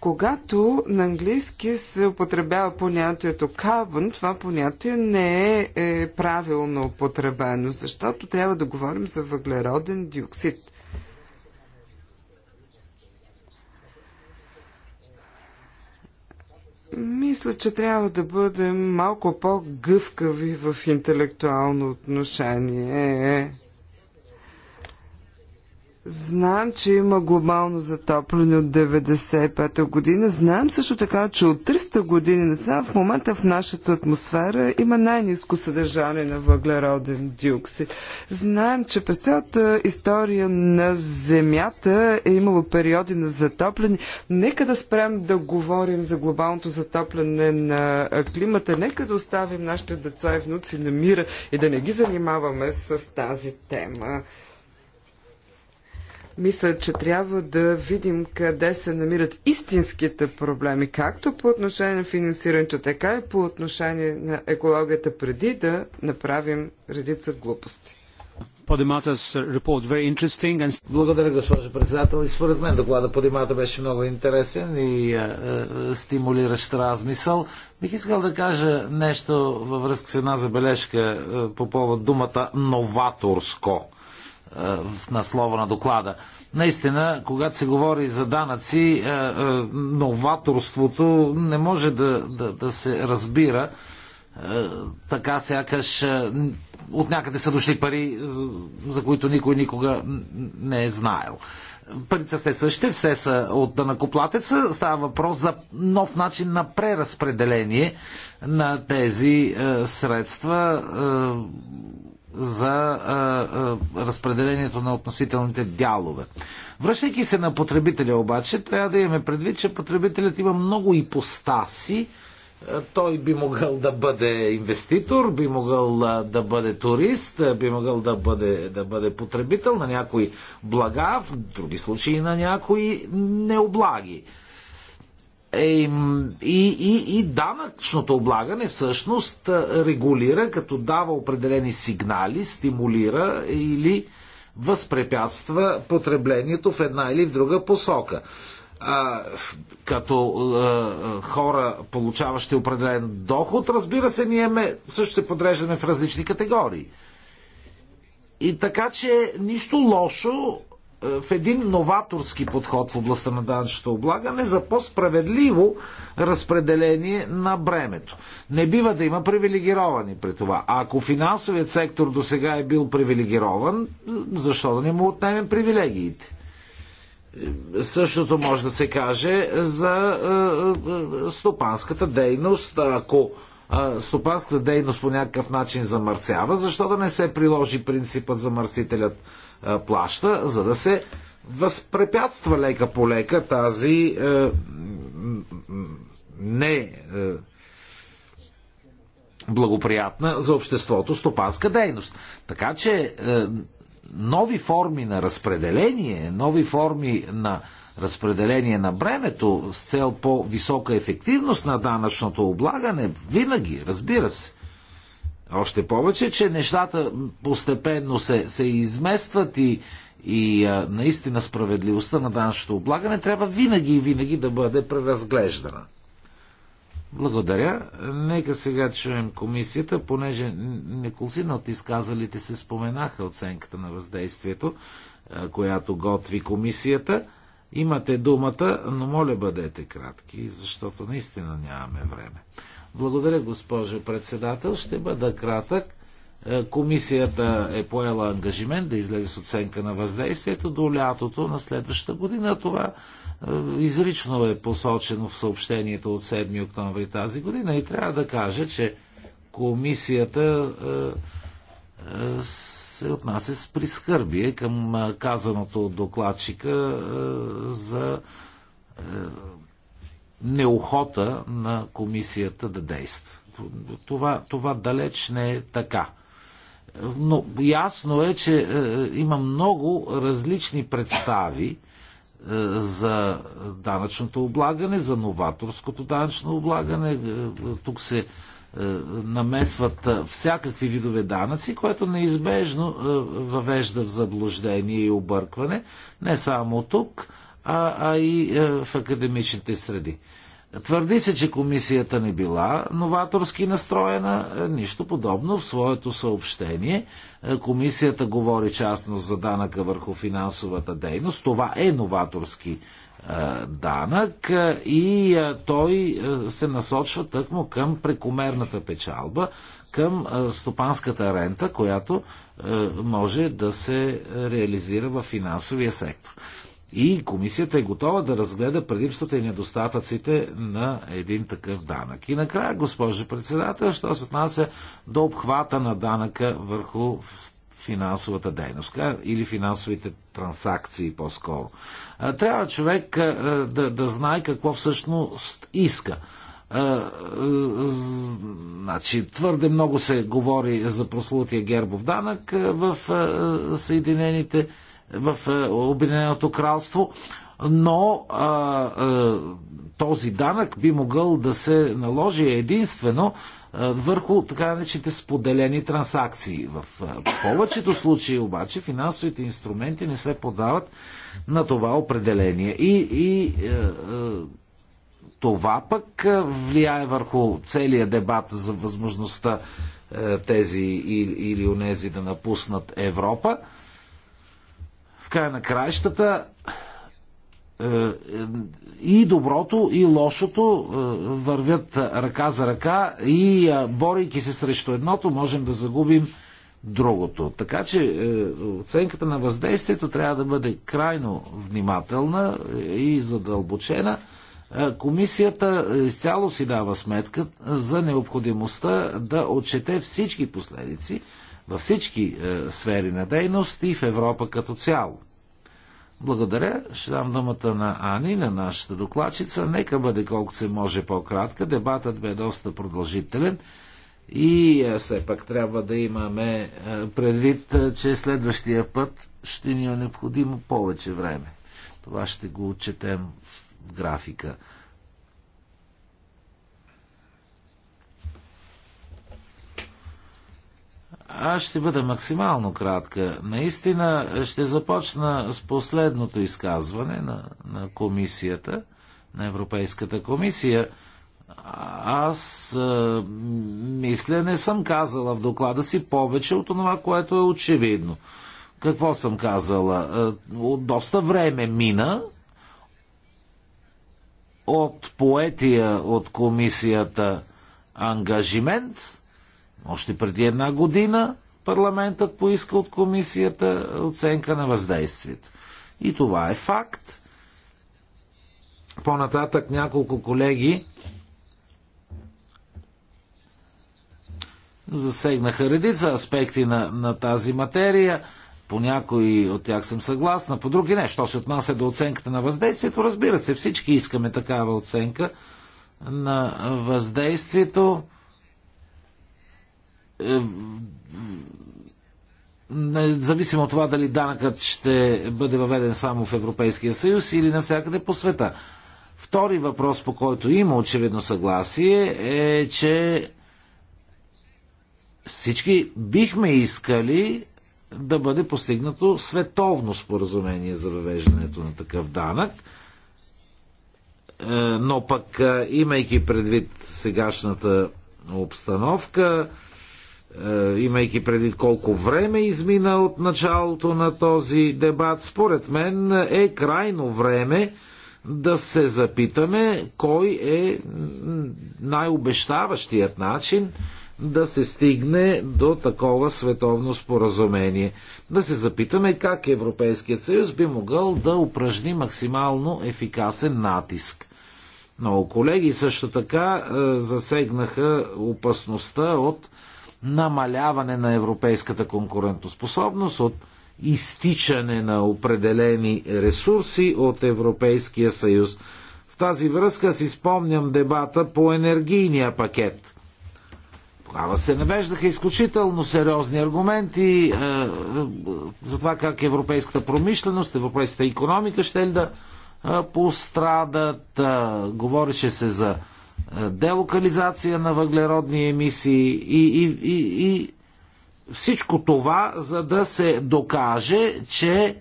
Когато на английски се употребява понятието carbon, това понятие не е, е правилно употребено, защото трябва да говорим за въглероден диоксид. Мисля, че трябва да бъдем малко по-гъвкави в интелектуално отношение. Знам, че има глобално затопляне от 95-та година. Знам също така, че от 300 години насам в момента в нашата атмосфера има най-низко съдържание на въглероден диоксид. Знаем, че през цялата история на Земята е имало периоди на затопляне. Нека да спрем да говорим за глобалното затопляне на климата. Нека да оставим нашите деца и внуци на мира и да не ги занимаваме с тази тема. Мисля, че трябва да видим къде се намират истинските проблеми, както по отношение на финансирането, така и по отношение на екологията, преди да направим редица глупости. Благодаря, госпожо председател. И според мен доклада Подимата беше много интересен и е, е, стимулиращ размисъл. Бих искал да кажа нещо във връзка с една забележка е, по повод думата новаторско. Е, на слова на доклада. Наистина, когато се говори за данъци, е, е, новаторството не може да, да, да се разбира така сякаш от някъде са дошли пари, за които никой никога не е знаел. Парите все същите, все са от данакоплатеца. Става въпрос за нов начин на преразпределение на тези средства за а, а, разпределението на относителните дялове. Връщайки се на потребителя обаче, трябва да имаме предвид, че потребителят има много ипостаси. Той би могъл да бъде инвеститор, би могъл да бъде турист, би могъл да бъде, да бъде потребител на някои блага, в други случаи на някои необлаги. Е, и, и, и данъчното облагане всъщност е, регулира, като дава определени сигнали, стимулира или възпрепятства потреблението в една или в друга посока. А, като а, е, хора, получаващи определен доход, разбира се, ние ме, също се подреждаме в различни категории. И така, че нищо лошо в един новаторски подход в областта на данъчното облагане за по-справедливо разпределение на бремето. Не бива да има привилегировани при това. А ако финансовият сектор до сега е бил привилегирован, защо да не му отнемем привилегиите? Същото може да се каже за е, е, е, стопанската дейност. Ако стопанската дейност по някакъв начин замърсява, защо да не се приложи принципът замърсителят плаща, за да се възпрепятства лека по лека тази е, не е, благоприятна за обществото стопанска дейност. Така че е, нови форми на разпределение, нови форми на разпределение на бремето с цел по-висока ефективност на данъчното облагане винаги, разбира се, още повече, че нещата постепенно се, се изместват и, и а, наистина справедливостта на данъчното облагане трябва винаги и винаги да бъде преразглеждана. Благодаря. Нека сега чуем комисията, понеже неколцина от изказалите се споменаха оценката на въздействието, която готви комисията. Имате думата, но моля бъдете кратки, защото наистина нямаме време. Благодаря, госпожо председател. Ще бъда кратък. Е, комисията е поела ангажимент да излезе с оценка на въздействието до лятото на следващата година. Това е, изрично е посочено в съобщението от 7 октомври тази година и трябва да кажа, че комисията е, се отнася с прискърбие към казаното от докладчика за неохота на комисията да действа. Това, това далеч не е така. Но ясно е, че е, има много различни представи е, за данъчното облагане, за новаторското данъчно облагане. Е, тук се намесват всякакви видове данъци, което неизбежно въвежда в заблуждение и объркване. Не само тук, а, а и е, в академичните среди. Твърди се, че комисията не била новаторски настроена, е, нищо подобно. В своето съобщение е, комисията говори частно за данъка върху финансовата дейност. Това е новаторски данък и той се насочва тъкмо към прекомерната печалба, към стопанската рента, която може да се реализира в финансовия сектор. И комисията е готова да разгледа предимствата и недостатъците на един такъв данък. И накрая, госпожо председател, що се отнася до обхвата на данъка върху финансовата дейност или финансовите транзакции по-скоро. Трябва човек да, да знае какво всъщност иска. Значи, твърде много се говори за прослутия гербов данък в Съединените в е, Обединеното кралство, но а, а, този данък би могъл да се наложи единствено а, върху така наречените споделени транзакции. В а, повечето случаи обаче финансовите инструменти не се подават на това определение. И, и а, е, а, е, това пък влияе върху целият дебат за възможността а, тези или, или унези да напуснат Европа. А, края на краищата е, е, и доброто, и лошото е, вървят ръка за ръка и борейки се срещу едното, можем да загубим другото. Така че оценката на въздействието трябва да бъде крайно внимателна и задълбочена. Комисията изцяло си дава сметка за необходимостта да отчете всички последици във всички е, сфери на дейност и в Европа като цяло. Благодаря. Ще дам думата на Ани, на нашата докладчица. Нека бъде колкото се може по-кратка. Дебатът бе доста продължителен. И е, все пак трябва да имаме е, предвид, е, че следващия път ще ни е необходимо повече време. Това ще го отчетем в графика. Аз ще бъда максимално кратка. Наистина ще започна с последното изказване на, на комисията, на Европейската комисия. Аз а, мисля, не съм казала в доклада си повече от това, което е очевидно. Какво съм казала? От доста време мина от поетия от комисията ангажимент още преди една година парламентът поиска от комисията оценка на въздействието. И това е факт. По-нататък няколко колеги засегнаха редица аспекти на, на тази материя. По някои от тях съм съгласна, по други не. Що се отнася до оценката на въздействието, разбира се, всички искаме такава оценка на въздействието. Е, независимо от това дали данъкът ще бъде въведен само в Европейския съюз или навсякъде по света. Втори въпрос, по който има очевидно съгласие, е, че всички бихме искали да бъде постигнато световно споразумение за въвеждането на такъв данък, е, но пък е, имайки предвид сегашната обстановка, е, имайки преди колко време измина от началото на този дебат, според мен е крайно време да се запитаме кой е най-обещаващият начин да се стигне до такова световно споразумение. Да се запитаме как Европейският съюз би могъл да упражни максимално ефикасен натиск. Много колеги също така е, засегнаха опасността от намаляване на европейската конкурентоспособност, от изтичане на определени ресурси от Европейския съюз. В тази връзка си спомням дебата по енергийния пакет. Тогава се навеждаха изключително сериозни аргументи е, е, за това как европейската промишленост, европейската економика ще ли да е, пострадат. Е, говореше се за е, делокализация на въглеродни емисии и, и, и, и всичко това, за да се докаже, че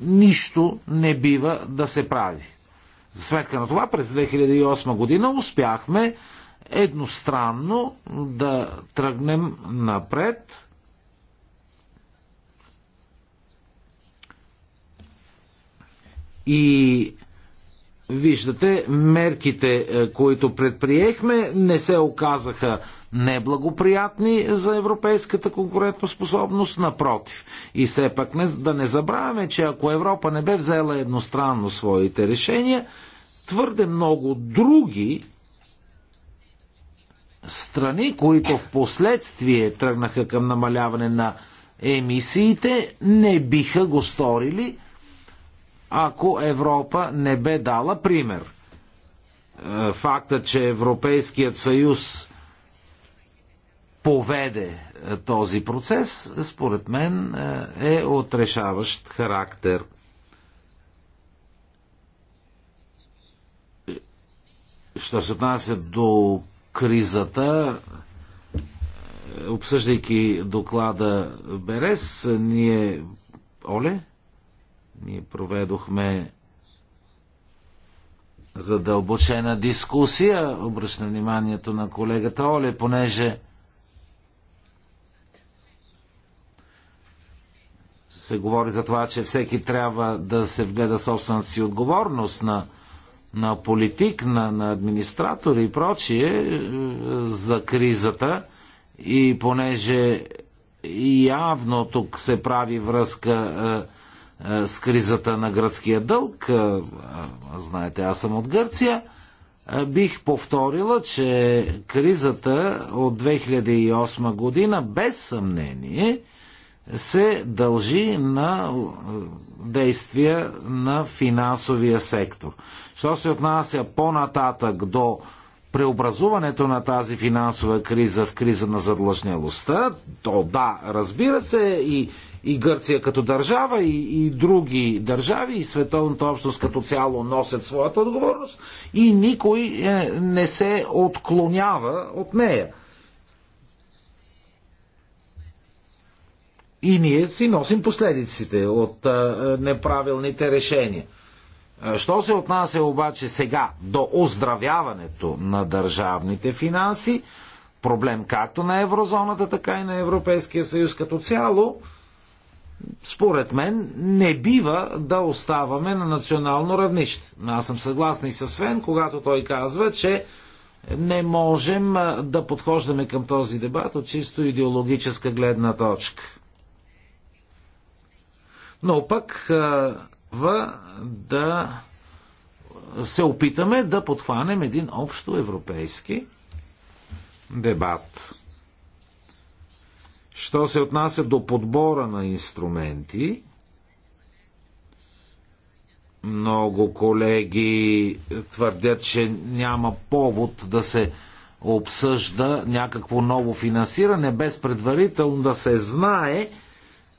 нищо не бива да се прави. За сметка на това, през 2008 година успяхме едностранно да тръгнем напред. И Виждате, мерките, е, които предприехме, не се оказаха неблагоприятни за европейската конкурентоспособност, напротив. И все пак не, да не забравяме, че ако Европа не бе взела едностранно своите решения, твърде много други страни, които в последствие тръгнаха към намаляване на емисиите, не биха го сторили – ако Европа не бе дала пример. Е, факта, че Европейският съюз поведе е, този процес, според мен е, е отрешаващ характер. Що се отнася до кризата, обсъждайки доклада Берес, ние... Оле? Ние проведохме задълбочена дискусия, обръща вниманието на колегата Оле, понеже се говори за това, че всеки трябва да се вгледа собствената си отговорност на, на политик, на, на администратор и прочие е, за кризата. И понеже явно тук се прави връзка е, е, с кризата на гръцкия дълг, е, е, знаете, аз съм от Гърция, бих повторила, че кризата от 2008 година без съмнение се дължи на действия на финансовия сектор. Що се отнася по-нататък до преобразуването на тази финансова криза в криза на задлъжнялостта, то да, разбира се, и, и Гърция като държава, и, и други държави, и световната общност като цяло носят своята отговорност, и никой е, не се отклонява от нея. И ние си носим последиците от е, неправилните решения. Е, що се отнася обаче сега до оздравяването на държавните финанси, проблем както на еврозоната, така и на Европейския съюз като цяло, според мен, не бива да оставаме на национално равнище. Аз съм съгласен и с Свен, когато той казва, че не можем да подхождаме към този дебат от чисто идеологическа гледна точка. Но пък в да се опитаме да подхванем един общо европейски дебат. Що се отнася до подбора на инструменти, много колеги твърдят, че няма повод да се обсъжда някакво ново финансиране, без предварително да се знае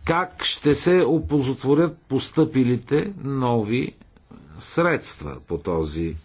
как ще се опозотворят постъпилите нови средства по този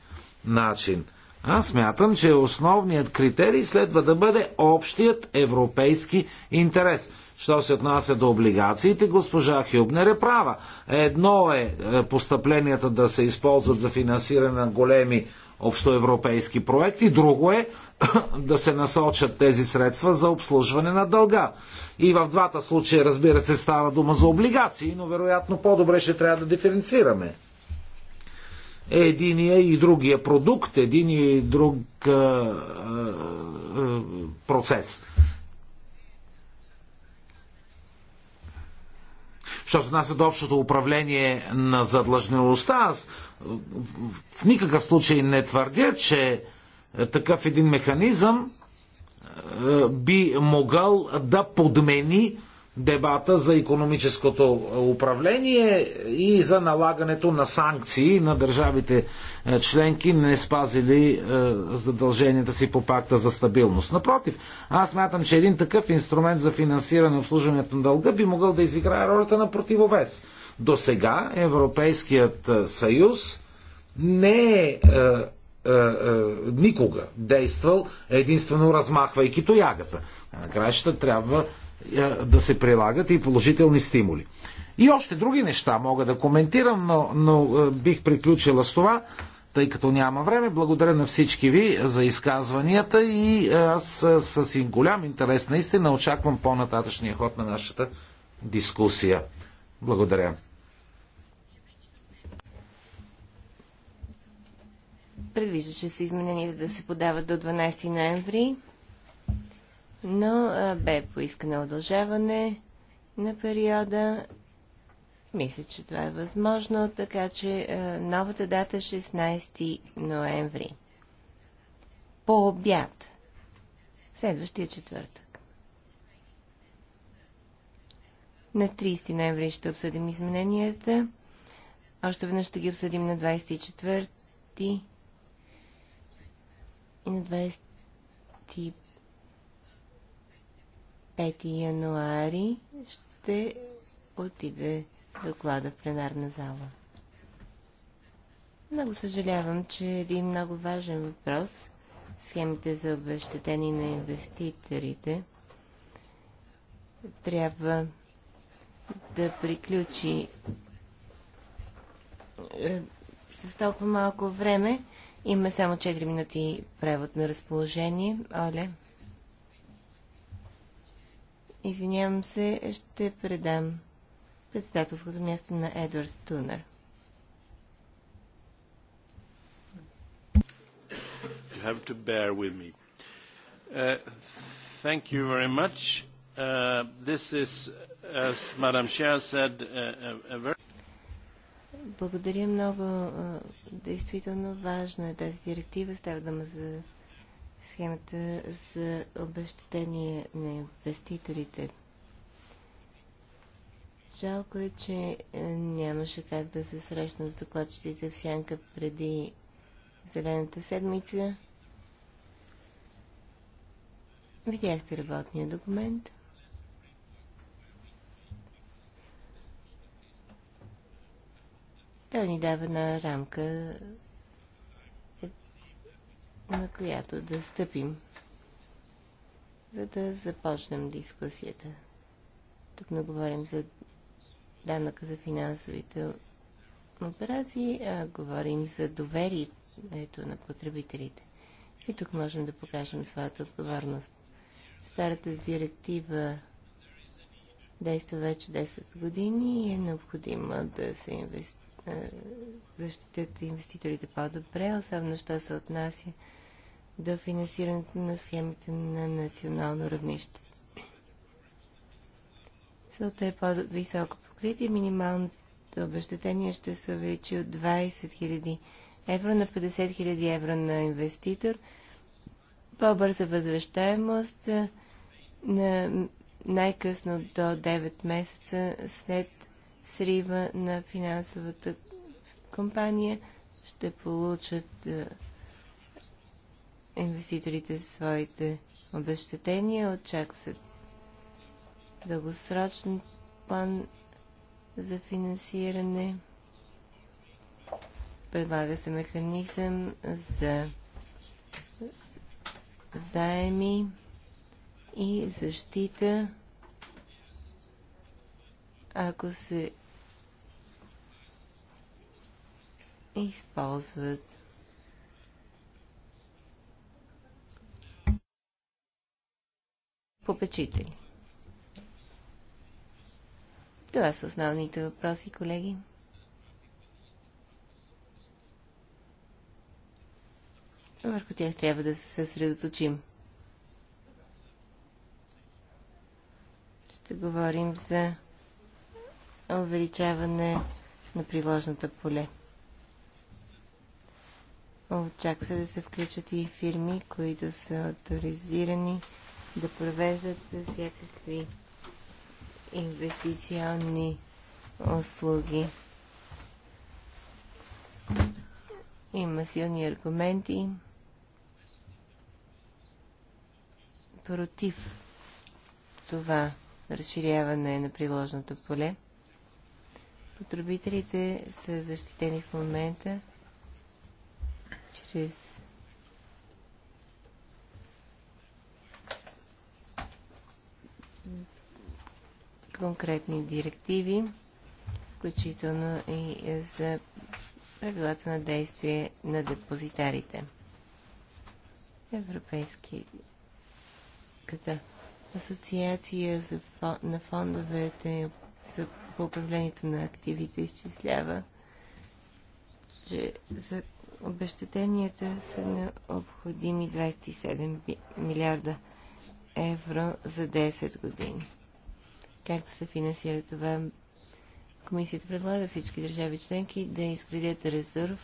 начин. Аз смятам, че основният критерий следва да бъде общият европейски интерес. Що се отнася до облигациите, госпожа Хюбнер е права. Едно е, е постъпленията да се използват за финансиране на големи общоевропейски проекти, друго е да се насочат тези средства за обслужване на дълга. И в двата случая, разбира се, става дума за облигации, но вероятно по-добре ще трябва да диференцираме е единия и другия продукт, един и друг а, а, а, процес. Що се отнася до общото управление на задлъжнилостта, аз в никакъв случай не твърдя, че такъв един механизъм би могъл да подмени дебата за економическото управление и за налагането на санкции на държавите е, членки, не спазили е, задълженията си по пакта за стабилност. Напротив, аз мятам, че един такъв инструмент за финансиране и обслужването на дълга би могъл да изиграе ролята на противовес. До сега Европейският е, съюз не е, е, е, никога действал единствено размахвайки тоягата. Накрая ще трябва е, да се прилагат и положителни стимули. И още други неща мога да коментирам, но, но е, бих приключила с това, тъй като няма време. Благодаря на всички ви за изказванията и е, аз с, с голям интерес наистина очаквам по-нататъчния ход на нашата дискусия. Благодаря. Предвижда, че са изменения да се подават до 12 ноември но бе поискано удължаване на периода. Мисля, че това е възможно, така че новата дата е 16 ноември. По обяд. Следващия четвъртък. На 30 ноември ще обсъдим измененията. Още веднъж ще ги обсъдим на 24 и на 25. 5 януари ще отиде доклада в пленарна зала. Много съжалявам, че един много важен въпрос схемите за обещатени на инвеститорите трябва да приключи е, с толкова малко време. Има само 4 минути превод на разположение. Оле. Извинявам се, ще предам председателското място на Едвард Стунер. You have to bear with me. Uh, thank you very much. Uh, this is, as Madam Chair said, uh, a, a very... Благодаря много. Действително важна е тази директива. Става дума за схемата за обещатение на инвеститорите. Жалко е, че е, нямаше как да се срещна с докладчетите в сянка преди Зелената седмица. Видяхте работния документ. Той ни дава една рамка на която да стъпим, за да започнем дискусията. Тук не говорим за данъка за финансовите операции, а говорим за доверието на потребителите. И тук можем да покажем своята отговорност. Старата директива действа вече 10 години и е необходимо да се инвести... защитят инвеститорите по-добре, особено що се отнася до финансирането на схемите на национално равнище. Целта е по-високо покритие. Минималното обещетение ще се увеличи от 20 000 евро на 50 000 евро на инвеститор. По-бърза възвръщаемост на най-късно до 9 месеца след срива на финансовата компания ще получат инвеститорите своите обещетения. очакват дългосрочен план за финансиране. Предлага се механизъм за заеми и защита, ако се използват попечители. Това са основните въпроси, колеги. Върху тях трябва да се съсредоточим. Ще говорим за увеличаване на приложната поле. Очаква се да се включат и фирми, които са авторизирани да провеждат всякакви инвестиционни услуги. Има силни аргументи против това разширяване на приложното поле. Потребителите са защитени в момента чрез конкретни директиви, включително и за правилата на действие на депозитарите. като асоциация за фон, на фондовете за по управлението на активите изчислява, че за обещетенията са необходими 27 милиарда евро за 10 години как да се финансира това. Комисията предлага всички държави членки да изградят резерв,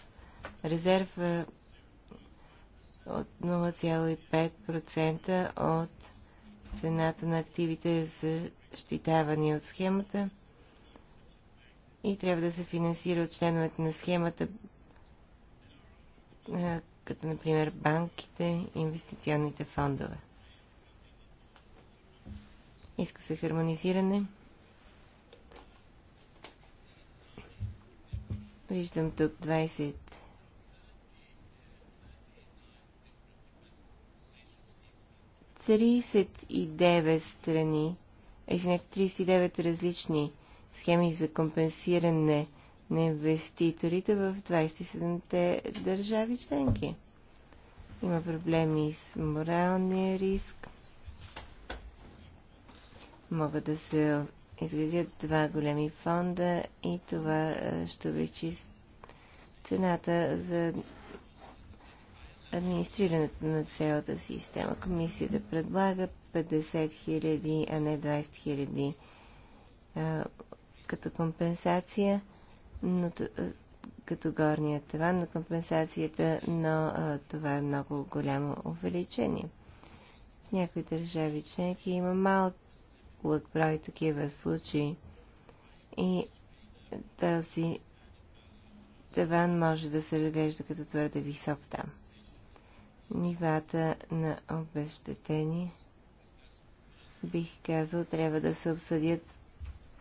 резерв от 0,5% от цената на активите защитавани от схемата и трябва да се финансира от членовете на схемата, като например банките, инвестиционните фондове. Иска се хармонизиране. Виждам тук 20 39 страни, извинете, 39 различни схеми за компенсиране на инвеститорите в 27-те държави членки. Има проблеми с моралния риск, могат да се изградят два големи фонда и това е, ще увеличи цената за администрирането на цялата система. Комисията предлага 50 000, а не 20 000 е, като компенсация, но е, като горния таван на компенсацията, но а, това е много голямо увеличение. В някои държави членки има малък лък прави такива случаи. И тази таван може да се разглежда като твърде висок там. Нивата на обещетени бих казал, трябва да се обсъдят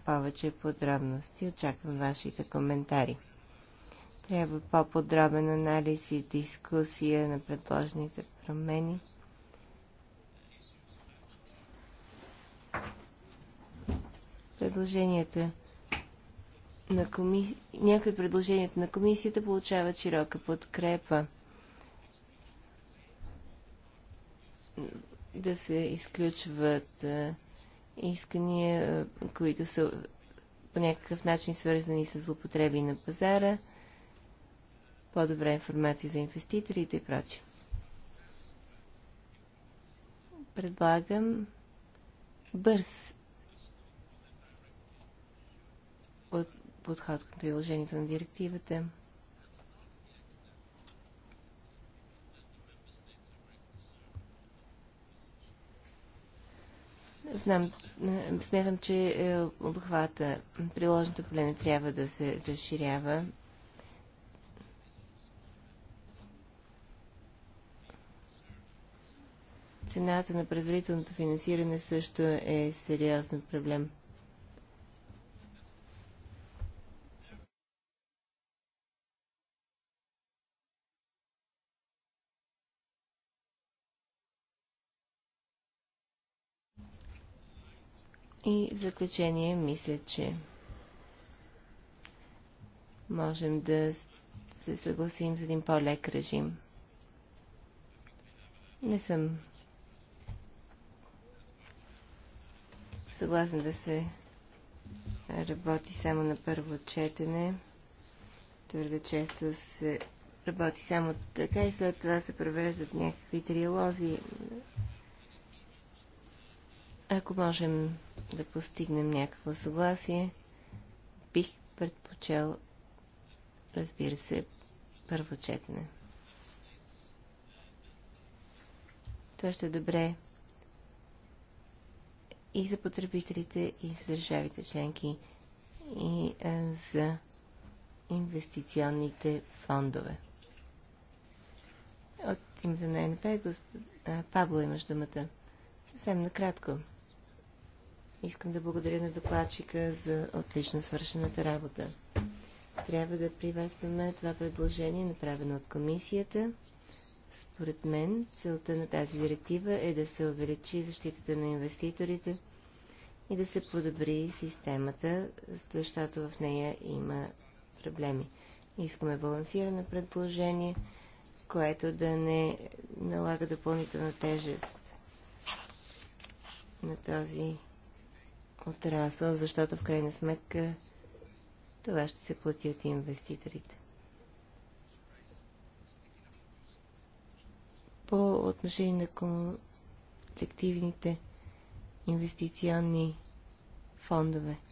повече подробности. Очаквам вашите коментари. Трябва по-подробен анализ и дискусия на предложените промени – предложенията на коми... някои от предложенията на комисията получават широка подкрепа. Да се изключват искания, които са по някакъв начин свързани с злопотреби на пазара, по-добра информация за инвеститорите и прочи. Предлагам бърз подход към приложението на директивата. Знам, е, смятам, че е, обхвата, приложното поле не трябва да се разширява. Цената на предварителното финансиране също е сериозен проблем. И в заключение мисля, че можем да се съгласим с един по-лек режим. Не съм съгласна да се работи само на първо четене. Твърде често се работи само така и след това се провеждат някакви триалози. Ако можем да постигнем някакво съгласие. Бих предпочел, разбира се, първо четене. Това ще е добре и за потребителите, и за държавите членки, и за инвестиционните фондове. От името на НП, господ... Пабло имаш думата. Съвсем накратко. Искам да благодаря на докладчика за отлично свършената работа. Трябва да приветстваме това предложение, направено от комисията. Според мен, целта на тази директива е да се увеличи защитата на инвеститорите и да се подобри системата, защото в нея има проблеми. Искаме балансирано предложение, което да не налага допълнителна тежест на този отрасъл, защото в крайна сметка това ще се плати от инвеститорите. По отношение на колективните инвестиционни фондове –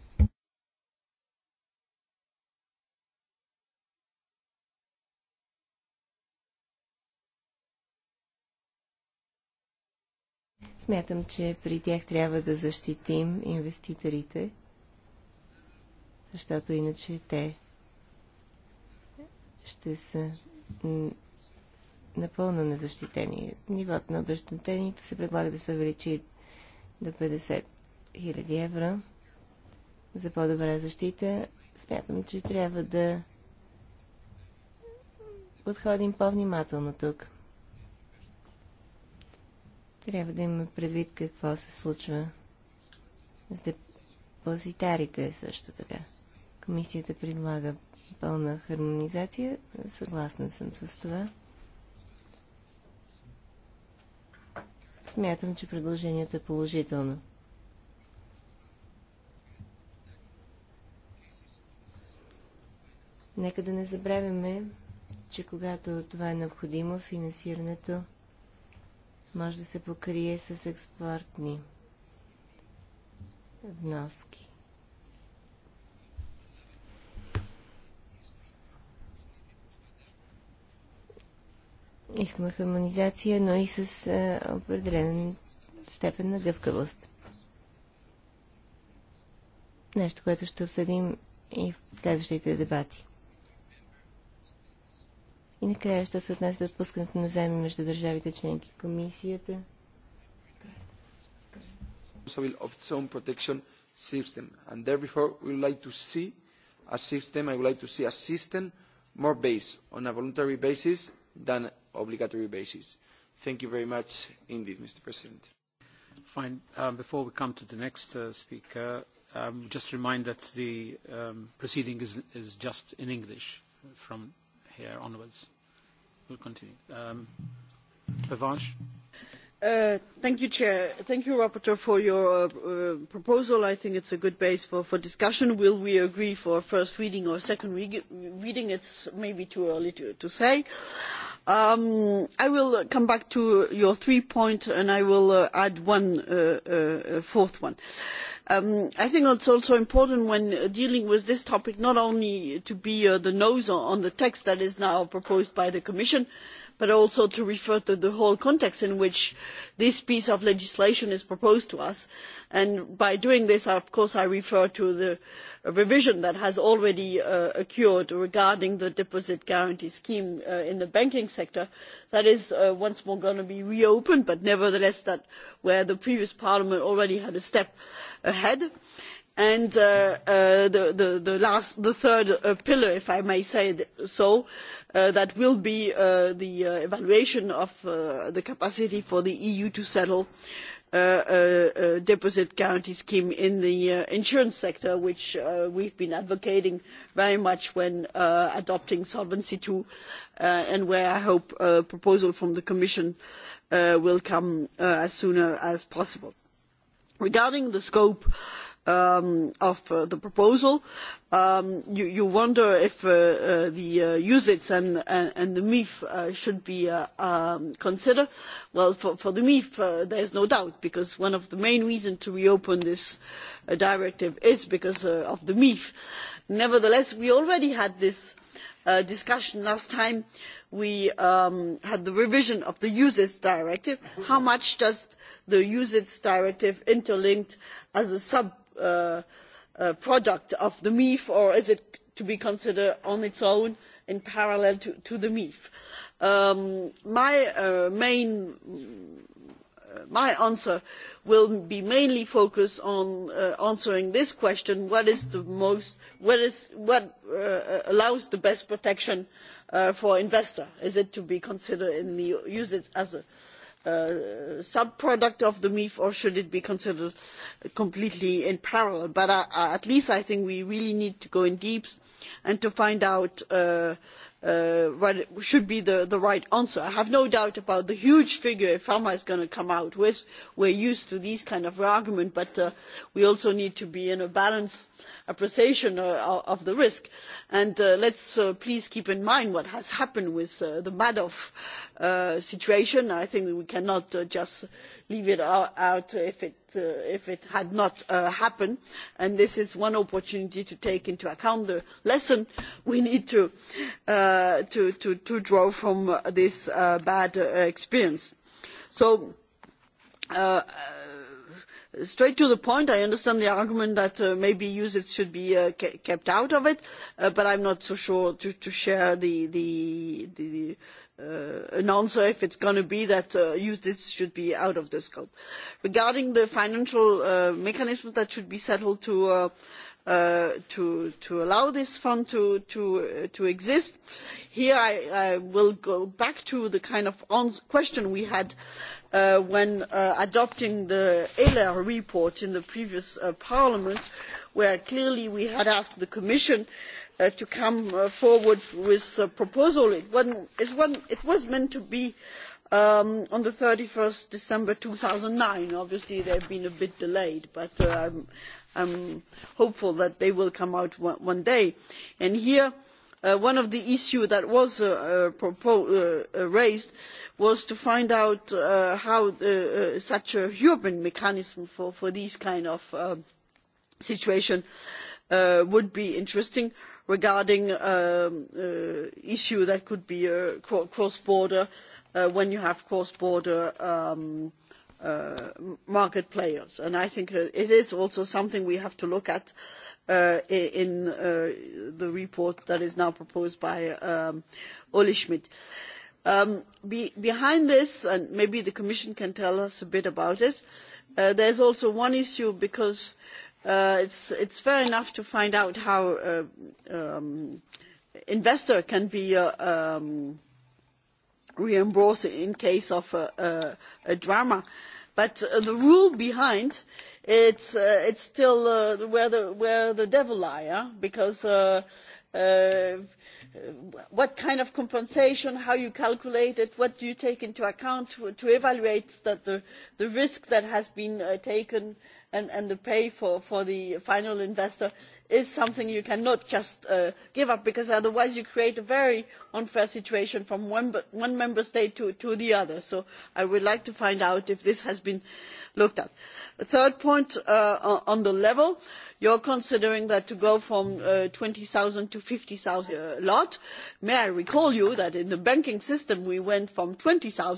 Смятам, че при тях трябва да защитим инвеститорите, защото иначе те ще са напълно незащитени. Нивото на обещателението се предлага да се увеличи до 50 000 евро за по-добра защита. Смятам, че трябва да подходим по-внимателно тук. Трябва да има предвид какво се случва с депозитарите също така. Комисията предлага пълна хармонизация. Съгласна съм с това. Смятам, че предложението е положително. Нека да не забравяме, че когато това е необходимо, финансирането може да се покрие с експортни вноски. Искаме хармонизация, но и с определена степен на гъвкавост. Нещо, което ще обсъдим и в следващите дебати. И накрая, що се отнася до отпускането на заеми между държавите членки, комисията of its own protection system. And therefore, we would like to see a system, I would like to see a system more based on a voluntary basis than obligatory basis. Thank you very much indeed, Mr. President. Fine. Um, before we come to the next uh, speaker, um, just remind that the um, proceeding is, is just in English from here onwards. We'll continue. Um, uh, thank you rapporteur for your uh proposal. i think it's a good base for discussion. will we agree for a first reading or second second reading It's maybe too early to to say. Um i will come back to your three points and i will uh add one uh uh fourth one i think it is also important when dealing with this topic not only to be the nose on the text that is now proposed by the commission but also to refer to the whole context in which this piece of legislation is proposed to us and by doing this of course i refer to the revision that has already occurred regarding the deposit guarantee scheme in the banking sector that is once more going to be reopened but nevertheless where the previous parliament already had a step ahead and the third pillar if i may say so that will be the evaluation of the capacity for the eu to settle deposit guarantee scheme in the insurance sector which we have been advocating very much when adopting solvency ii and where i hope a proposal from the commission will come as soon as possible. regarding the scope of the proposal you wonder if the ucits and the mif should be considered. well for the mif there is no doubt because one of the main reasons to reopen this directive is because of the mif. nevertheless we already had this discussion last time we had the revision of the ucits directive how much does the ucits directive interlink as a sub product of the mif or is it to be considered on its own in parallel to the mif? my answer will be mainly focused on answering this question what is is the most what what allows the best protection for investors? is it to be considered in the use it as a sub product of the MIF or should it be considered completely in parallel? But at least I think we really need to go in deep and to find out should be the right answer. i have no doubt about the huge figure pharma is going to come out with. we are used to these kinds of arguments but we also need to be in a balanced appreciation of the risk. let us please keep in mind what has happened with the madoff situation. i think we cannot just leave it out if it had not happened and this is one opportunity to take into account the lesson we need to draw from this bad experience. so straight to the point i understand the argument that maybe ucits should be kept out of it but i am not so sure i share the an answer if it is going to be that UCITS should be out of the scope. Regarding the financial mechanisms that should be settled to allow this fund to exist, here I will go back to the kind of question we had when adopting the ELER report in the previous parliament, where clearly we had asked the Commission uh, to come forward with a proposal. It was meant to be on the two thousand December nine. Obviously, they have been a bit delayed, but I am hopeful that they will come out one day. And here, one of the issues that was raised was to find out how such a European mechanism for these kinds of situations would be interesting regarding an issue that could be cross-border when you have cross-border market players. And I think it is also something we have to look at in the report that is now proposed by Ole Schmidt. behind this, and maybe the Commission can tell us a bit about it, there is also one issue because uh, It is fair enough to find out how an investor can be reimbursed in case of a, drama, but the rule behind it's uh, it's still uh, where the where the devil lie, because. Uh, uh, what kind of compensation, how you calculate it, what do you take into account to, evaluate that the, the risk that has been uh, taken and the pay for the final investor is something you cannot just give up because otherwise you create a very unfair situation from one member state to the other. so i would like to find out if this has been looked at. the third point on the level you are considering that to go from twenty zero to fifty zero a lot. may i recall you that in the banking system we went from twenty zero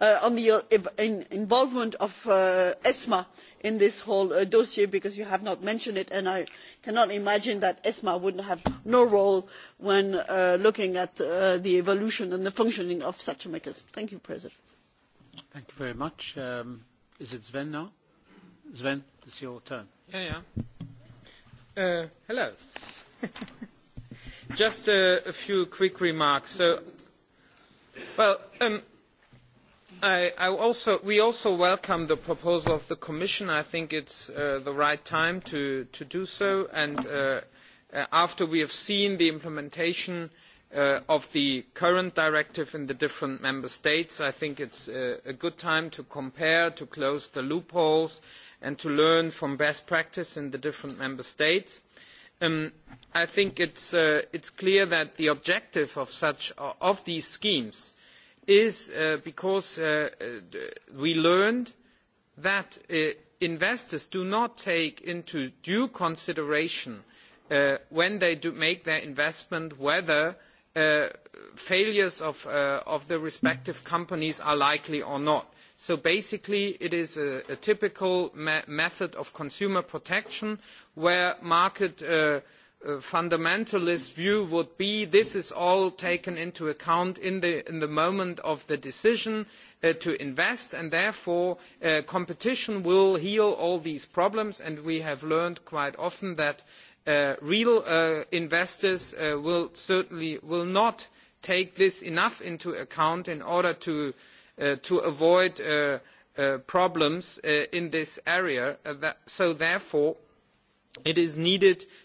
on the involvement of esma in this whole dossier because you have not mentioned it and i cannot imagine that esma would have no role when looking at the evolution and the functioning of such a mechanism. thank you president. just a, few quick remarks we also welcome the proposal of the Commission. I think it is the right time to, do so. And after we have seen the implementation of the current directive in the different member states, I think it is a good time to compare, to close the loopholes, and to learn from best practice in the different member states. I think it is clear that the objective of these schemes is because we learned that investors do not take into due consideration when they make their investment whether failures of the respective companies are likely or not. So basically it is a typical method of consumer protection where market fundamentalist view would be this is all taken into account in the moment of the decision to invest and therefore competition will heal all these problems and we have learned quite often that real investors will certainly not take this enough into account in order to avoid problems in this area so therefore it is needed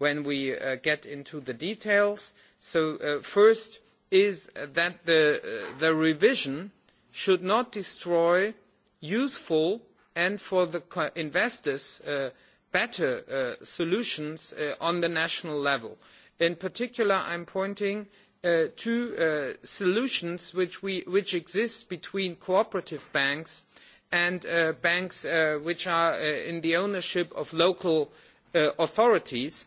when we get into the details. So first is that the revision should not destroy useful and for the investors better solutions on the national level. In particular, I am pointing to solutions which exist between cooperative banks and banks which are in the ownership of local authorities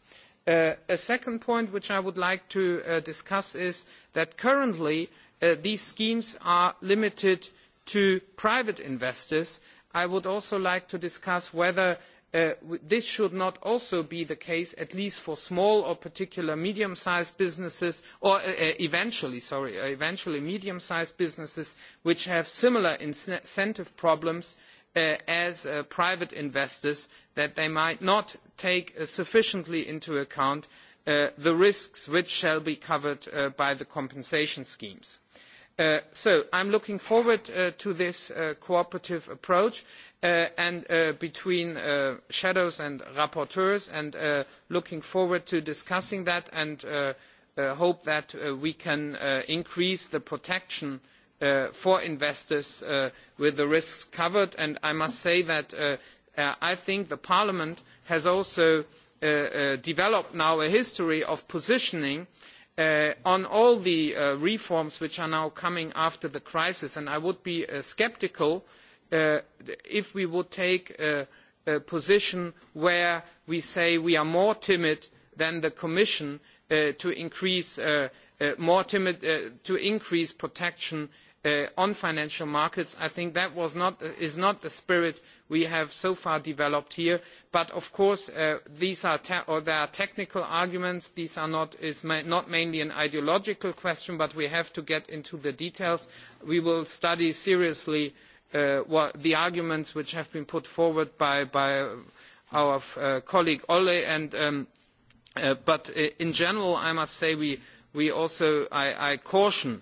a second point which i would like to discuss is that currently these schemes are limited to private investors. i would also like to discuss whether this should not also be the case at least for small or particular medium sized businesses or eventually medium sized businesses which have similar incentive problems as private investors that they might not take sufficiently into account the risks which shall be covered by the compensation schemes. so i am looking forward to this cooperative approach between shadows and rapporteurs and looking forward to discussing that and hope that we can increase the protection for investors with the risks covered and i must say that I think Parliament has also developed now a history of positioning on all the reforms which are now coming after the crisis, and I would be sceptical if we would take a position where we say we are more timid than the Commission to increase protection on financial markets i think that is not the spirit we have so far developed here but of course there are technical arguments this is not mainly an ideological question but we have to get into the details. we will study seriously the arguments which have been put forward by our colleague olle but in general i must say i caution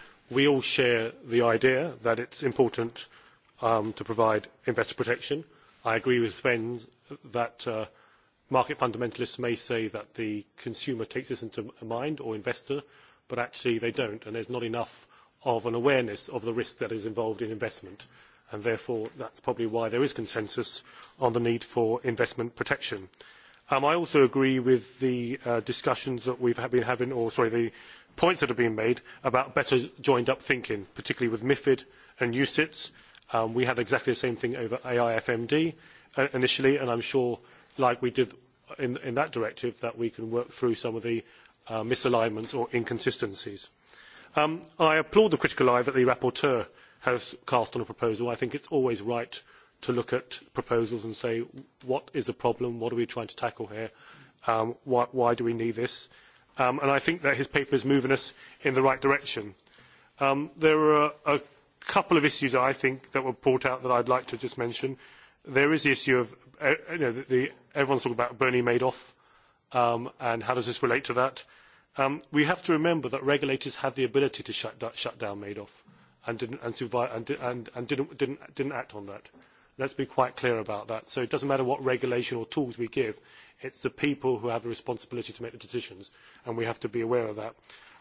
we all share the idea that it is important to provide investor protection. I agree with Sven that market fundamentalists may say that the consumer takes this into mind or investor, but actually they do not and there is not enough of an awareness of the risk that is involved in investment. And therefore, that is probably why there is consensus on the need for investment protection. I also agree with the discussions that we have been having, or sorry, the points that have been made about better joined up thinking, particularly with MIFID and UCITS. we had exactly the same thing over AIFMD initially, and I am sure, like we did in, in that directive, that we can work through some of the misalignments or inconsistencies. I applaud the critical eye that the rapporteur has cast on a proposal. I think it is always right to look at proposals and say, what is the problem? What are we trying to tackle here? why, do we need this? and I think that his paper is moving us in the right direction. there are a couple of issues I think that were brought out that I'd like to just mention. There is the issue of you know, the, everyone's talking about Bernie Madoff and how does this relate to that. we have to remember that regulators had the ability to shut, shut down Madoff and didn't, and, and, and, and didn't, didn't, didn't act on that Let us be quite clear about that. So it does not matter what regulation or tools we give, it is the people who have the responsibility to make the decisions, and we have to be aware of that.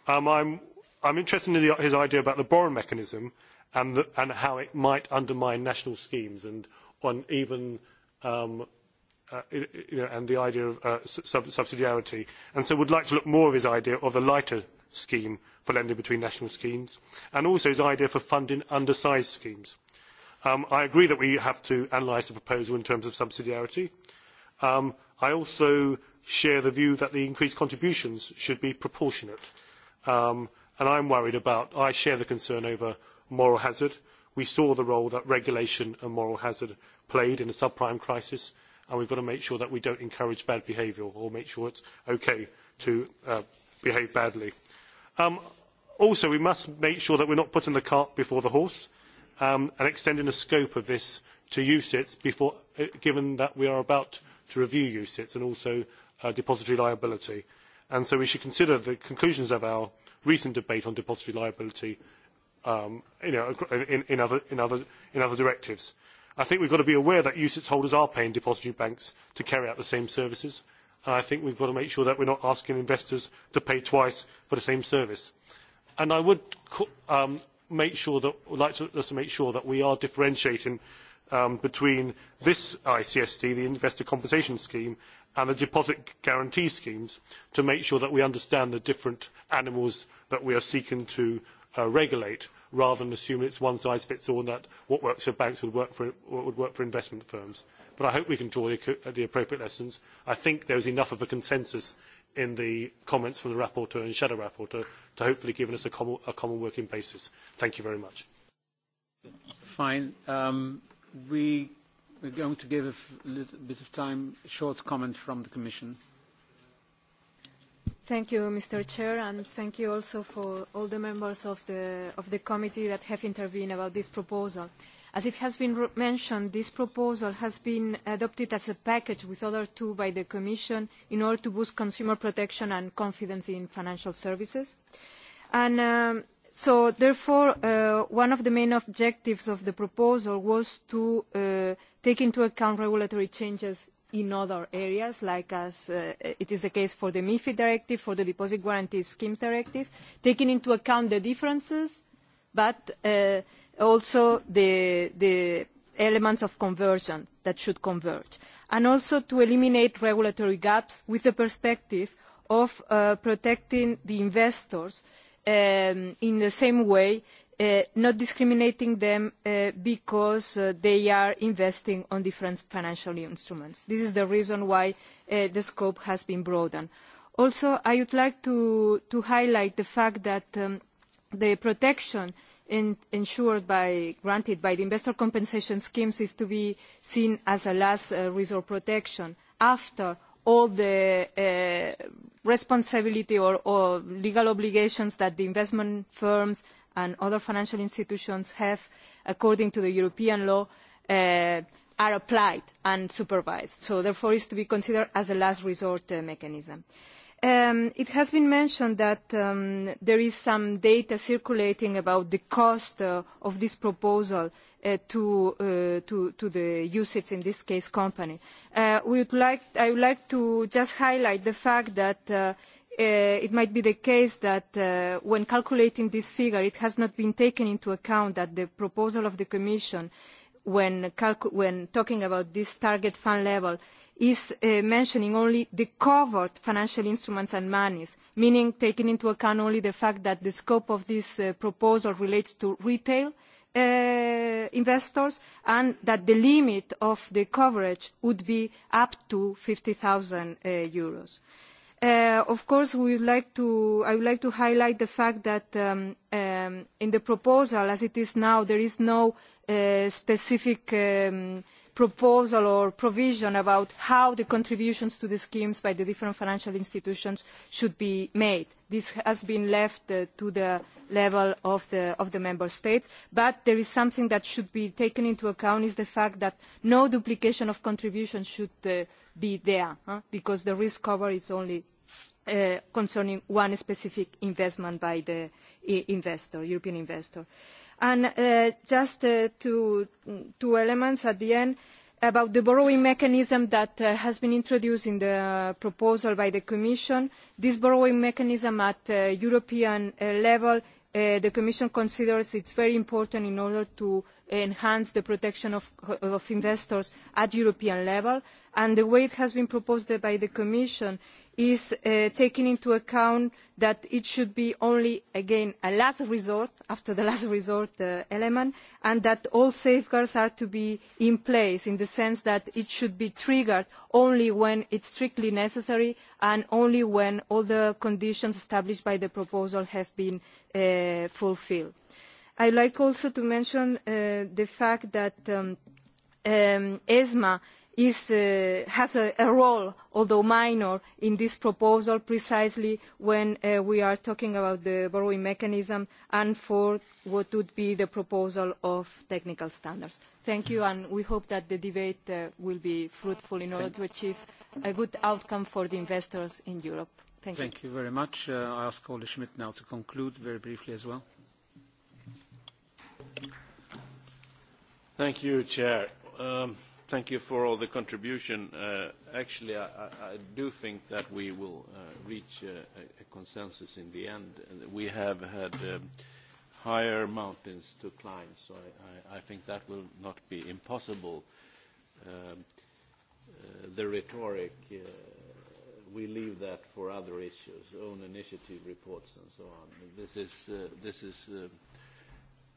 I am interested in his idea about the borrowing mechanism and, how it might undermine national schemes and even and the idea of subsidiarity. And so would like to look more at his idea of the lighter scheme for lending between national schemes and also his idea for funding undersized schemes I agree that we have to analyse the proposal in terms of subsidiarity. I also share the view that the increased contributions should be proportionate. and I am worried about, I share the concern over moral hazard. We saw the role that regulation and moral hazard played in the subprime crisis, and we have got to make sure that we do not encourage bad behaviour or make sure it is okay to behave badly. also, we must make sure that we are not putting the cart before the horse and extending the scope of this to UCITS, given that we are about to review UCITS and also depository liability. And so we should consider the conclusions of our recent debate on depository liability in, other, directives. I think we have got to be aware that UCITS holders are paying depository banks to carry out the same services, and I think we have got to make sure that we are not asking investors to pay twice for the same service. I would make sure that would like us to make sure that we are differentiating between this ICST, the investor compensation scheme, and the deposit guarantee schemes to make sure that we understand the different animals that we are seeking to regulate rather than assume it's one size fits all and that what works for banks would work for, would work for investment firms. But I hope we can draw the appropriate lessons. I think there is enough of a consensus in the comments from the rapporteur and shadow rapporteur to hopefully giving us a common, a common working basis. Thank you very much. Fine. Um, we we're going to give a little bit of time, a short comment from the Commission. Thank you, Mr. Chair, and thank you also for all the members of the, of the committee that have intervened about this proposal. Uh, As it has been mentioned, this proposal has been adopted as a package with other two by the Commission in order to boost consumer protection and confidence in financial services. And so, therefore, one of the main objectives of the proposal was to take into account regulatory changes in other areas, like as it is the case for the MIFID directive, for the Deposit Guarantee Schemes directive, taking into account the differences, but also the, the elements of conversion that should converge, and also to eliminate regulatory gaps with the perspective of protecting the investors in the same way, not discriminating them because they are investing on different financial instruments. This is the reason why the scope has been broadened. Also, I would like to, highlight the fact that the protection uh, ensured by granted by the investor compensation schemes is to be seen as a last resort protection after all the responsibility or, legal obligations that the investment firms and other financial institutions have according to the European law are applied and supervised. So therefore it is to be considered as a last resort mechanism. Uh, it has been mentioned that there is some data circulating about the cost of this proposal to, the usage, in this case, company. I would like to just highlight the fact that it might be the case that when calculating this figure, it has not been taken into account that the proposal of the Commission when, talking about this target fund level is mentioning only the covered financial instruments and monies, meaning taking into account only the fact that the scope of this proposal relates to retail investors and that the limit of the coverage would be up to 50,000 euros. Of course, we would like to, I would like to highlight the fact that in the proposal as it is now, there is no specific proposal or provision about how the contributions to the schemes by the different financial institutions should be made. This has been left to the level of the, member states, but there is something that should be taken into account is the fact that no duplication of contributions should be there, because the risk cover is only concerning one specific investment by the investor, European investor And just two, elements at the end about the borrowing mechanism that has been introduced in the proposal by the Commission. This borrowing mechanism at European level, the Commission considers it very important in order to enhance the protection of, investors at European level. And the way it has been proposed by the Commission is taking into account that it should be only again a last resort after the last resort element and that all safeguards are to be in place in the sense that it should be triggered only when it is strictly necessary and only when all the conditions established by the proposal have been fulfilled. I would like also to mention the fact that ESMA has a, role, although minor, in this proposal precisely when we are talking about the borrowing mechanism and for what would be the proposal of technical standards. Thank you, and we hope that the debate will be fruitful in order to achieve a good outcome for the investors in Europe. Thank you. Thank you very much. I ask Ole Schmidt now to conclude very briefly as well. Thank you, Chair. Um, Thank you for all the contribution. Actually, I I do think that we will reach a consensus in the end. We have had higher mountains to climb, so I I think that will not be impossible. The rhetoric, we leave that for other issues, own initiative reports and so on. This is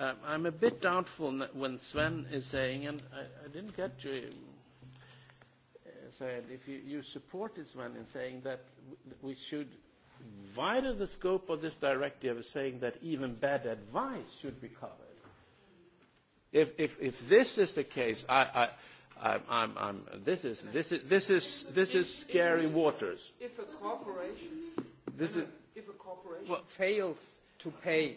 Um, I'm a bit doubtful when Sven is saying, and I, I didn't get you, Sven, if you, you supported Sven in saying that we should widen the scope of this directive, saying that even bad advice should be covered. If, if, if this is the case, I, I, I'm, I'm, I'm, this is this is this is this is scary waters. If a corporation, this is, if a corporation fails to pay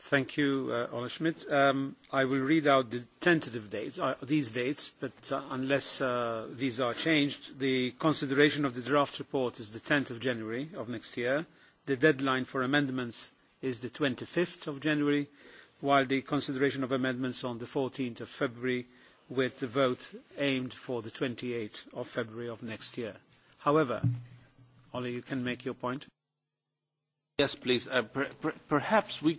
Thank you, Ola Schmidt. I will read out the tentative dates, these dates, but unless these are changed, the consideration of the draft report is the 10th of January of next year. The deadline for amendments is the 25th of January, while the consideration of amendments on the 14th of February, with the vote aimed for the 28th of February of next year. However, Olli you can make your point. Yes, please. Perhaps we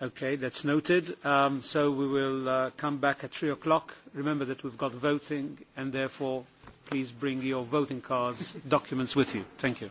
Okay, that's noted. So we will uh come back at 3 o'clock. Remember that we've got voting, and therefore, please bring your voting cards, documents with you. Thank you.